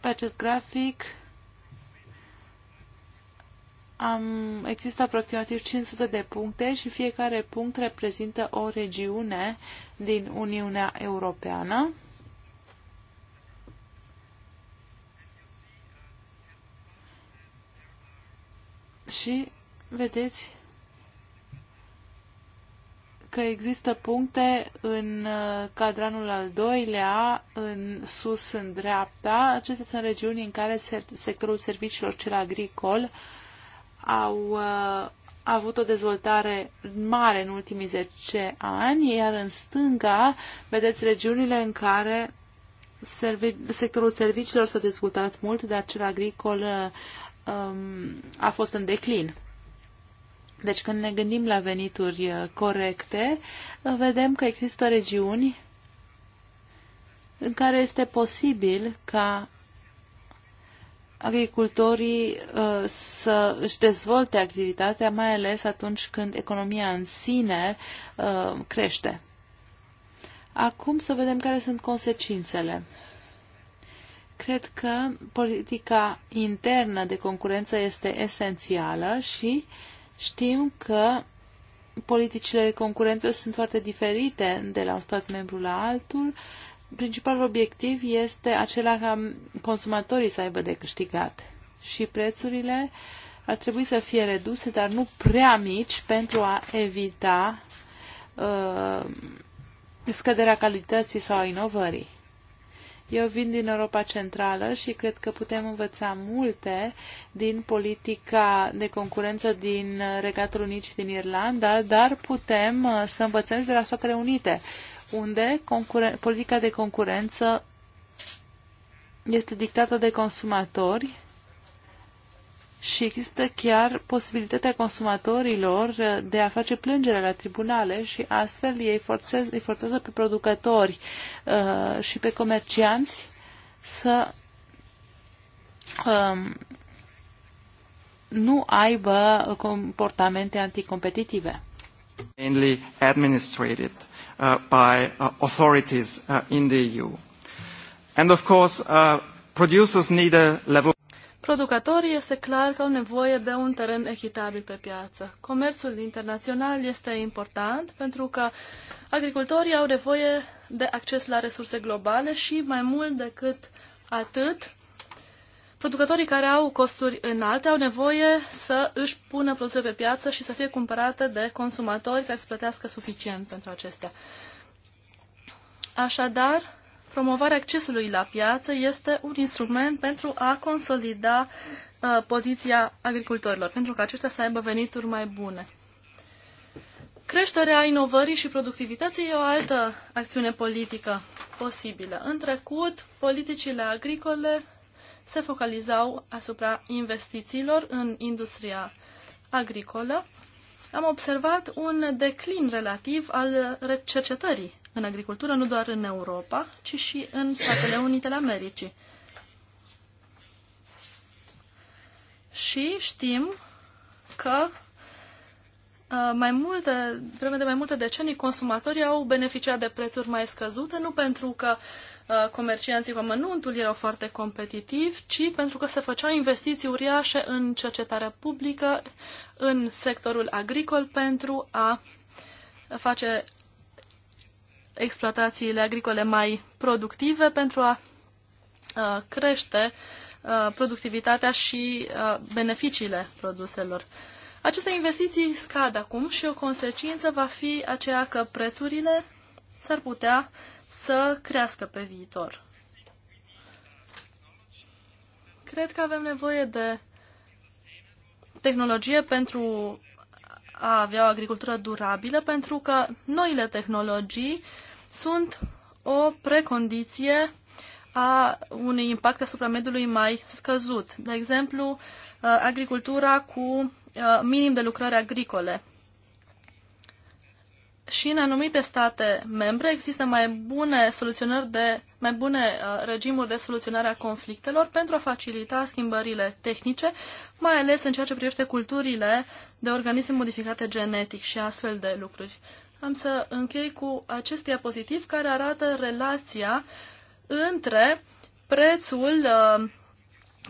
pe acest grafic, am, există aproximativ 500 de puncte și fiecare punct reprezintă o regiune din Uniunea Europeană. și vedeți că există puncte în uh, cadranul al doilea, în sus, în dreapta. Acestea sunt regiuni în care sectorul serviciilor cel agricol au a uh, avut o dezvoltare mare în ultimii 10 ani, iar în stânga vedeți regiunile în care servi sectorul serviciilor s-a dezvoltat mult, dar cel agricol uh, Um, a fost în declin. Deci când ne gândim la venituri uh, corecte, uh, vedem că există regiuni în care este posibil ca agricultorii uh, să își dezvolte activitatea, mai ales atunci când economia în sine crește. Acum să vedem care sunt consecințele. Cred că politica internă de concurență este esențială și știm că politicile de concurență sunt foarte diferite de la un stat membru la altul. Principalul obiectiv este acela ca consumatorii să aibă de câștigat și prețurile ar trebui să fie reduse, dar nu prea mici pentru a evita uh, scăderea calității sau a inovării. Eu vin din Europa Centrală și cred că putem învăța multe din politica de concurență din Regatul Unit și din Irlanda, dar putem uh, să învățăm și de la Statele Unite, unde politica de concurență este dictată de consumatori și există chiar posibilitatea consumatorilor eh, de a face plângere la tribunale și astfel ei forțează, îi forțează pe producători uh, și pe comercianți să um, nu aibă comportamente anticompetitive. Mainly administrated uh, by uh, authorities uh, in the EU. And of course, uh, producers need a level Producătorii este clar că au nevoie de un teren echitabil pe piață. Comerțul internațional este important pentru că agricultorii au nevoie de acces la resurse globale și mai mult decât atât, producătorii care au costuri înalte au nevoie să își pună produse pe piață și să fie cumpărate de consumatori care să plătească suficient pentru acestea. Așadar, promovarea accesului la piață este un instrument pentru a consolida uh, poziția agricultorilor, pentru că aceștia să aibă venituri mai bune. Creșterea inovării și productivității e o altă acțiune politică posibilă. În trecut, politicile agricole se focalizau asupra investițiilor în industria agricolă. Am observat un declin relativ al cercetării în agricultură, nu doar în Europa, ci și în Statele Unite ale Americii. Și știm că uh, mai multe, vreme de mai multe decenii, consumatorii au beneficiat de prețuri mai scăzute, nu pentru că uh, comercianții cu amănuntul erau foarte competitivi, ci pentru că se făceau investiții uriașe în cercetarea publică, în sectorul agricol, pentru a face exploatațiile agricole mai productive pentru a crește productivitatea și beneficiile produselor. Aceste investiții scad acum și o consecință va fi aceea că prețurile s-ar putea să crească pe viitor. Cred că avem nevoie de tehnologie pentru a avea o agricultură durabilă, pentru că noile tehnologii sunt o precondiție a unui impact asupra mediului mai scăzut. De exemplu, uh, agricultura cu uh, minim de lucrări agricole și în anumite state membre există mai bune soluționări de mai bune uh, regimuri de soluționare a conflictelor pentru a facilita schimbările tehnice, mai ales în ceea ce privește culturile de organisme modificate genetic și astfel de lucruri. Am să închei cu acest diapozitiv care arată relația între prețul uh,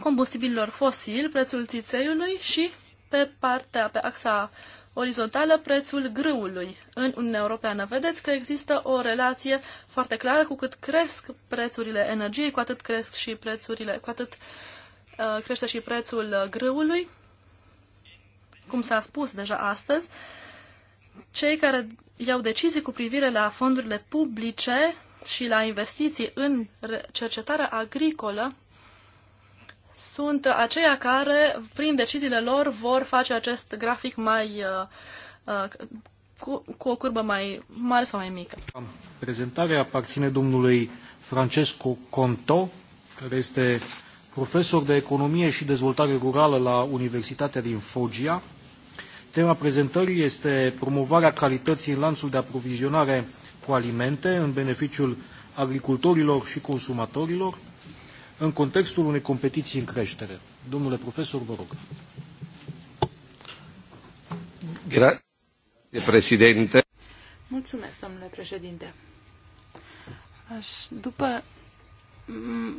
combustibililor fosili, prețul țițeiului și pe partea, pe axa orizontală prețul grâului în Uniunea Europeană. Vedeți că există o relație foarte clară cu cât cresc prețurile energiei, cu atât cresc și prețurile, cu atât uh, crește și prețul uh, grâului. Cum s-a spus deja astăzi, cei care iau decizii cu privire la fondurile publice și la investiții în cercetarea agricolă sunt aceia care, prin deciziile lor, vor face acest grafic mai uh, uh, cu, cu o curbă mai mare sau mai mică. Prezentarea aparține domnului Francesco Conto, care este profesor de economie și dezvoltare rurală la Universitatea din Foggia. Tema prezentării este promovarea calității în lanțul de aprovizionare cu alimente în beneficiul agricultorilor și consumatorilor în contextul unei competiții în creștere. Domnule profesor, vă rog. Grazie, președinte. Mulțumesc, domnule președinte. Aș, după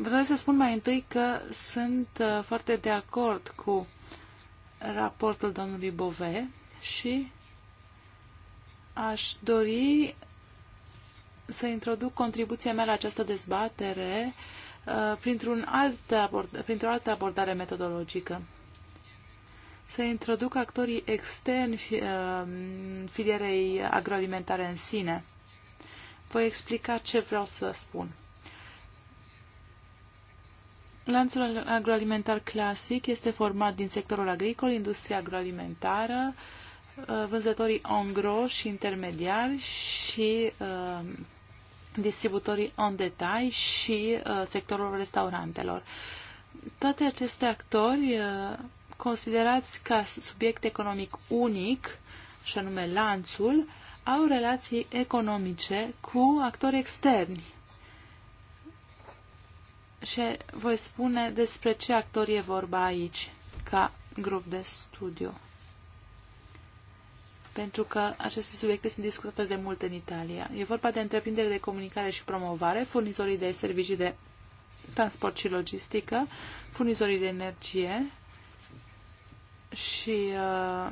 Vreau să spun mai întâi că sunt uh, foarte de acord cu raportul domnului Bove și aș dori să introduc contribuția mea la această dezbatere Uh, printr-un alt abord, printr-o altă abordare metodologică. Să introduc actorii externi uh, filierei agroalimentare în sine. Voi explica ce vreau să spun. Lanțul agroalimentar clasic este format din sectorul agricol, industria agroalimentară, uh, vânzătorii ongro și intermediari și uh, distributorii în detail și uh, sectorul restaurantelor. Toate aceste actori uh, considerați ca subiect economic unic, și anume lanțul, au relații economice cu actori externi. Și voi spune despre ce actori e vorba aici, ca grup de studiu pentru că aceste subiecte sunt discutate de mult în Italia. E vorba de întreprindere de comunicare și promovare, furnizorii de servicii de transport și logistică, furnizorii de energie și uh,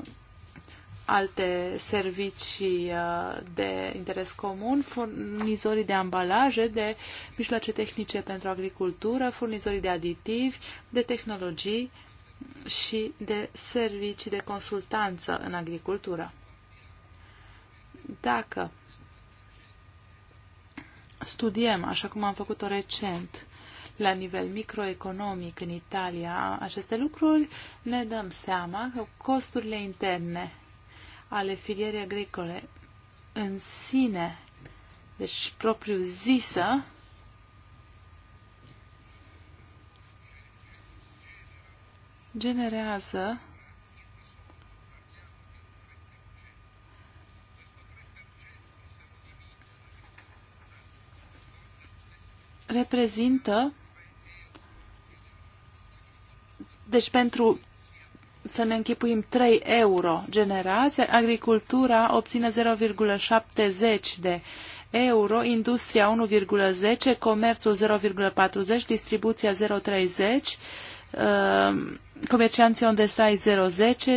alte servicii uh, de interes comun, furnizorii de ambalaje, de mijloace tehnice pentru agricultură, furnizorii de aditivi, de tehnologii și de servicii de consultanță în agricultură. Dacă studiem, așa cum am făcut-o recent, la nivel microeconomic în Italia aceste lucruri, ne dăm seama că costurile interne ale filierei agricole în sine, deci propriu zisă, generează reprezintă deci pentru să ne închipuim 3 euro generați, agricultura obține 0,70 de euro, industria 1,10, comerțul 0,40, distribuția 0,30, uh, comercianții unde desai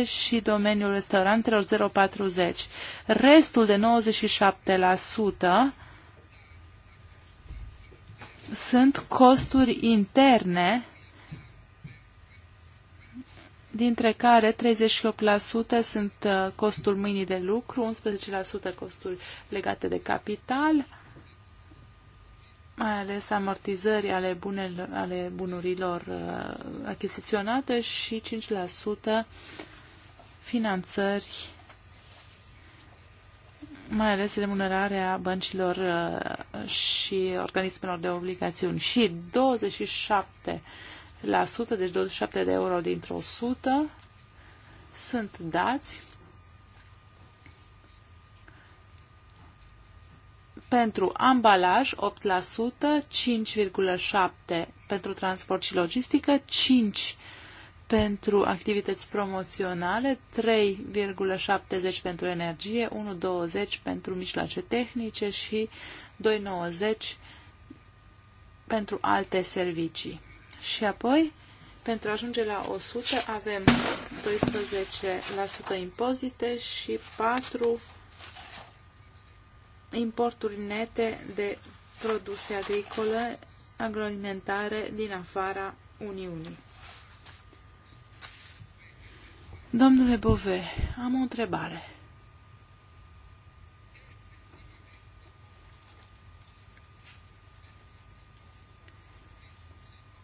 0,10 și domeniul restaurantelor 0,40. Restul de 97% sunt costuri interne, dintre care 38% sunt uh, costul mâinii de lucru, 11% costuri legate de capital, mai ales amortizări ale, bunelor, ale bunurilor uh, achiziționate și 5% finanțări mai ales remunerarea băncilor uh, și organismelor de obligațiuni și 27 deci 27 de euro dintr-o sută sunt dați pentru ambalaj 8%, 5,7% pentru transport și logistică, pentru activități promoționale, 3,70 pentru energie, 1,20 pentru mijloace tehnice și 2,90 pentru alte servicii. Și apoi, pentru a ajunge la 100, avem 12% impozite și 4 importuri nete de produse agricole agroalimentare din afara Uniunii. Domnule Bove, am o întrebare.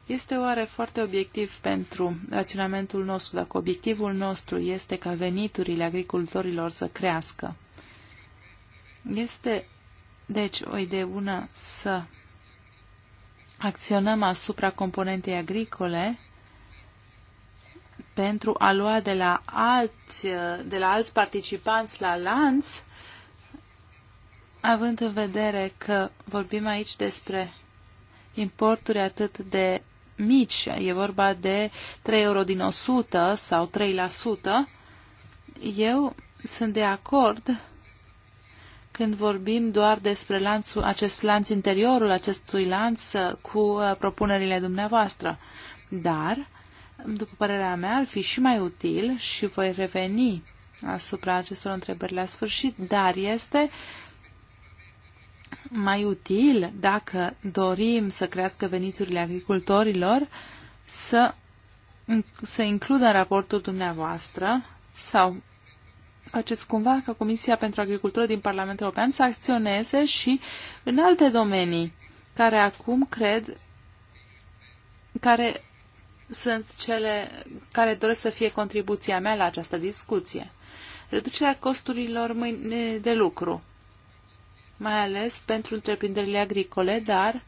Este oare foarte obiectiv pentru raționamentul nostru, dacă obiectivul nostru este ca veniturile agricultorilor să crească? Este, deci, o idee bună să acționăm asupra componentei agricole pentru a lua de la, alți, de la alți participanți la lanț, având în vedere că vorbim aici despre importuri atât de mici, e vorba de 3 euro din 100 sau 3%, eu sunt de acord când vorbim doar despre lanțul, acest lanț, interiorul acestui lanț cu uh, propunerile dumneavoastră. Dar după părerea mea, ar fi și mai util și voi reveni asupra acestor întrebări la sfârșit, dar este mai util dacă dorim să crească veniturile agricultorilor să, să includă în raportul dumneavoastră sau faceți cumva ca Comisia pentru Agricultură din Parlamentul European să acționeze și în alte domenii care acum cred care sunt cele care doresc să fie contribuția mea la această discuție. Reducerea costurilor de lucru, mai ales pentru întreprinderile agricole, dar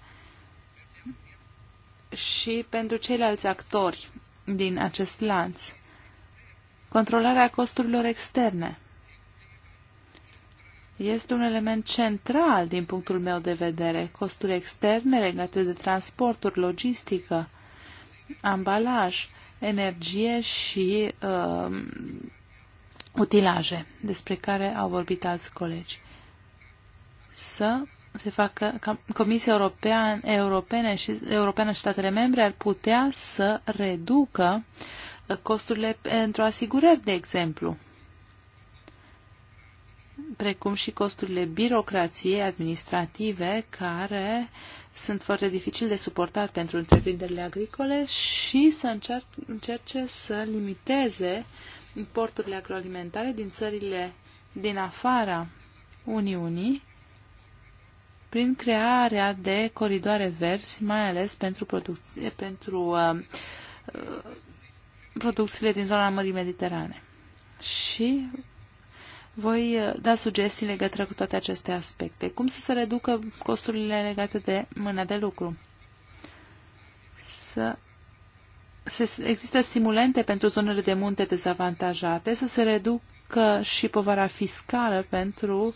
și pentru ceilalți actori din acest lanț. Controlarea costurilor externe este un element central din punctul meu de vedere. Costuri externe legate de transporturi, logistică, ambalaj, energie și uh, utilaje, despre care au vorbit alți colegi. Să se facă, Comisia European, Europene și, Europeană și statele membre ar putea să reducă uh, costurile pentru asigurări, de exemplu, precum și costurile birocrației administrative care uh, sunt foarte dificil de suportat pentru întreprinderile agricole și să încer- încerce să limiteze importurile agroalimentare din țările din afara Uniunii prin crearea de coridoare verzi, mai ales pentru, producție, pentru uh, uh, producțiile din zona Mării Mediterane. Și voi uh, da sugestii legătură cu toate aceste aspecte. Cum să se reducă costurile legate de mâna de lucru? Să se, există stimulente pentru zonele de munte dezavantajate, să se reducă și povara fiscală pentru uh,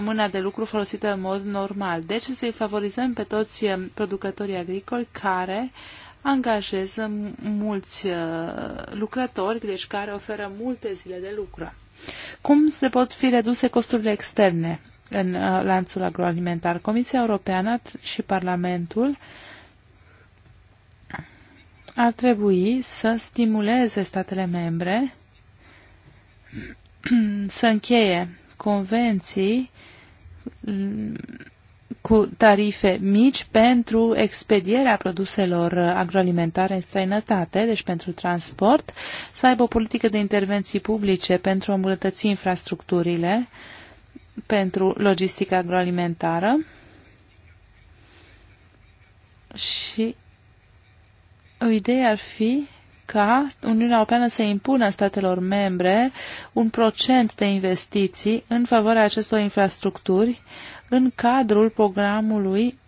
mâna de lucru folosită în mod normal. Deci să-i favorizăm pe toți uh, producătorii agricoli care angajează mulți lucrători, deci care oferă multe zile de lucru. Cum se pot fi reduse costurile externe în uh, lanțul agroalimentar? Comisia Europeană și Parlamentul ar trebui să stimuleze statele membre să încheie convenții cu tarife mici pentru expedierea produselor agroalimentare în străinătate, deci pentru transport, să aibă o politică de intervenții publice pentru a îmbunătăți infrastructurile pentru logistica agroalimentară și o idee ar fi ca Uniunea Europeană să impună statelor membre un procent de investiții în favoarea acestor infrastructuri, în cadrul programului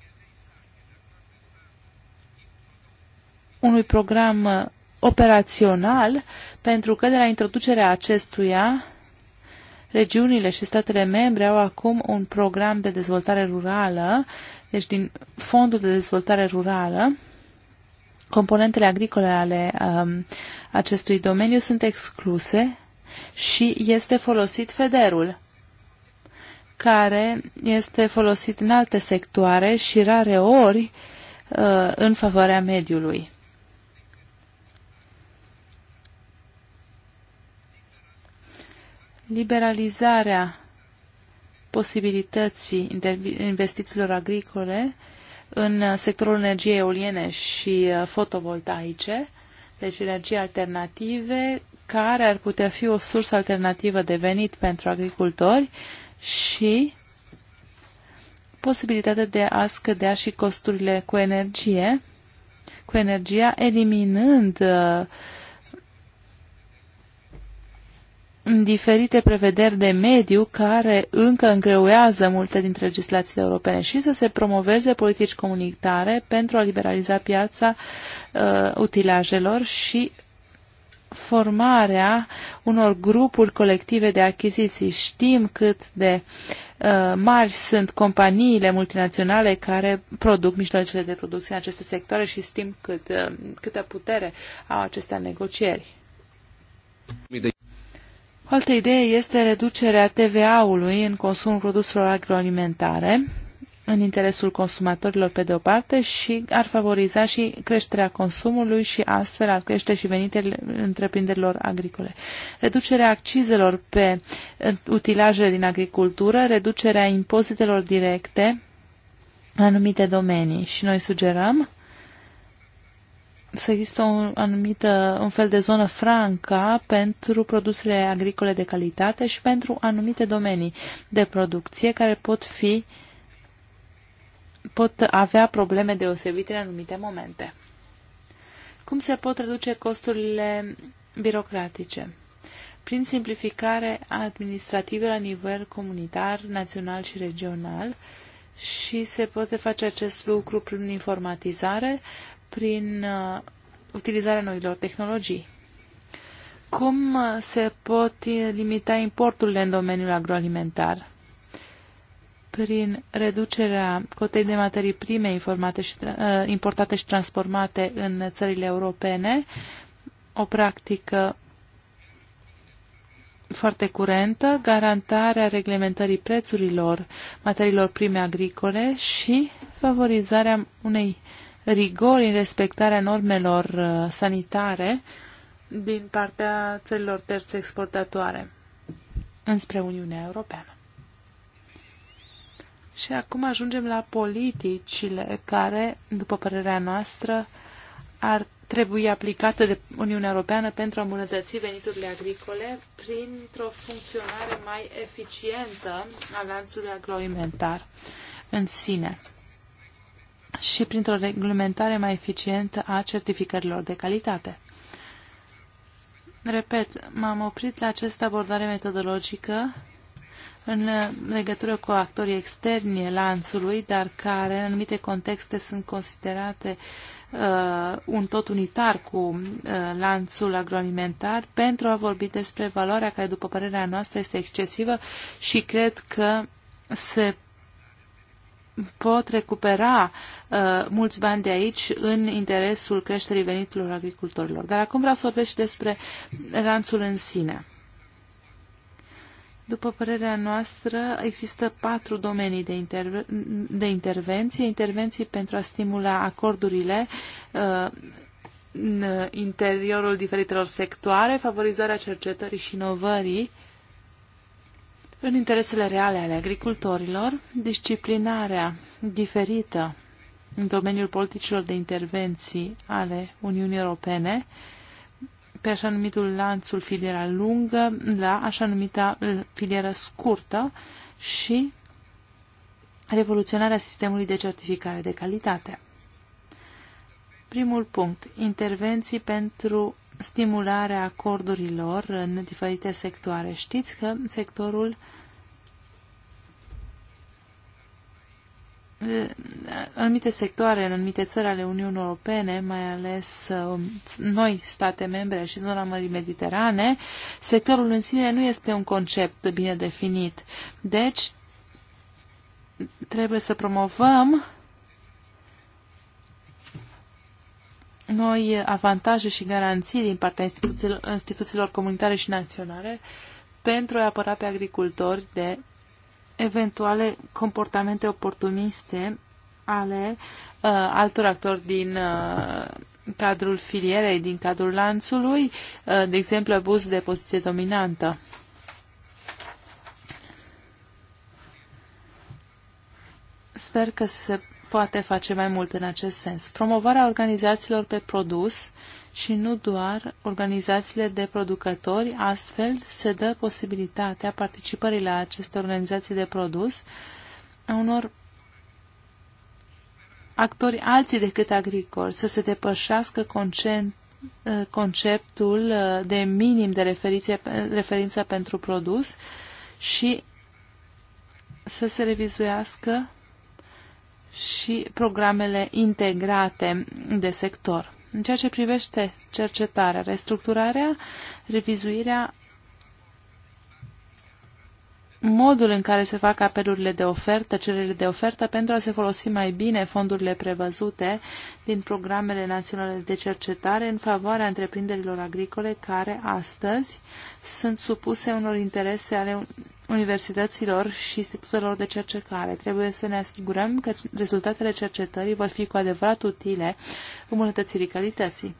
unui program uh, operațional, pentru că de la introducerea acestuia, regiunile și statele membre au acum un program de dezvoltare rurală, deci din fondul de dezvoltare rurală, componentele agricole ale um, acestui domeniu sunt excluse și este folosit federul care este folosit în alte sectoare și rare ori uh, în favoarea mediului. Liberalizarea posibilității investițiilor agricole în uh, sectorul energiei eoliene și uh, fotovoltaice, deci energie alternative, care ar putea fi o sursă alternativă de venit pentru agricultori, uh, și posibilitatea de a scădea și costurile cu energie, cu energia eliminând uh, diferite prevederi de mediu care încă îngreuează multe dintre legislațiile europene și să se promoveze politici comunitare pentru a liberaliza piața uh, utilajelor și formarea unor grupuri colective de achiziții. Știm cât de uh, mari sunt companiile multinaționale care produc mijloacele de producție în aceste sectoare și știm cât, uh, câtă putere au acestea negocieri. O altă idee este reducerea TVA-ului în consumul produselor agroalimentare în interesul consumatorilor pe de o parte și ar favoriza și creșterea consumului și astfel ar crește și veniturile întreprinderilor agricole. Reducerea accizelor pe utilajele din agricultură, reducerea impozitelor directe în anumite domenii și noi sugerăm să există un anumită, un fel de zonă franca pentru produsele agricole de calitate și pentru anumite domenii de producție care pot fi uh, pot avea probleme deosebite în anumite momente. Cum se pot reduce costurile birocratice? Prin simplificare administrativă la nivel comunitar, național și regional și se poate face acest lucru prin informatizare, prin uh, utilizarea noilor tehnologii. Cum se pot limita importurile în domeniul agroalimentar? prin reducerea cotei de materii prime informate și, uh, importate și transformate în țările europene, o practică foarte curentă, garantarea reglementării prețurilor materiilor prime agricole și favorizarea unei rigori în respectarea normelor uh, sanitare din partea țărilor terțe exportatoare înspre Uniunea Europeană. Și acum ajungem la politicile care, după părerea noastră, ar trebui aplicate de Uniunea Europeană pentru a îmbunătăți veniturile agricole printr-o funcționare mai eficientă a lanțului agroalimentar în sine și printr-o reglementare mai eficientă a certificărilor de calitate. Repet, m-am oprit la această abordare metodologică în legătură cu actorii externi lanțului, dar care în anumite contexte sunt considerate uh, un tot unitar cu uh, lanțul agroalimentar, pentru a vorbi despre valoarea care, după părerea noastră, este excesivă și cred că se pot recupera uh, mulți bani de aici în interesul creșterii veniturilor agricultorilor. Dar acum vreau să vorbesc și despre lanțul în sine. După părerea noastră, există patru domenii de, interve- de intervenție. Intervenții pentru a stimula acordurile uh, în interiorul diferitelor sectoare, favorizarea cercetării și inovării în interesele reale ale agricultorilor, disciplinarea diferită în domeniul politicilor de intervenții ale Uniunii Europene, uh, pe așa numitul lanțul filiera lungă la așa numita uh, filiera scurtă și revoluționarea sistemului de certificare de calitate. Primul punct. Intervenții pentru stimularea acordurilor în diferite sectoare. Știți că sectorul uh, anumite sectoare în anumite țări ale Uniunii Europene, mai ales uh, noi, state membre și zona Mării Mediterane, sectorul în sine nu este un concept bine definit. Deci, trebuie să promovăm noi avantaje și garanții din partea instituțiilor, instituțiilor comunitare și naționale pentru a apăra pe agricultori de eventuale comportamente oportuniste ale uh, altor actori din uh, cadrul filierei, din cadrul lanțului, uh, de exemplu abuz de poziție dominantă. Sper că se poate face mai mult în acest sens. Promovarea organizațiilor pe produs și nu doar organizațiile de producători, astfel se dă posibilitatea participării la aceste organizații de produs a unor actori alții decât agricoli, să se depășească concent, eh, conceptul eh, de minim de referință pentru produs și să se revizuiască și programele integrate de sector. În ceea ce privește cercetarea, restructurarea, revizuirea, modul în care se fac apelurile de ofertă, cererile de ofertă, pentru a se folosi mai bine fondurile prevăzute din programele naționale de cercetare în favoarea întreprinderilor agricole care astăzi sunt supuse unor interese ale universităților și institutelor de cercetare. Trebuie să ne asigurăm că rezultatele cercetării vor fi cu adevărat utile îmbunătățirii calității.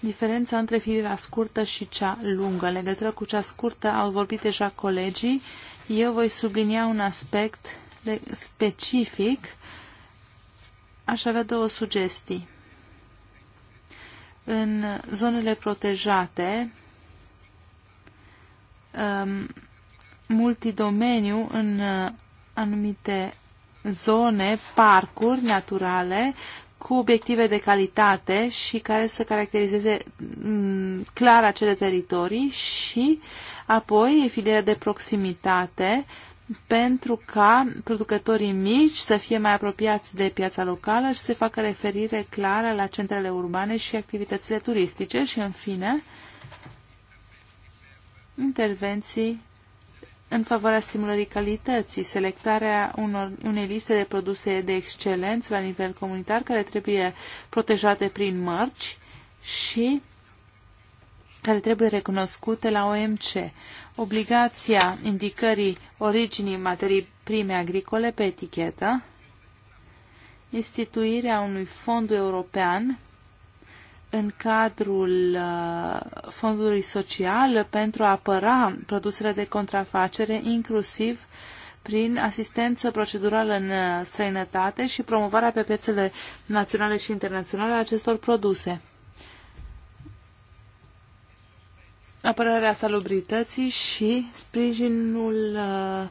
Diferența între filiera scurtă și cea lungă. legătură cu cea scurtă au vorbit deja colegii. Eu voi sublinia un aspect specific. Aș avea două sugestii. În zonele protejate, Um, multidomeniu în uh, anumite zone, parcuri naturale cu obiective de calitate și care să caracterizeze mm, clar acele teritorii și apoi filiere de proximitate pentru ca producătorii mici să fie mai apropiați de piața locală și să facă referire clară la centrele urbane și activitățile turistice și, în fine, uh, intervenții în favoarea stimulării calității, selectarea unor, unei liste de produse de excelență la nivel comunitar care trebuie protejate prin mărci și care trebuie recunoscute la OMC. Obligația indicării originii materii prime agricole pe etichetă, instituirea unui fond european în cadrul uh, fondului social pentru a apăra produsele de contrafacere, inclusiv prin asistență procedurală în uh, străinătate și promovarea pe piețele naționale și internaționale a acestor produse. Apărarea salubrității și sprijinul uh,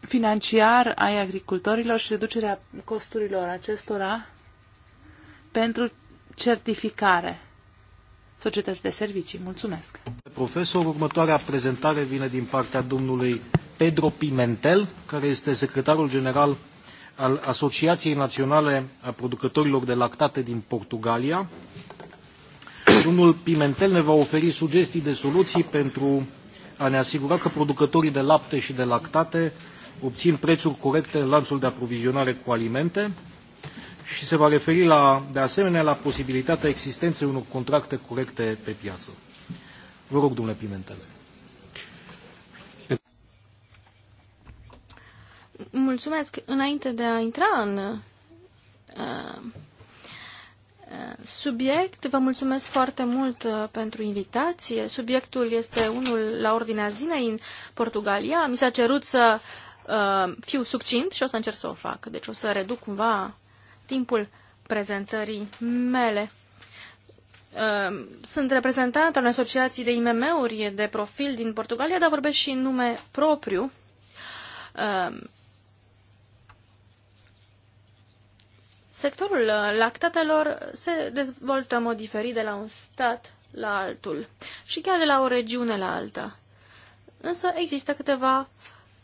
financiar ai agricultorilor și reducerea costurilor acestora pentru certificare. Societăți de servicii. Mulțumesc. Profesor, următoarea prezentare vine din partea domnului Pedro Pimentel, care este secretarul general al Asociației Naționale a Producătorilor de Lactate din Portugalia. Domnul Pimentel ne va oferi sugestii de soluții pentru a ne asigura că producătorii de lapte și de lactate obțin prețuri corecte în lanțul de aprovizionare cu alimente și se va referi la, de asemenea la posibilitatea existenței unor contracte corecte pe piață. Vă rog, domnule Pimentele. Mulțumesc. Înainte de a intra în uh, uh subiect, vă mulțumesc foarte mult uh, pentru invitație. Subiectul este unul la ordinea zilei în Portugalia. Mi s-a cerut să uh, fiu succint și o să încerc să o fac. Deci o să reduc cumva timpul prezentării mele. Ehm, sunt reprezentant în asociații de IMM-uri de profil din Portugalia, dar vorbesc și în nume propriu. Ehm, sectorul uh, lactatelor se dezvoltă în mod diferit de la un stat la altul și chiar de la o regiune la alta. Însă există câteva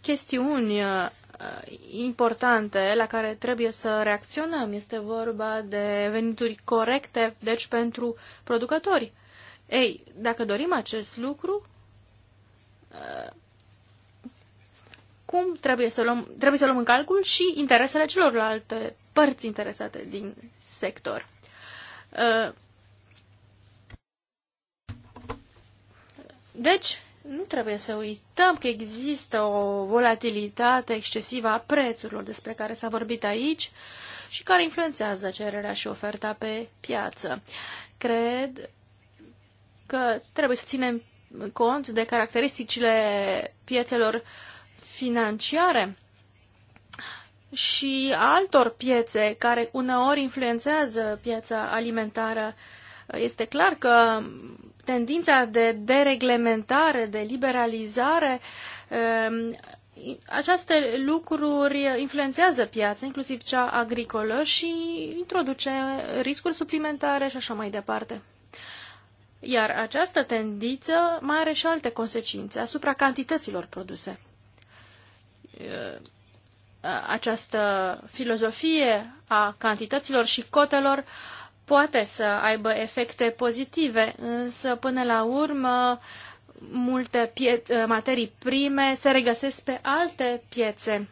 chestiuni uh, Uh, importante la care trebuie să reacționăm. Este vorba de venituri corecte, deci pentru producători. Ei, dacă dorim acest lucru, uh, cum trebuie să luăm, trebuie să luăm în calcul și interesele celorlalte părți interesate din sector. Uh, deci, nu trebuie să uităm că există o volatilitate excesivă a prețurilor despre care s-a vorbit aici și care influențează cererea și oferta pe piață. Cred că trebuie să ținem cont de caracteristicile piețelor financiare și altor piețe care uneori influențează piața alimentară. Este clar că tendința de dereglementare, de liberalizare, um, aceste lucruri influențează piața, inclusiv cea agricolă, și introduce riscuri suplimentare și așa mai departe. Iar această tendință mai are și alte consecințe asupra cantităților produse. Uh, această filozofie a cantităților și cotelor uh, poate să aibă efecte pozitive, însă până la urmă multe materii prime se regăsesc pe alte piețe.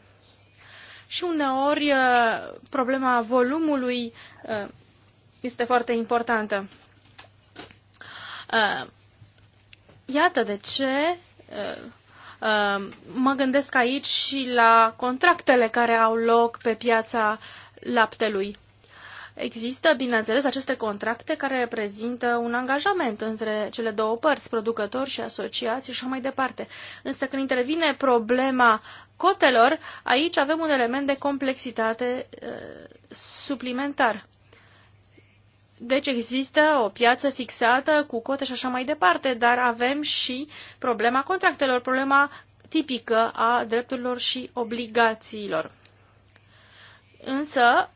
Și uneori uh, problema volumului uh, este foarte importantă. Uh, iată de ce mă gândesc aici și la contractele care au loc pe piața laptelui. Există, bineînțeles, aceste contracte care reprezintă un angajament între cele două părți, producători și asociații și așa mai departe. Însă când intervine problema cotelor, aici avem un element de complexitate uh, suplimentar. Deci există o piață fixată cu cote și așa mai departe, dar avem și problema contractelor, problema tipică a drepturilor și obligațiilor. Însă,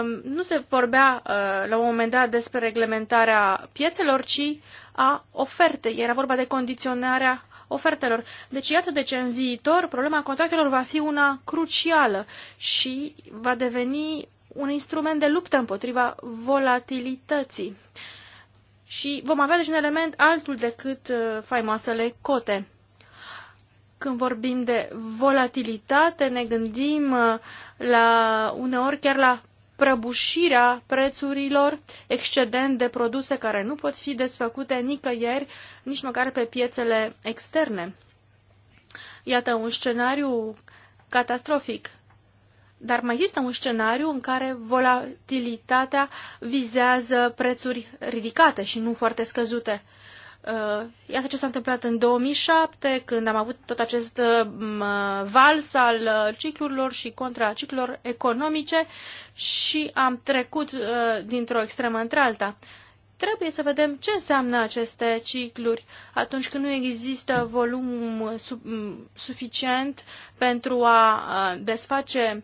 Um, nu se vorbea uh, la un moment dat despre reglementarea piețelor, ci a ofertei. Era vorba de condiționarea ofertelor. Deci iată de ce în viitor problema contractelor va fi una crucială și va deveni un instrument de luptă împotriva volatilității. Și vom avea deci un element altul decât uh, faimoasele cote. Când vorbim de volatilitate, ne gândim uh, la uneori chiar la prăbușirea prețurilor, excedent de produse care nu pot fi desfăcute nicăieri, nici măcar pe piețele externe. Iată un scenariu catastrofic. Dar mai există un scenariu în care volatilitatea vizează prețuri ridicate și nu foarte scăzute. Uh, iată ce s-a întâmplat în 2007, când am avut tot acest uh, vals al uh, ciclurilor și contraciclurilor economice și am trecut dintr-o extremă într-alta. Trebuie să vedem ce înseamnă aceste cicluri atunci când nu există volum suficient pentru a desface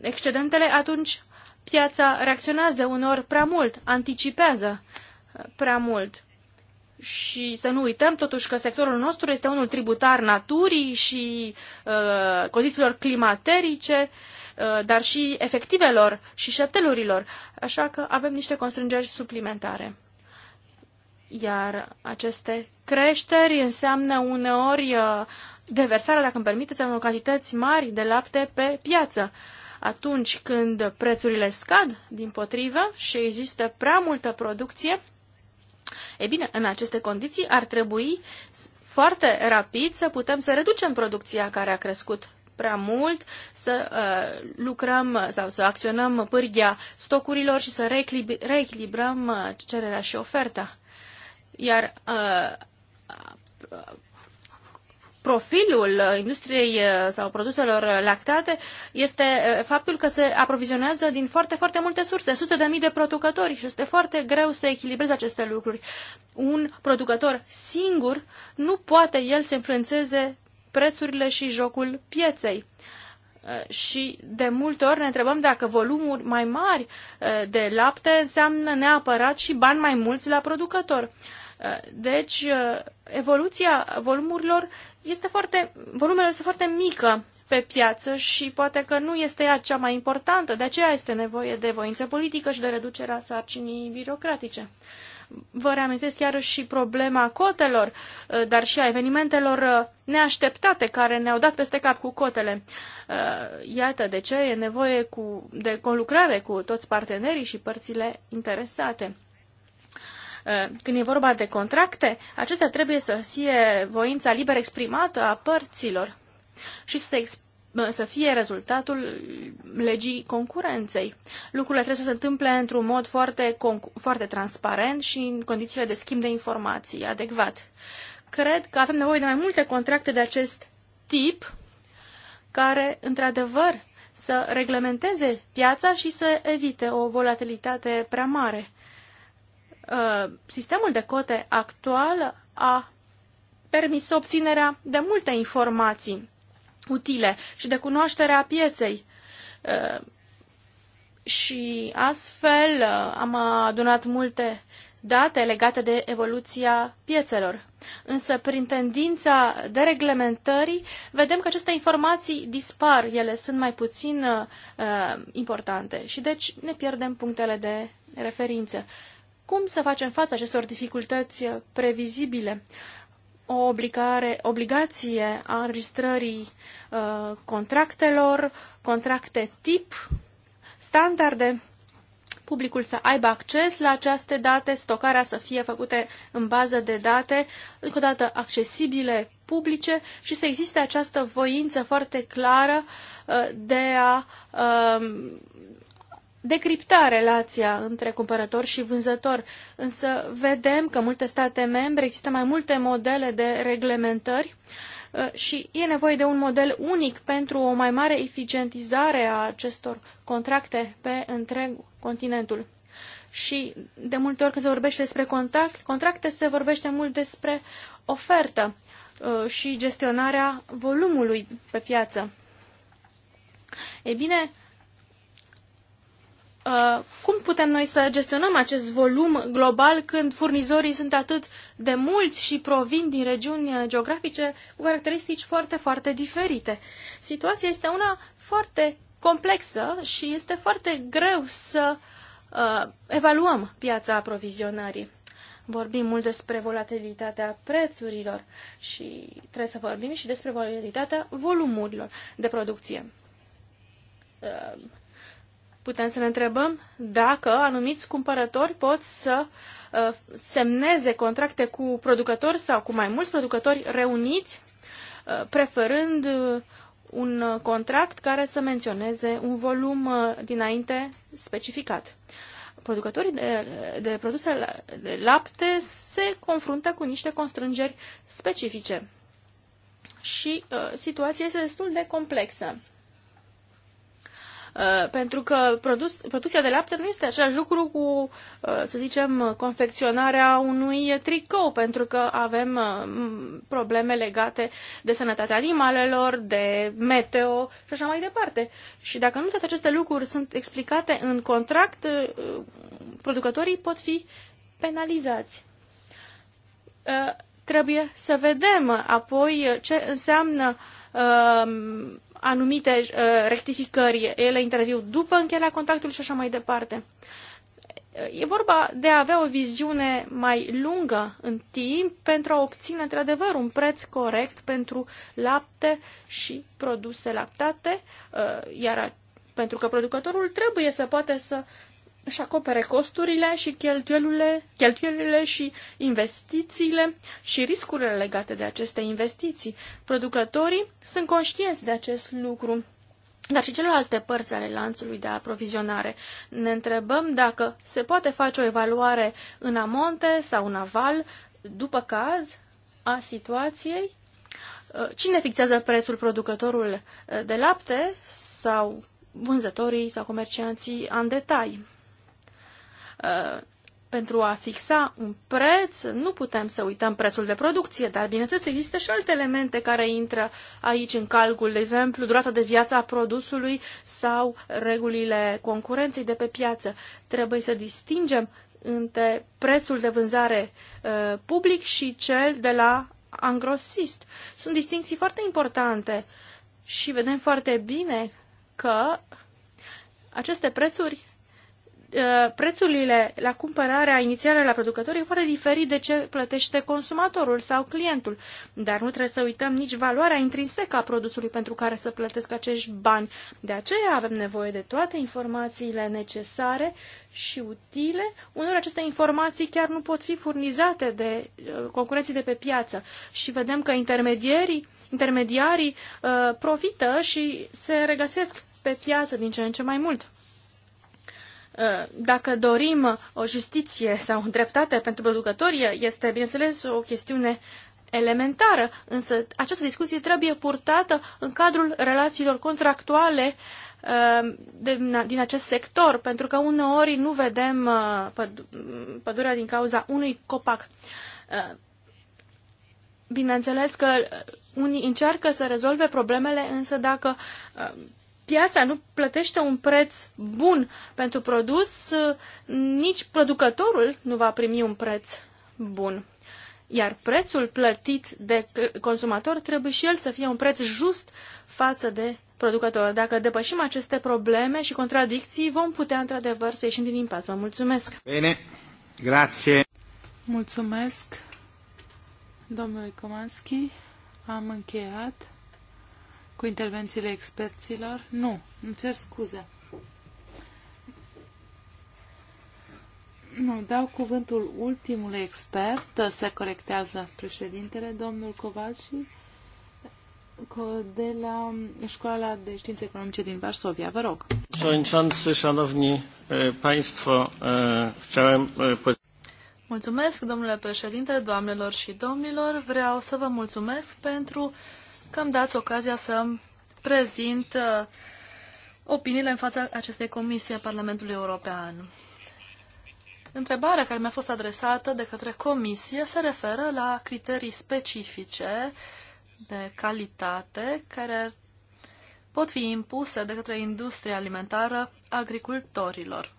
excedentele, atunci piața reacționează unor prea mult, anticipează prea mult și să nu uităm totuși că sectorul nostru este unul tributar naturii și uh, condițiilor climaterice, uh, dar și efectivelor și șeptelurilor, așa că avem niște constrângeri suplimentare. Iar aceste creșteri înseamnă uneori uh, deversarea, dacă îmi permiteți, a unor cantități mari de lapte pe piață. Atunci când prețurile scad, din potrivă, și există prea multă producție, E bine, în aceste condiții ar trebui foarte rapid să putem să reducem producția care a crescut prea mult, să uh, lucrăm sau să acționăm pârghia stocurilor și să reechilib reechilibrăm uh, cererea și oferta. Iar uh, profilul industriei uh, sau produselor lactate este uh, faptul că se aprovizionează din foarte, foarte multe surse, sute de mii de producători și este foarte greu să echilibreze aceste lucruri. Un producător singur nu poate el să influențeze prețurile și jocul pieței uh, și de multe ori ne întrebăm dacă volumuri mai mari de lapte înseamnă neapărat și bani mai mulți la producător. Deci, evoluția volumurilor este foarte, volumele este foarte mică pe piață și poate că nu este ea cea mai importantă, de aceea este nevoie de voință politică și de reducerea sarcinii birocratice. Vă reamintesc chiar și problema cotelor, uh, dar și a evenimentelor uh, neașteptate care ne-au dat peste cap cu cotele. Uh, iată de ce e nevoie cu, de conlucrare cu toți partenerii și părțile interesate. Eh, când e vorba de contracte, acestea trebuie să fie voința liber exprimată a părților și să, eh, să fie rezultatul legii concurenței. Lucrurile trebuie să se întâmple într-un mod foarte, foarte transparent și în condițiile de schimb de informații adecvat. Cred că avem nevoie de mai multe contracte de acest tip care, într-adevăr, să reglementeze piața și să evite o volatilitate prea mare. Uh, sistemul de cote actual a permis obținerea de multe informații utile și de cunoașterea pieței. Uh, și astfel uh, am adunat multe date legate de evoluția piețelor. Însă, prin tendința de reglementării, vedem că aceste informații dispar, ele sunt mai puțin uh, importante și deci ne pierdem punctele de referință. Uh, cum să facem față acestor dificultăți previzibile? O obligare, obligație a înregistrării uh, contractelor, contracte tip, standarde, publicul să aibă acces la aceste date, stocarea să fie făcute în bază de date, încă o dată accesibile publice și să existe această voință foarte clară uh, de a uh, decripta relația între cumpărător și vânzător, însă vedem că multe state membre există mai multe modele de reglementări uh, și e nevoie de un model unic pentru o mai mare eficientizare a acestor contracte pe întreg continentul. Și de multe ori când se vorbește despre contact, contracte, se vorbește mult despre ofertă uh, și gestionarea volumului pe piață. E bine, Uh, cum putem noi să gestionăm acest volum global când furnizorii sunt atât de mulți și provin din regiuni geografice cu caracteristici foarte, foarte diferite? Situația este una foarte complexă și este foarte greu să uh, evaluăm piața aprovizionării. Vorbim mult despre volatilitatea prețurilor și trebuie să vorbim și despre volatilitatea volumurilor de producție. Uh, putem să ne întrebăm dacă anumiți cumpărători pot să uh, semneze contracte cu producători sau cu mai mulți producători reuniți, uh, preferând uh, un contract care să menționeze un volum dinainte specificat. Producătorii de, de produse de lapte se confruntă cu niște constrângeri specifice și uh, situația este destul de complexă. Uh, pentru că produs, producția de lapte nu este același lucru cu, uh, să zicem, confecționarea unui tricou, pentru că avem uh, probleme legate de sănătatea animalelor, de meteo și așa mai departe. Și dacă nu toate aceste lucruri sunt explicate în contract, producătorii pot fi penalizați trebuie să vedem apoi ce înseamnă anumite uh, rectificări, ele interviu după încheierea contractului și așa mai departe. Uh, e vorba de a avea o viziune mai lungă în timp pentru a obține într-adevăr un preț corect pentru lapte și produse lactate, uh, iar pentru că producătorul trebuie să poate să își acopere costurile și cheltuielile, cheltuielile și investițiile și riscurile legate de aceste investiții. Producătorii sunt conștienți de acest lucru. Dar și celelalte părți ale lanțului de aprovizionare. Ne întrebăm dacă se poate face o evaluare în amonte sau în aval, după caz, a situației. Cine fixează prețul producătorul eh, de lapte sau vânzătorii sau comercianții în detalii? Uh, pentru a fixa un preț, nu putem să uităm prețul de producție, dar bineînțeles există și alte elemente care intră aici în calcul, de exemplu, durata de viață a produsului sau regulile concurenței de pe piață. Trebuie să distingem între prețul de vânzare uh, public și cel de la angrosist. Sunt distinții foarte importante și vedem foarte bine că aceste prețuri Uh, prețurile la cumpărarea inițială la producător e foarte diferit de ce plătește consumatorul sau clientul. Dar nu trebuie să uităm nici valoarea intrinsecă a produsului pentru care să plătesc acești bani. De aceea avem nevoie de toate informațiile necesare și utile. Unor aceste informații chiar nu pot fi furnizate de uh, concurenții de pe piață. Și vedem că intermedierii, intermediarii uh, profită și se regăsesc pe piață din ce în ce mai mult. Uh, dacă dorim o justiție sau dreptate pentru producători, este, bineînțeles, o chestiune elementară, însă această discuție trebuie purtată în cadrul relațiilor contractuale uh, din acest sector, pentru că uneori nu vedem uh, pădurea din cauza unui copac. Bineînțeles că unii încearcă să rezolve problemele, însă dacă piața nu plătește un preț bun pentru produs, nici producătorul nu va primi un preț bun. Iar prețul plătit de consumator trebuie și el să fie un preț just față de producător. Dacă depășim aceste probleme și contradicții, vom putea într-adevăr să ieșim din impas. Vă mulțumesc! Bine, grație! Mulțumesc, domnule Comanski. Am încheiat cu intervențiile experților? Nu, îmi cer scuze. Nu, dau cuvântul ultimului expert, se corectează președintele, domnul Covaci, de la Școala de Științe Economice din Varsovia. Vă rog. Przewodniczący, szanowni państwo, chciałem... Mulțumesc, domnule președinte, doamnelor și domnilor. Vreau să vă mulțumesc pentru că îmi dați ocazia să prezint uh, opiniile în fața acestei comisii a Parlamentului European. Întrebarea care mi-a fost adresată de către comisie se referă la criterii specifice de calitate care pot fi impuse de către industria alimentară agricultorilor.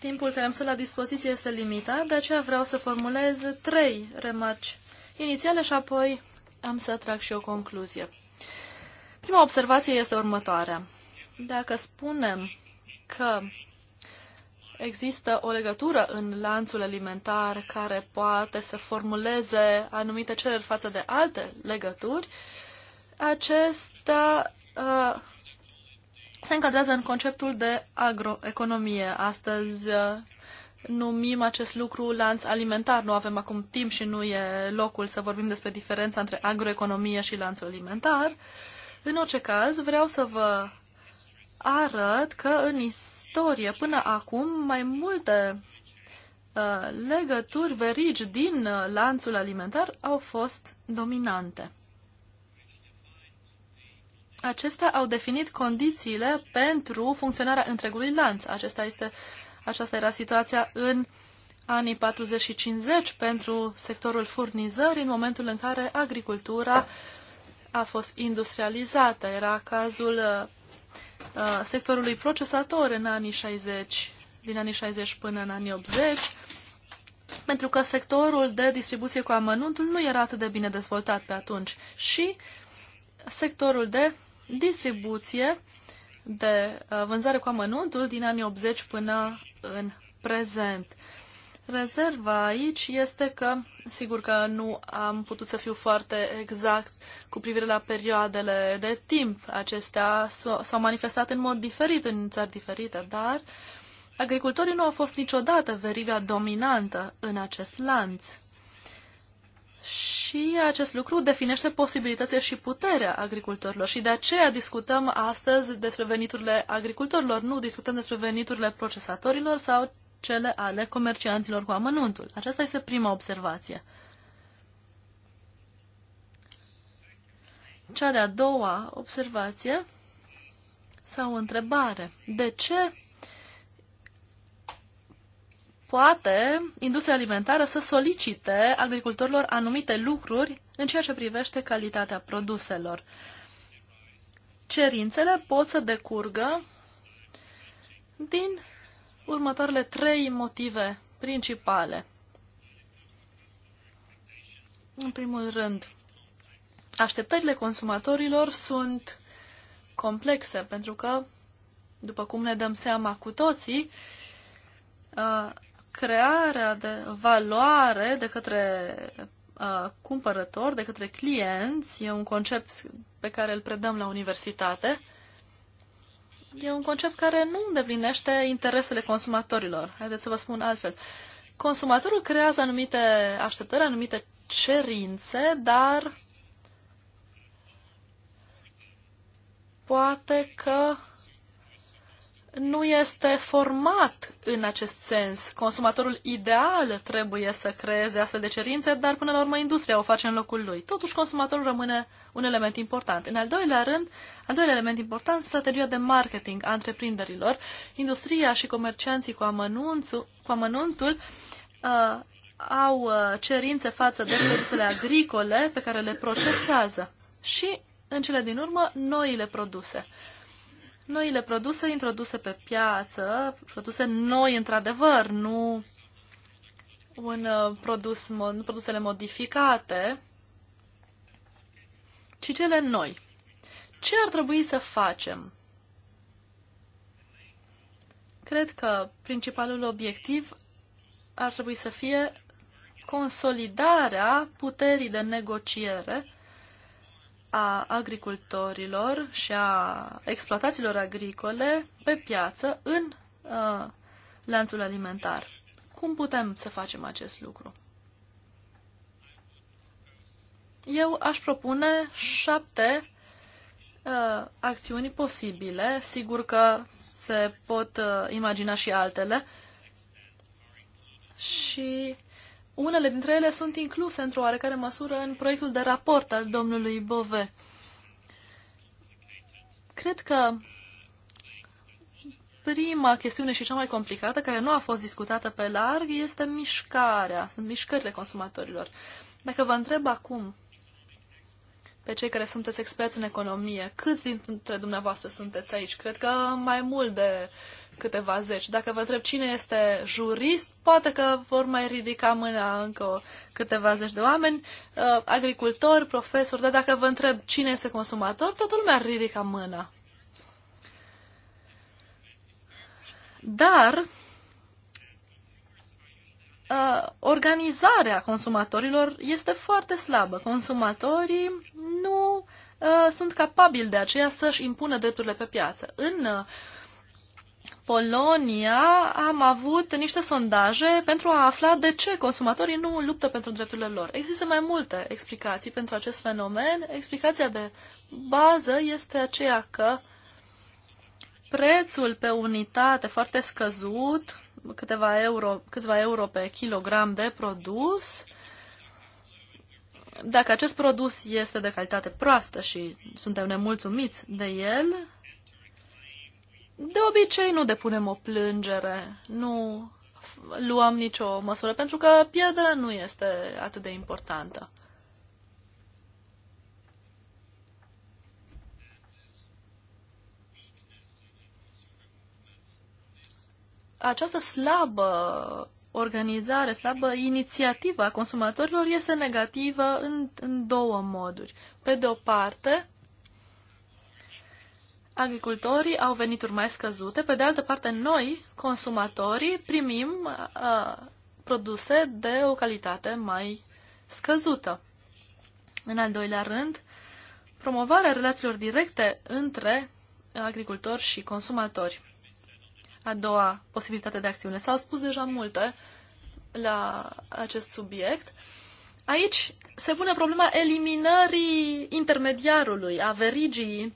Timpul care am să la dispoziție este limitat, de aceea vreau să formulez trei remarci inițiale și apoi am să trag și o concluzie. Prima observație este următoarea. Dacă spunem că există o legătură în lanțul alimentar care poate să formuleze anumite cereri față de alte legături, acesta uh, se încadrează în conceptul de agroeconomie. Astăzi uh, numim acest lucru lanț alimentar. Nu avem acum timp și nu e locul să vorbim despre diferența între agroeconomie și lanțul alimentar. În orice caz, vreau să vă arăt că în istorie, până acum, mai multe uh, legături verigi din uh, lanțul alimentar au fost dominante acestea au definit condițiile pentru funcționarea întregului lanț. Acesta este, aceasta era situația în anii 40 și 50 pentru sectorul furnizării, în momentul în care agricultura a fost industrializată. Era cazul uh, uh, sectorului procesator în anii 60, din anii 60 până în anii 80, pentru că sectorul de distribuție cu amănuntul nu era atât de bine dezvoltat pe atunci și sectorul de distribuție de uh, vânzare cu amănuntul din anii 80 până în prezent. Rezerva aici este că, sigur că nu am putut să fiu foarte exact cu privire la perioadele de timp. Acestea s-au manifestat în mod diferit în țări diferite, dar agricultorii nu au fost niciodată veriga dominantă în acest lanț și acest lucru definește posibilitățile și puterea agricultorilor și de aceea discutăm astăzi despre veniturile agricultorilor, nu discutăm despre veniturile procesatorilor sau cele ale comercianților cu amănuntul. Aceasta este prima observație. Cea de-a doua observație sau întrebare. De ce poate industria alimentară să solicite agricultorilor anumite lucruri în ceea ce privește calitatea produselor. Cerințele pot să decurgă din următoarele trei motive principale. În primul rând, așteptările consumatorilor sunt complexe, pentru că, după cum ne dăm seama cu toții, uh, crearea de valoare de către uh, cumpărători, de către clienți, e un concept pe care îl predăm la universitate, e un concept care nu îndeplinește interesele consumatorilor. Haideți să vă spun altfel. Consumatorul creează anumite așteptări, anumite cerințe, dar poate că nu este format în acest sens. Consumatorul ideal trebuie să creeze astfel de cerințe, dar până la urmă industria o face în locul lui. Totuși, consumatorul rămâne un element important. În al doilea rând, al doilea element important, strategia de marketing a întreprinderilor. Industria și comercianții cu, amănunțul, cu amănuntul uh, au uh, cerințe față de produsele agricole pe care le procesează. Și, în cele din urmă, noile produse noile produse introduse pe piață, produse noi într-adevăr, nu un uh, produs, nu produsele modificate, ci cele noi. Ce ar trebui să facem? Cred că principalul obiectiv ar trebui să fie consolidarea puterii de negociere a agricultorilor și a exploatațiilor agricole pe piață în uh, lanțul alimentar. Cum putem să facem acest lucru? Eu aș propune șapte uh, acțiuni posibile. Sigur că se pot uh, imagina și altele. Și unele dintre ele sunt incluse într-o oarecare măsură în proiectul de raport al domnului Bove. Cred că prima chestiune și cea mai complicată, care nu a fost discutată pe larg, este mișcarea, sunt mișcările consumatorilor. Dacă vă întreb acum pe cei care sunteți experți în economie, câți dintre dumneavoastră sunteți aici? Cred că mai mult de uh, câteva zeci. Dacă vă întreb cine este jurist, poate că vor mai ridica mâna încă câteva zeci de oameni, uh, agricultori, profesori, dar dacă vă întreb cine este consumator, toată lumea ar ridica mâna. Dar uh, organizarea consumatorilor este foarte slabă. Consumatorii nu uh, sunt capabili de aceea să-și impună drepturile pe piață. În uh, Polonia am avut niște sondaje pentru a afla de ce consumatorii nu luptă pentru drepturile lor. Există mai multe explicații pentru acest fenomen. Explicația de bază este aceea că prețul pe unitate foarte scăzut, câteva euro, câțiva euro pe kilogram de produs, dacă acest produs este de calitate proastă și suntem nemulțumiți de el, de obicei nu depunem o plângere, nu luăm nicio măsură, pentru că pierderea nu este atât de importantă. Această slabă organizare, slabă inițiativă a consumatorilor este negativă în, în două moduri. Pe de o parte, agricultorii au venituri mai scăzute, pe de altă parte noi, consumatorii, primim uh, produse de o calitate mai scăzută. În al doilea rând, promovarea relațiilor directe între agricultori și consumatori. A doua posibilitate de acțiune. S-au spus deja multe la acest subiect. Aici se pune problema eliminării intermediarului, a verigii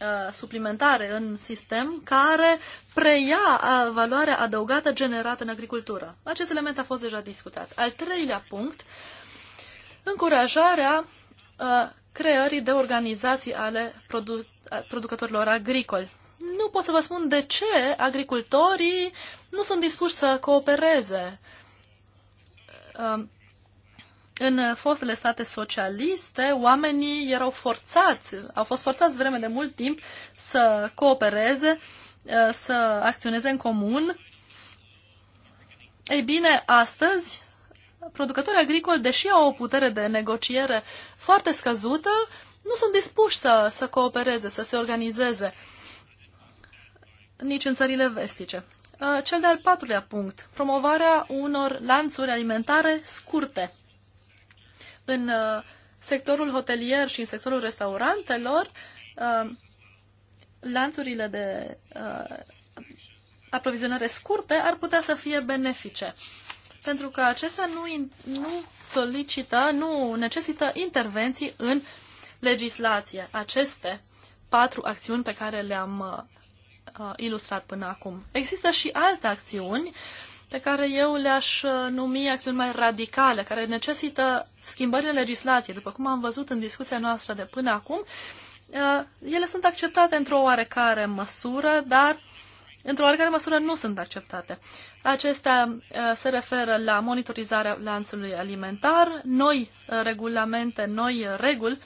Uh, suplimentare în sistem care preia uh, valoarea adăugată generată în agricultură. Acest element a fost deja discutat. Al treilea punct, încurajarea uh, creării de organizații ale produ- producătorilor agricoli. Nu pot să vă spun de ce agricultorii nu sunt dispuși să coopereze în fostele state socialiste, oamenii erau forțați, au fost forțați vreme de mult timp să coopereze, uh, să acționeze în comun. Ei bine, astăzi, producătorii agricoli, deși au o putere de negociere foarte scăzută, nu sunt dispuși să, să coopereze, să se organizeze, nici în țările vestice. Uh, cel de-al patrulea punct, promovarea unor lanțuri alimentare scurte. În uh, sectorul hotelier și în sectorul restaurantelor, uh, lanțurile de uh, aprovizionare scurte ar putea să fie benefice. Pentru că acestea nu, nu solicită, nu necesită intervenții în legislație. Aceste patru acțiuni pe care le-am uh, ilustrat până acum. Există și alte acțiuni pe care eu le-aș uh, numi acțiuni mai radicale, care necesită schimbări în legislație. După cum am văzut în discuția noastră de până acum, uh, ele sunt acceptate într-o oarecare măsură, dar într-o oarecare măsură nu sunt acceptate. Acestea uh, se referă la monitorizarea lanțului alimentar, noi regulamente, noi reguli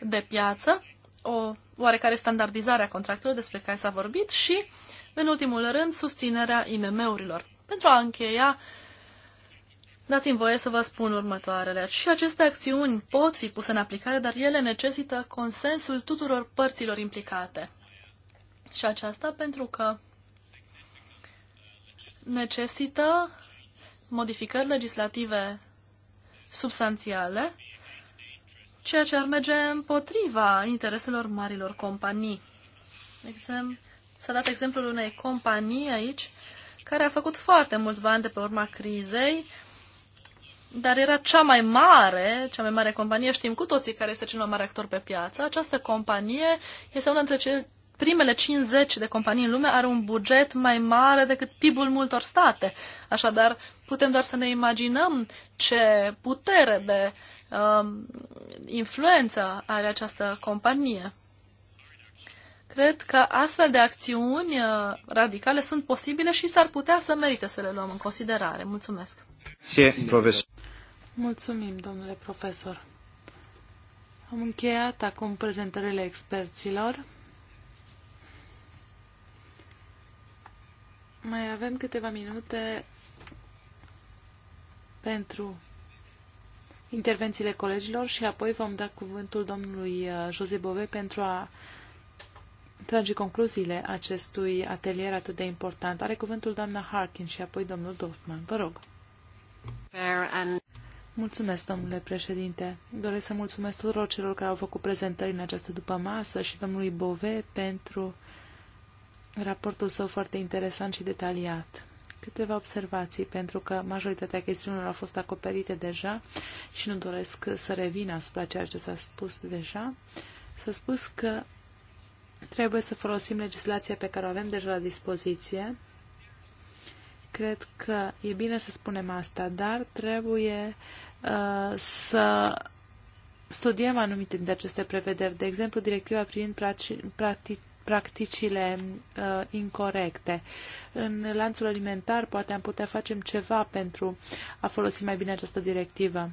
de piață, o oarecare standardizare a contractelor despre care s-a vorbit și, în ultimul rând, susținerea IMM-urilor. Pentru a încheia, dați-mi voie să vă spun următoarele. Și aceste acțiuni pot fi puse în aplicare, dar ele necesită consensul tuturor părților implicate. Și aceasta pentru că necesită modificări legislative substanțiale, ceea ce ar merge împotriva intereselor marilor companii. Exemplu. S-a dat exemplul unei companii aici care a făcut foarte mulți bani de pe urma crizei, dar era cea mai mare, cea mai mare companie, știm cu toții care este cel mai mare actor pe piață. Această companie este una dintre cele primele 50 de companii în lume, are un buget mai mare decât PIB-ul multor state. Așadar, putem doar să ne imaginăm ce putere de um, influență are această companie. Cred că astfel de acțiuni uh, radicale sunt posibile și s-ar putea să merită să le luăm în considerare. Mulțumesc. Mulțumim, domnule profesor. Am încheiat acum prezentările experților. Mai avem câteva minute pentru intervențiile colegilor și apoi vom da cuvântul domnului uh, Jose Bove pentru a trage concluziile acestui atelier atât de important. Are cuvântul doamna Harkin și apoi domnul Dorfman. Vă rog. Mulțumesc, domnule președinte. Doresc să mulțumesc tuturor celor care au făcut prezentări în această dupămasă și domnului Bove pentru raportul său foarte interesant și detaliat. Câteva observații, pentru că majoritatea chestiunilor au fost acoperite deja și nu doresc să revin asupra ceea ce s-a spus deja. S-a spus că Trebuie să folosim legislația pe care o avem deja la dispoziție. Cred că e bine să spunem asta, dar trebuie uh, să studiem anumite dintre aceste prevederi, de exemplu directiva privind practic, practicile uh, incorrecte. În lanțul alimentar poate am putea face ceva pentru a folosi mai bine această directivă.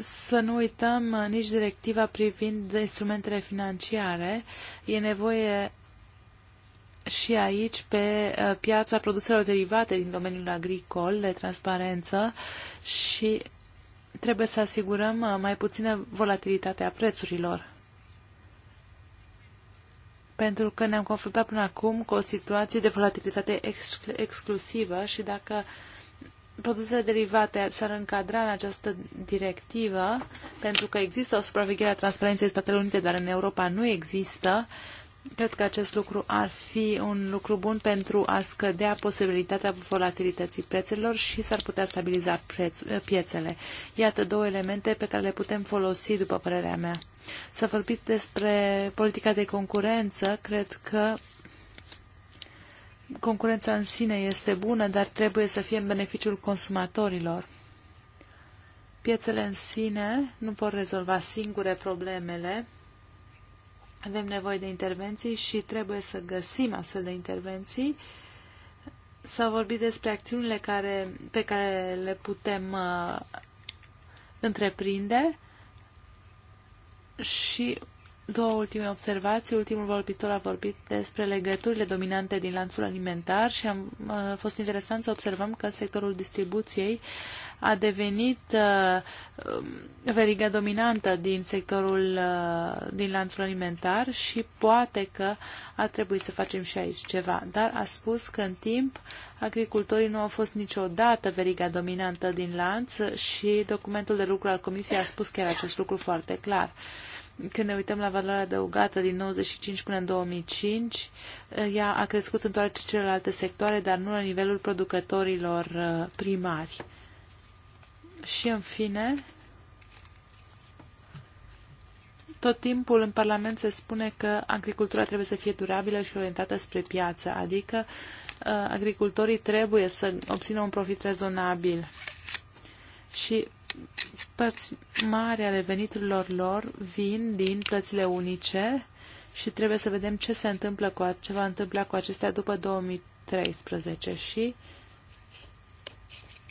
Să nu uităm uh, nici directiva privind instrumentele financiare. E nevoie și aici pe uh, piața produselor derivate din domeniul agricol de transparență și trebuie să asigurăm uh, mai puțină volatilitatea prețurilor. Pentru că ne-am confruntat până acum cu o situație de volatilitate exclusivă și dacă uh, produsele derivate s-ar încadra în această directivă, pentru că există o supraveghere a transparenței Statele Unite, dar în Europa nu există, cred că acest lucru ar fi un lucru bun pentru a scădea posibilitatea volatilității prețelor și s-ar putea stabiliza preț, piețele. Iată două elemente pe care le putem folosi, după părerea mea. S-a vorbit despre politica de concurență. Cred că concurența în sine este bună, dar trebuie să fie în beneficiul consumatorilor. Piețele în sine nu pot rezolva singure problemele. Avem nevoie de intervenții și trebuie să găsim astfel de intervenții. S-a vorbit despre acțiunile care, pe care le putem uh, întreprinde și două ultime observații. Ultimul vorbitor a vorbit despre legăturile dominante din lanțul alimentar și a uh, fost interesant să observăm că sectorul distribuției a devenit uh, um, veriga dominantă din sectorul, uh, din lanțul alimentar și poate că ar trebui să facem și aici ceva. Dar a spus că în timp agricultorii nu au fost niciodată veriga dominantă din lanț și documentul de lucru al Comisiei a spus chiar acest lucru foarte clar. Când ne uităm la valoarea adăugată din 95 până în 2005, ea a crescut în toate celelalte sectoare, dar nu la nivelul producătorilor uh, primari. Și în fine, tot timpul în Parlament se spune că agricultura trebuie să fie durabilă și orientată spre piață, adică uh, agricultorii trebuie să obțină un profit rezonabil și părți mari ale veniturilor lor vin din plățile unice și trebuie să vedem ce se întâmplă cu, ce va întâmpla cu acestea după 2013 și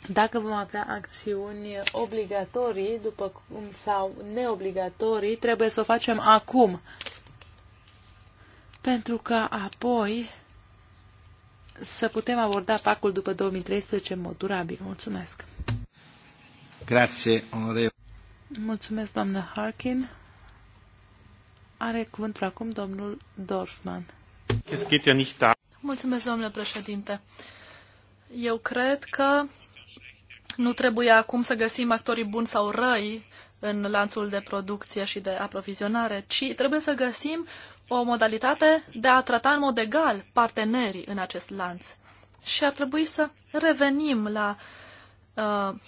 dacă vom avea acțiuni obligatorii după cum, sau neobligatorii, trebuie să o facem acum. Pentru că apoi să putem aborda pacul după 2013 în mod durabil. Mulțumesc! Mulțumesc, doamnă Harkin. Are cuvântul acum domnul Dorfman. Mulțumesc, domnule președinte. Eu cred că nu trebuie acum să găsim actorii buni sau răi în lanțul de producție și de aprovizionare, ci trebuie să găsim o modalitate de a trata în mod egal partenerii în acest lanț. Și ar trebui să revenim la uh,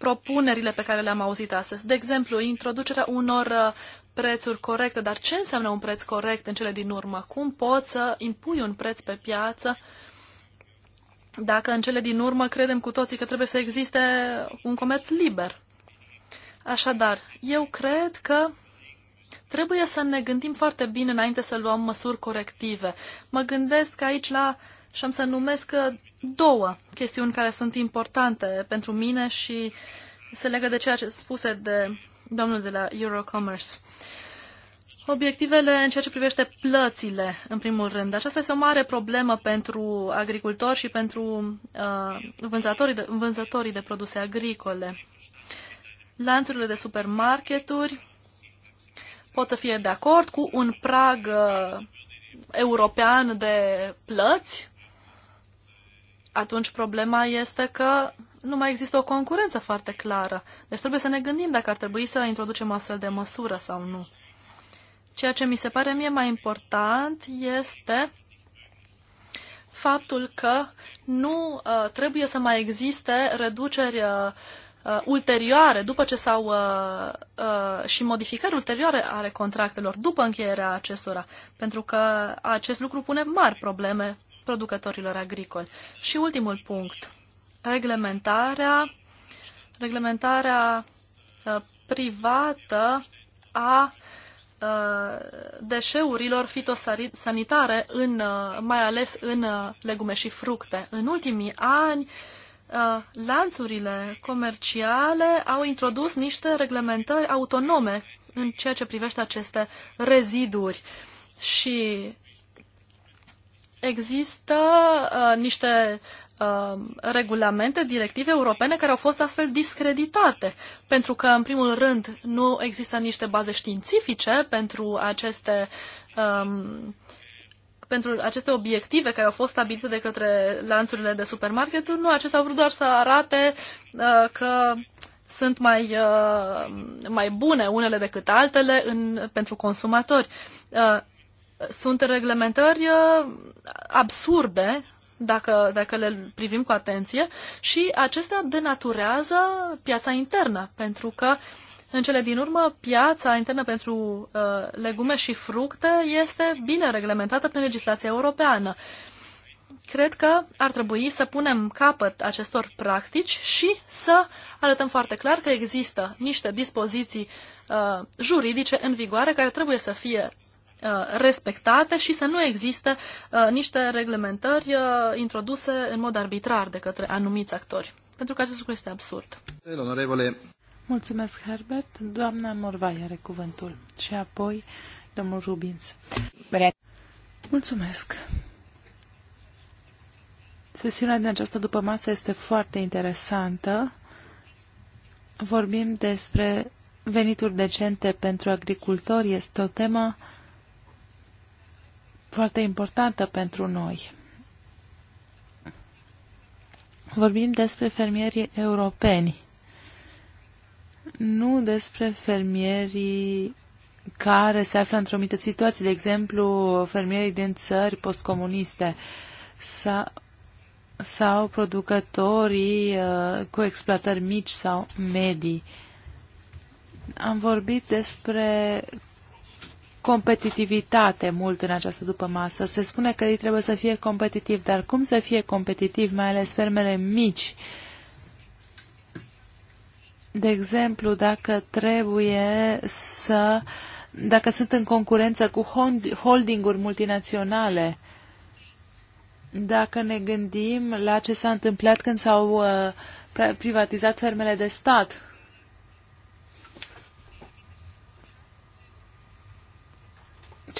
propunerile pe care le-am auzit astăzi. De exemplu, introducerea unor uh, prețuri corecte, dar ce înseamnă un preț corect în cele din urmă? Cum poți să impui un preț pe piață dacă în cele din urmă credem cu toții că trebuie să existe un comerț liber? Așadar, eu cred că trebuie să ne gândim foarte bine înainte să luăm măsuri corective. Mă gândesc aici la uh, și am să numesc uh, două chestiuni care sunt importante pentru mine și se legă de ceea ce spuse de domnul de la Eurocommerce. Obiectivele în ceea ce privește plățile, în primul rând. Aceasta este o mare problemă pentru agricultori și pentru uh, vânzătorii, de, vânzătorii de produse agricole. Lanțurile de supermarketuri pot să fie de acord cu un prag uh, european de plăți, atunci problema este că nu mai există o concurență foarte clară. Deci trebuie să ne gândim dacă ar trebui să introducem astfel de măsură sau nu. Ceea ce mi se pare mie mai important este faptul că nu uh, trebuie să mai existe reduceri uh, uh, ulterioare, după ce s-au uh, uh, și modificări ulterioare ale contractelor, după încheierea acestora, pentru că acest lucru pune mari probleme producătorilor agricoli. Și ultimul punct, reglementarea, reglementarea uh, privată a uh, deșeurilor fitosanitare, în, uh, mai ales în legume și fructe. În ultimii ani, lanțurile comerciale au introdus niște reglementări autonome în ceea ce privește aceste reziduri. Și există uh, niște uh, regulamente, directive europene care au fost astfel discreditate, pentru că, în primul rând, nu există niște baze științifice pentru aceste um, pentru aceste obiective care au fost stabilite de către lanțurile de supermarketuri, nu, acestea au vrut doar să arate uh, că sunt mai, uh, mai bune unele decât altele în, pentru consumatori. Uh, sunt reglementări uh, absurde dacă, dacă le privim cu atenție și acestea denaturează piața internă, pentru că în cele din urmă piața internă pentru uh, legume și fructe este bine reglementată prin legislația europeană. Cred că ar trebui să punem capăt acestor practici și să arătăm foarte clar că există niște dispoziții uh, juridice în vigoare care trebuie să fie Uh, respectate și să nu există uh, niște reglementări uh, introduse în mod arbitrar de către anumiți actori. Pentru că acest lucru este absurd. Onorevole. Mulțumesc, Herbert. Doamna Morvai are cuvântul și apoi domnul Rubins. Mulțumesc. Sesiunea din această după masă este foarte interesantă. Vorbim despre venituri decente pentru agricultori. Este o temă foarte importantă pentru noi. Vorbim despre fermierii europeni, nu despre fermierii care se află într-o mită situație, de exemplu, fermierii din țări postcomuniste sau, sau producătorii uh, cu exploatări mici sau medii. Am vorbit despre competitivitate mult în această după masă. Se spune că ei trebuie să fie competitivi, dar cum să fie competitivi, mai ales fermele mici? De exemplu, dacă trebuie să... dacă sunt în concurență cu holdinguri multinaționale, dacă ne gândim la ce s-a întâmplat când s-au uh, privatizat fermele de stat,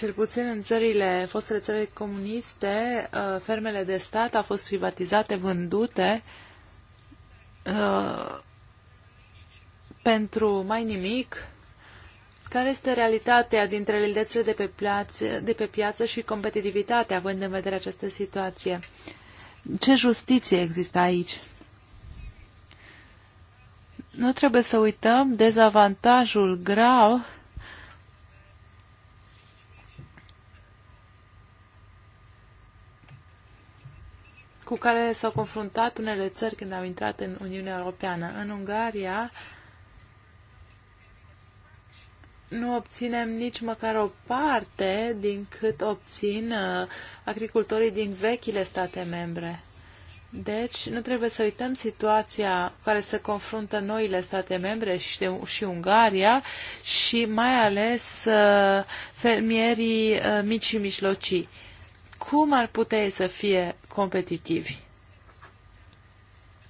Cel puțin în țările, fostele țări comuniste, uh, fermele de stat au fost privatizate, vândute uh, pentru mai nimic. Care este realitatea dintre realitățile de pe, de pe piață și competitivitatea, având în vedere această situație? Ce justiție există aici? Nu trebuie să uităm dezavantajul grav cu care s-au confruntat unele țări când au intrat în Uniunea Europeană. În Ungaria nu obținem nici măcar o parte din cât obțin uh, agricultorii din vechile state membre. Deci, nu trebuie să uităm situația cu care se confruntă noile state membre și, de, și Ungaria și mai ales uh, fermierii uh, mici și mijlocii. Cum ar putea să fie competitivi.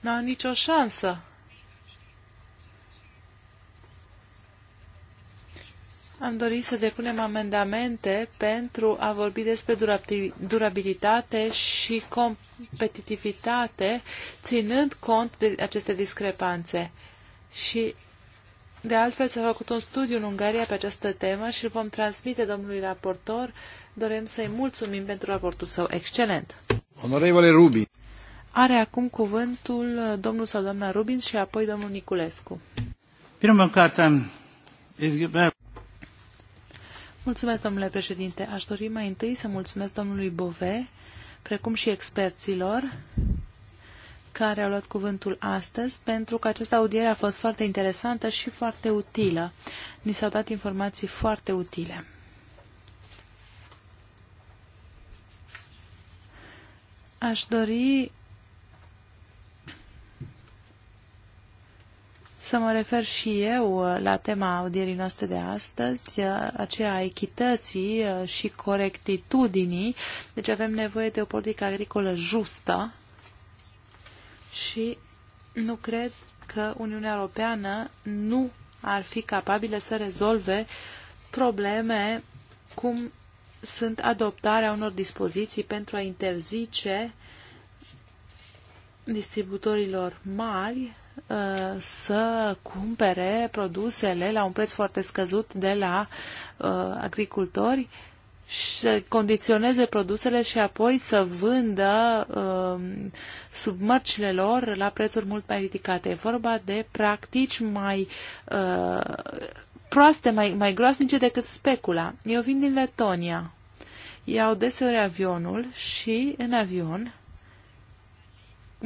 N-au nicio șansă. Am dorit să depunem amendamente pentru a vorbi despre durabilitate și competitivitate, ținând cont de aceste discrepanțe. Și de altfel, s-a făcut un studiu în Ungaria pe această temă și îl vom transmite domnului raportor. Dorem să-i mulțumim pentru raportul său excelent. Onorevole Rubin. Are acum cuvântul domnul sau doamna Rubin și apoi domnul Niculescu. Mulțumesc, domnule președinte. Aș dori mai întâi să mulțumesc domnului Bove, precum și experților, care au luat cuvântul astăzi, pentru că această audiere a fost foarte interesantă și foarte utilă. Ni s-au dat informații foarte utile. Aș dori să mă refer și eu la tema audierii noastre de astăzi, aceea a echității și corectitudinii. Deci avem nevoie de o politică agricolă justă, și nu cred că Uniunea Europeană nu ar fi capabilă să rezolve probleme cum sunt adoptarea unor dispoziții pentru a interzice distributorilor mari uh, să cumpere produsele la un preț foarte scăzut de la uh, agricultori să condiționeze produsele și apoi să vândă uh, um, sub mărcile lor la prețuri mult mai ridicate. E vorba de practici mai uh, proaste, mai, mai groasnice decât specula. Eu vin din Letonia. Iau deseori avionul și în avion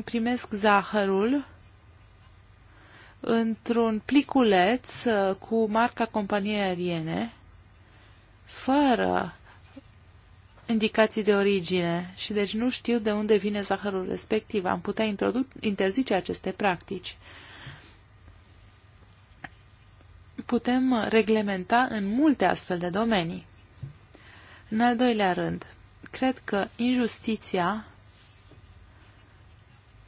primesc zahărul într-un pliculeț uh, cu marca companiei aeriene, fără indicații de origine și deci nu știu de unde vine zahărul respectiv. Am putea interzice aceste practici. Putem reglementa în multe astfel de domenii. În al doilea rând, cred că injustiția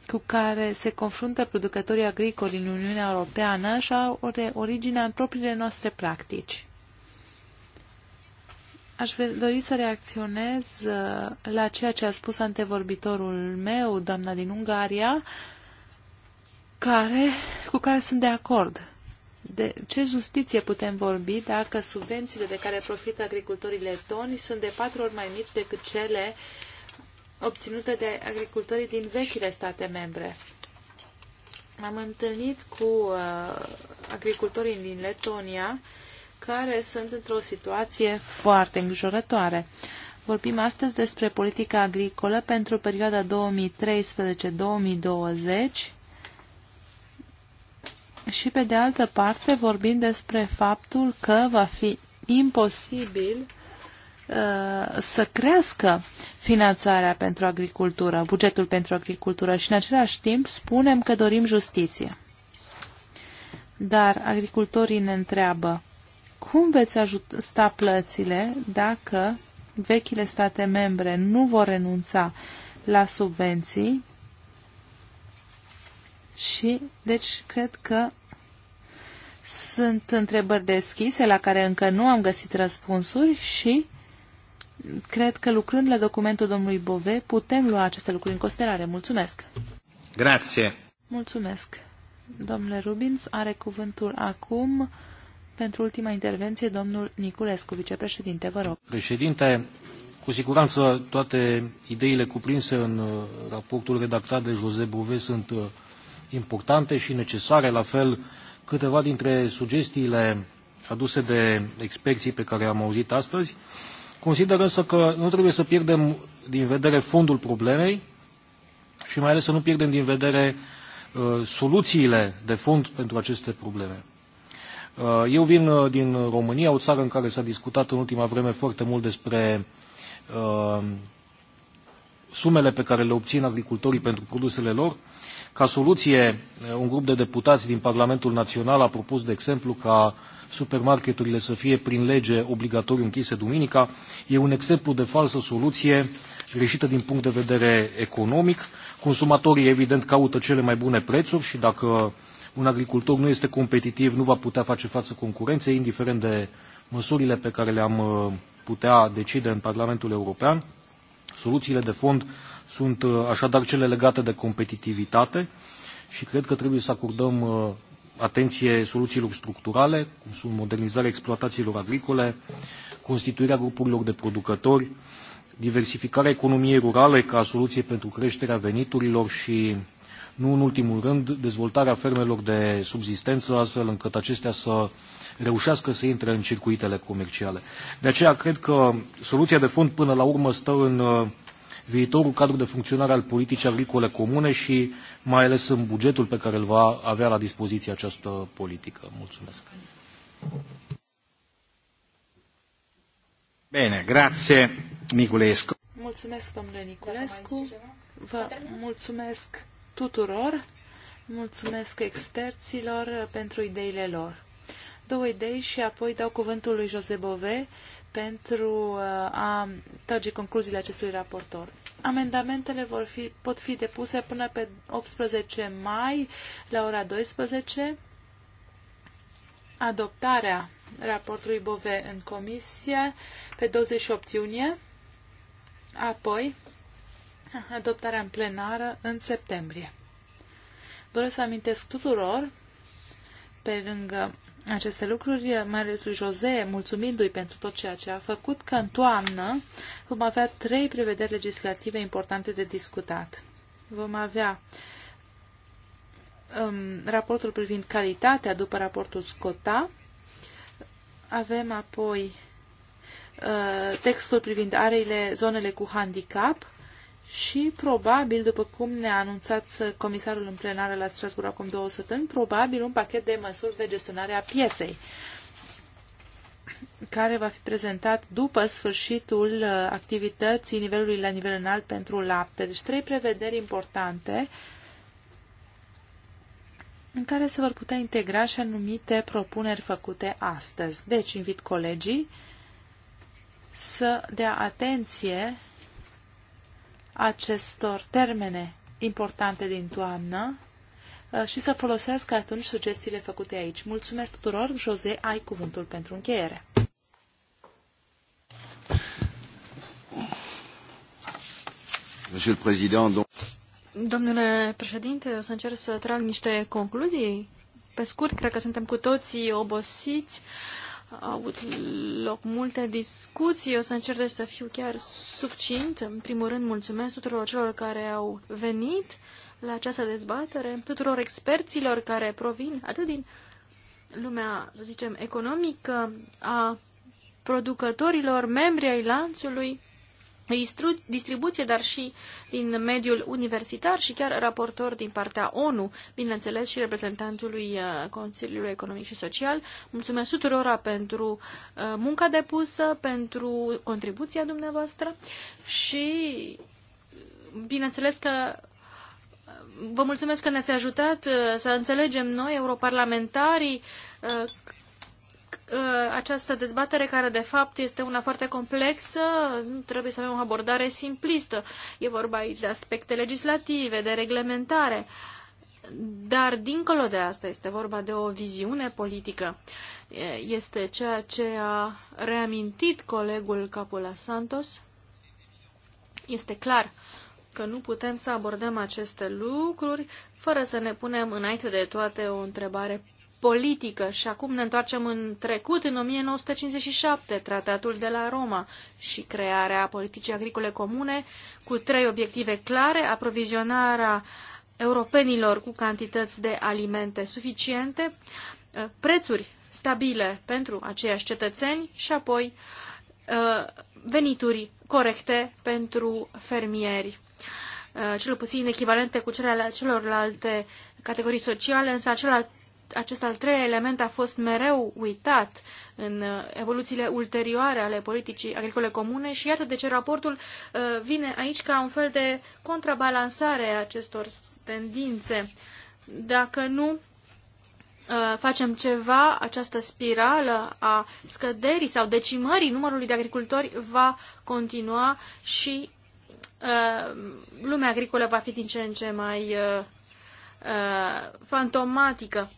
cu care se confruntă producătorii agricoli în Uniunea Europeană și a originea în propriile noastre practici. Aș dori să reacționez uh, la ceea ce a spus antevorbitorul meu, doamna din Ungaria, care, cu care sunt de acord. De ce justiție putem vorbi dacă subvențiile de care profită agricultorii letoni sunt de patru ori mai mici decât cele obținute de agricultorii din vechile state membre? M-am întâlnit cu uh, agricultorii din Letonia uh, care sunt într-o situație foarte îngrijorătoare. Vorbim astăzi despre politica agricolă pentru perioada 2013-2020 și, pe de altă parte, vorbim despre faptul că va fi imposibil uh, să crească finanțarea pentru agricultură, bugetul pentru agricultură și în același timp spunem că dorim justiție. Dar agricultorii ne întreabă cum veți ajusta plățile dacă vechile state membre nu vor renunța la subvenții și deci cred că sunt întrebări deschise la care încă nu am găsit răspunsuri și cred că lucrând la documentul domnului Bove putem lua aceste lucruri în considerare. Mulțumesc! Grație! Mulțumesc! Domnule Rubins are cuvântul acum pentru ultima intervenție, domnul Niculescu, vicepreședinte, vă rog. Președinte, cu siguranță toate ideile cuprinse în uh, raportul redactat de Jose Bove sunt uh, importante și necesare, la fel câteva dintre sugestiile aduse de experții pe care am auzit astăzi. Consider însă că nu trebuie să pierdem din vedere fondul problemei și mai ales să nu pierdem din vedere uh, soluțiile de fond pentru aceste probleme. Uh, eu vin uh, din România, o țară în care s-a discutat în ultima vreme foarte mult despre uh, sumele pe care le obțin agricultorii pentru produsele lor. Ca soluție, un grup de deputați din Parlamentul Național a propus, de exemplu, ca supermarketurile să fie prin lege obligatoriu închise duminica. E un exemplu de falsă soluție greșită din punct de vedere economic. Consumatorii, evident, caută cele mai bune prețuri și dacă un agricultor nu este competitiv, nu va putea face față concurenței, indiferent de măsurile pe care le-am uh, putea decide în Parlamentul European. Soluțiile de fond sunt uh, așadar cele legate de competitivitate și cred că trebuie să acordăm uh, atenție soluțiilor structurale, cum sunt modernizarea exploatațiilor agricole, constituirea grupurilor de producători, diversificarea economiei rurale ca soluție pentru creșterea veniturilor și nu în ultimul rând dezvoltarea fermelor de subzistență, astfel încât acestea să reușească să intre în circuitele comerciale. De aceea cred că soluția de fond până la urmă stă în uh, viitorul cadru de funcționare al politicii agricole comune și mai ales în bugetul pe care îl va avea la dispoziție această politică. Mulțumesc. Bine, grație, Miculescu. Mulțumesc, domnule Niculescu. Vă mulțumesc tuturor. Mulțumesc experților pentru ideile lor. Două idei și apoi dau cuvântul lui Jose Bove pentru uh, a trage concluziile acestui raportor. Amendamentele vor fi, pot fi depuse până pe 18 mai la ora 12. Adoptarea raportului Bove în comisie pe 28 iunie. Apoi, adoptarea în plenară în septembrie. Doresc să amintesc tuturor, pe lângă aceste lucruri, mai ales lui Jose, mulțumindu-i pentru tot ceea ce a făcut, că în toamnă vom avea trei prevederi legislative importante de discutat. Vom avea um, raportul privind calitatea după raportul Scota, avem apoi uh, textul privind areile, zonele cu handicap și probabil, după cum ne-a anunțat comisarul în plenară la Strasbourg acum două săptămâni, probabil un pachet de măsuri de gestionare a pieței care va fi prezentat după sfârșitul uh, activității nivelului la nivel înalt pentru lapte. Deci trei prevederi importante în care se vor putea integra și anumite propuneri făcute astăzi. Deci invit colegii să dea atenție acestor termene importante din toamnă uh, și să folosească atunci sugestiile făcute aici. Mulțumesc tuturor. Jose, ai cuvântul pentru încheiere. Domnule președinte, o să încerc să trag niște concluzii. Pe scurt, cred că suntem cu toții obosiți. Uh, au avut loc multe discuții, eu să încerc deci, să fiu chiar succint. În primul rând, mulțumesc tuturor celor care au venit la această dezbatere, tuturor experților care provin atât din lumea, să zicem, economică, a producătorilor, membri ai lanțului, distribuție, dar și din mediul universitar și chiar raportor din partea ONU, bineînțeles și reprezentantului uh, Consiliului Economic și Social. Mulțumesc tuturora pentru uh, munca depusă, pentru contribuția dumneavoastră și bineînțeles că uh, vă mulțumesc că ne-ați ajutat să înțelegem noi, europarlamentarii, Uh, această dezbatere care de fapt este una foarte complexă, trebuie să avem o abordare simplistă. E vorba aici de aspecte legislative, de reglementare, dar dincolo de asta este vorba de o viziune politică. Este ceea ce a reamintit colegul Capula Santos. Este clar că nu putem să abordăm aceste lucruri fără să ne punem înainte de toate o întrebare politică și acum ne întoarcem în trecut, în 1957, tratatul de la Roma și crearea politicii agricole comune cu trei obiective clare, aprovizionarea europenilor cu cantități de alimente suficiente, ă, prețuri stabile pentru aceiași cetățeni și apoi ă, venituri corecte pentru fermieri, ă, cel puțin echivalente cu cele ale celorlalte categorii sociale, însă acel acest al treilea element a fost mereu uitat în uh, evoluțiile ulterioare ale politicii agricole comune și iată de ce raportul uh, vine aici ca un fel de contrabalansare a acestor tendințe. Dacă nu uh, facem ceva, această spirală a scăderii sau decimării numărului de agricultori va continua și lumea agricolă va fi din ce în ce mai fantomatică.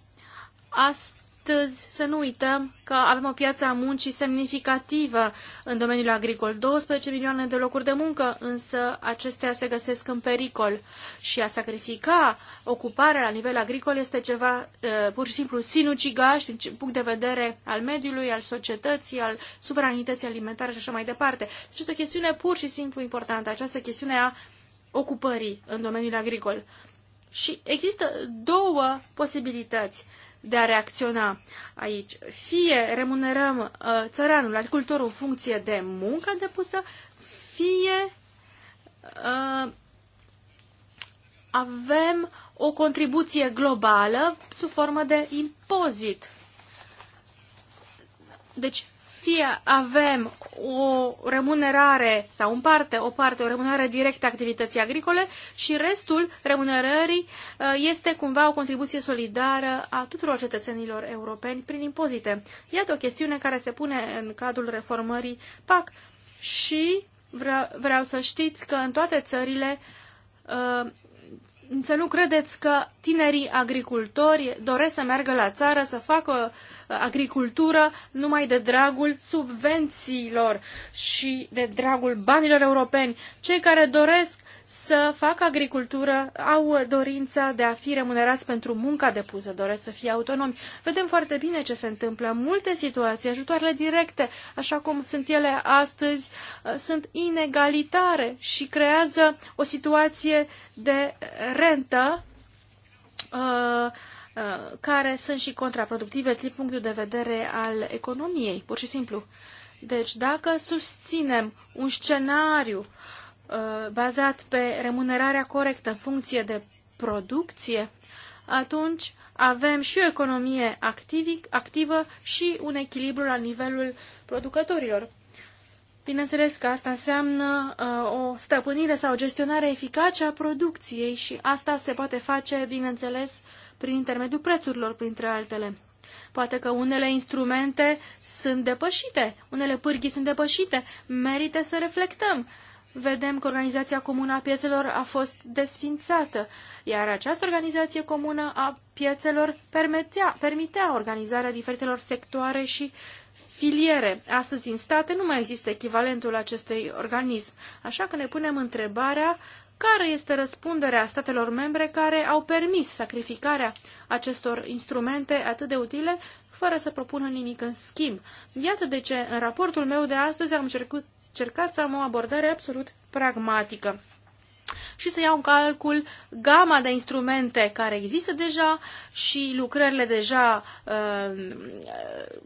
Astăzi să nu uităm că avem o piață a muncii semnificativă în domeniul agricol. 12 milioane de locuri de muncă, însă acestea se găsesc în pericol și a sacrifica ocuparea la nivel agricol este ceva pur și simplu sinucigaș din punct de vedere al mediului, al societății, al suveranității alimentare și așa mai departe. Deci este o chestiune pur și simplu importantă, această chestiune a ocupării în domeniul agricol. Și există două posibilități de a reacționa aici. Fie remunerăm uh, țăranul, agricultorul, în funcție de munca depusă, fie uh, avem o contribuție globală sub formă de impozit. Deci, fie avem o remunerare sau în parte, o parte, o remunerare directă a activității agricole și restul remunerării uh, este cumva o contribuție solidară a tuturor cetățenilor europeni prin impozite. Iată o chestiune care se pune în cadrul reformării PAC și vreau, vreau să știți că în toate țările uh, să nu credeți că tinerii agricultori doresc să meargă la țară să facă uh, agricultură numai de dragul subvențiilor și de dragul banilor europeni. Cei care doresc să facă agricultură, au dorința de a fi remunerați pentru munca depusă, doresc să fie autonomi. Vedem foarte bine ce se întâmplă. Multe situații, ajutoarele directe, așa cum sunt ele astăzi, uh, sunt inegalitare și creează o situație de rentă uh, uh, care sunt și contraproductive din punctul de vedere al economiei, pur și simplu. Deci, dacă susținem un scenariu Uh, bazat pe remunerarea corectă în funcție de producție, atunci avem și o economie activic, activă și un echilibru la nivelul producătorilor. Bineînțeles că asta înseamnă uh, o stăpânire sau o gestionare eficace a producției și asta se poate face, bineînțeles, prin intermediul prețurilor, printre altele. Poate că unele instrumente sunt depășite, unele pârghii sunt depășite, merită să reflectăm. Uh, vedem că Organizația Comună a Piețelor a fost desfințată, iar această Organizație Comună a Piețelor permitea, permitea organizarea diferitelor sectoare și filiere. Astăzi, în state, nu mai există echivalentul acestui organism, așa că ne punem întrebarea care este răspunderea statelor membre care au permis sacrificarea acestor instrumente atât de utile, fără să propună nimic în schimb. Iată de ce, în raportul meu de astăzi, am încercat încercat să am o abordare absolut pragmatică și să iau în calcul gama de instrumente care există deja și lucrările deja uh,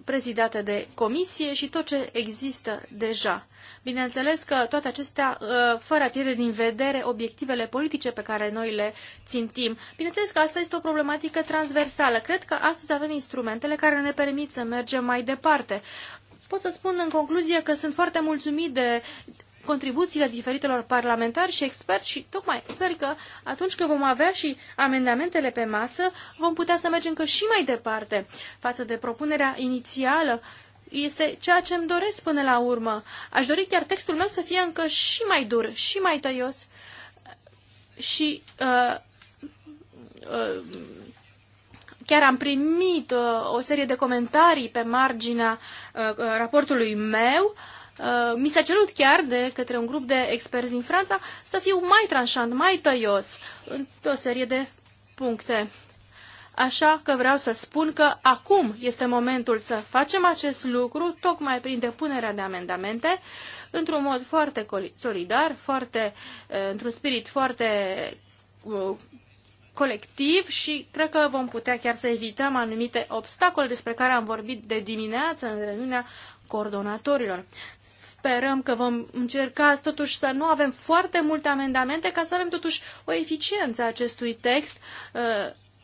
prezidate de comisie și tot ce există deja. Bineînțeles că toate acestea uh, fără a pierde din vedere obiectivele politice pe care noi le țintim. Bineînțeles că asta este o problematică transversală. Cred că astăzi avem instrumentele care ne permit să mergem mai departe. Pot să spun în concluzie că sunt foarte mulțumit de contribuțiile diferitelor parlamentari și experți și tocmai sper că atunci când vom avea și amendamentele pe masă, vom putea să mergem încă și mai departe față de propunerea inițială este ceea ce îmi doresc până la urmă. Aș dori chiar textul meu să fie încă și mai dur, și mai tăios și uh, uh, Chiar am primit uh, o serie de comentarii pe marginea uh, uh raportului meu. Uh, mi s-a cerut chiar de către un grup de experți din Franța să fiu mai tranșant, mai tăios în o serie de puncte. Așa că vreau să spun că acum este momentul să facem acest lucru, tocmai prin depunerea de amendamente, într-un mod foarte solidar, foarte, uh, într-un spirit foarte colectiv și cred că vom putea chiar să evităm anumite obstacole despre care am vorbit de dimineață în reuniunea coordonatorilor. Sperăm că vom încerca totuși să nu avem foarte multe amendamente ca să avem totuși o eficiență a acestui text uh,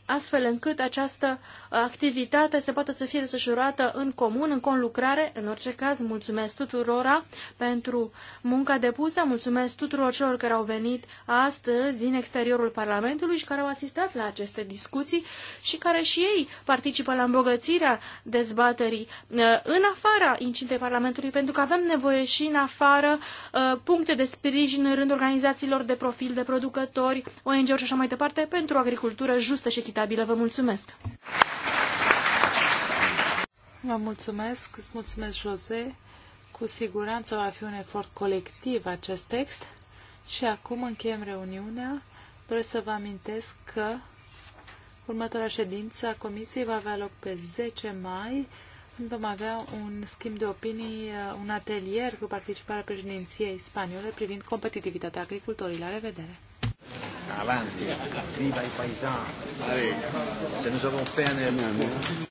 astfel încât această uh, activitate se poate să fie desfășurată în comun, în conlucrare. În orice caz, mulțumesc tuturora pentru munca depusă, mulțumesc tuturor celor care au venit astăzi din exteriorul Parlamentului și care au asistat la aceste discuții și care și ei participă la îmbogățirea dezbaterii uh, în afara incintei Parlamentului, pentru că avem nevoie și în afară uh, puncte de sprijin în rândul organizațiilor de profil, de producători, ONG-uri și așa mai departe, pentru o agricultură justă și echitabilă echitabilă. Vă mulțumesc! Vă mulțumesc, mulțumesc, Jose. Cu siguranță va fi un efort colectiv acest text. Și acum încheiem reuniunea. Doresc să vă amintesc că următoarea ședință a Comisiei va avea loc pe 10 mai, când vom avea un schimb de opinii, un atelier cu participarea președinției spaniole privind competitivitatea agricultorilor La revedere! Avanti, viva i paesani. Allez, ça nous avons fait un...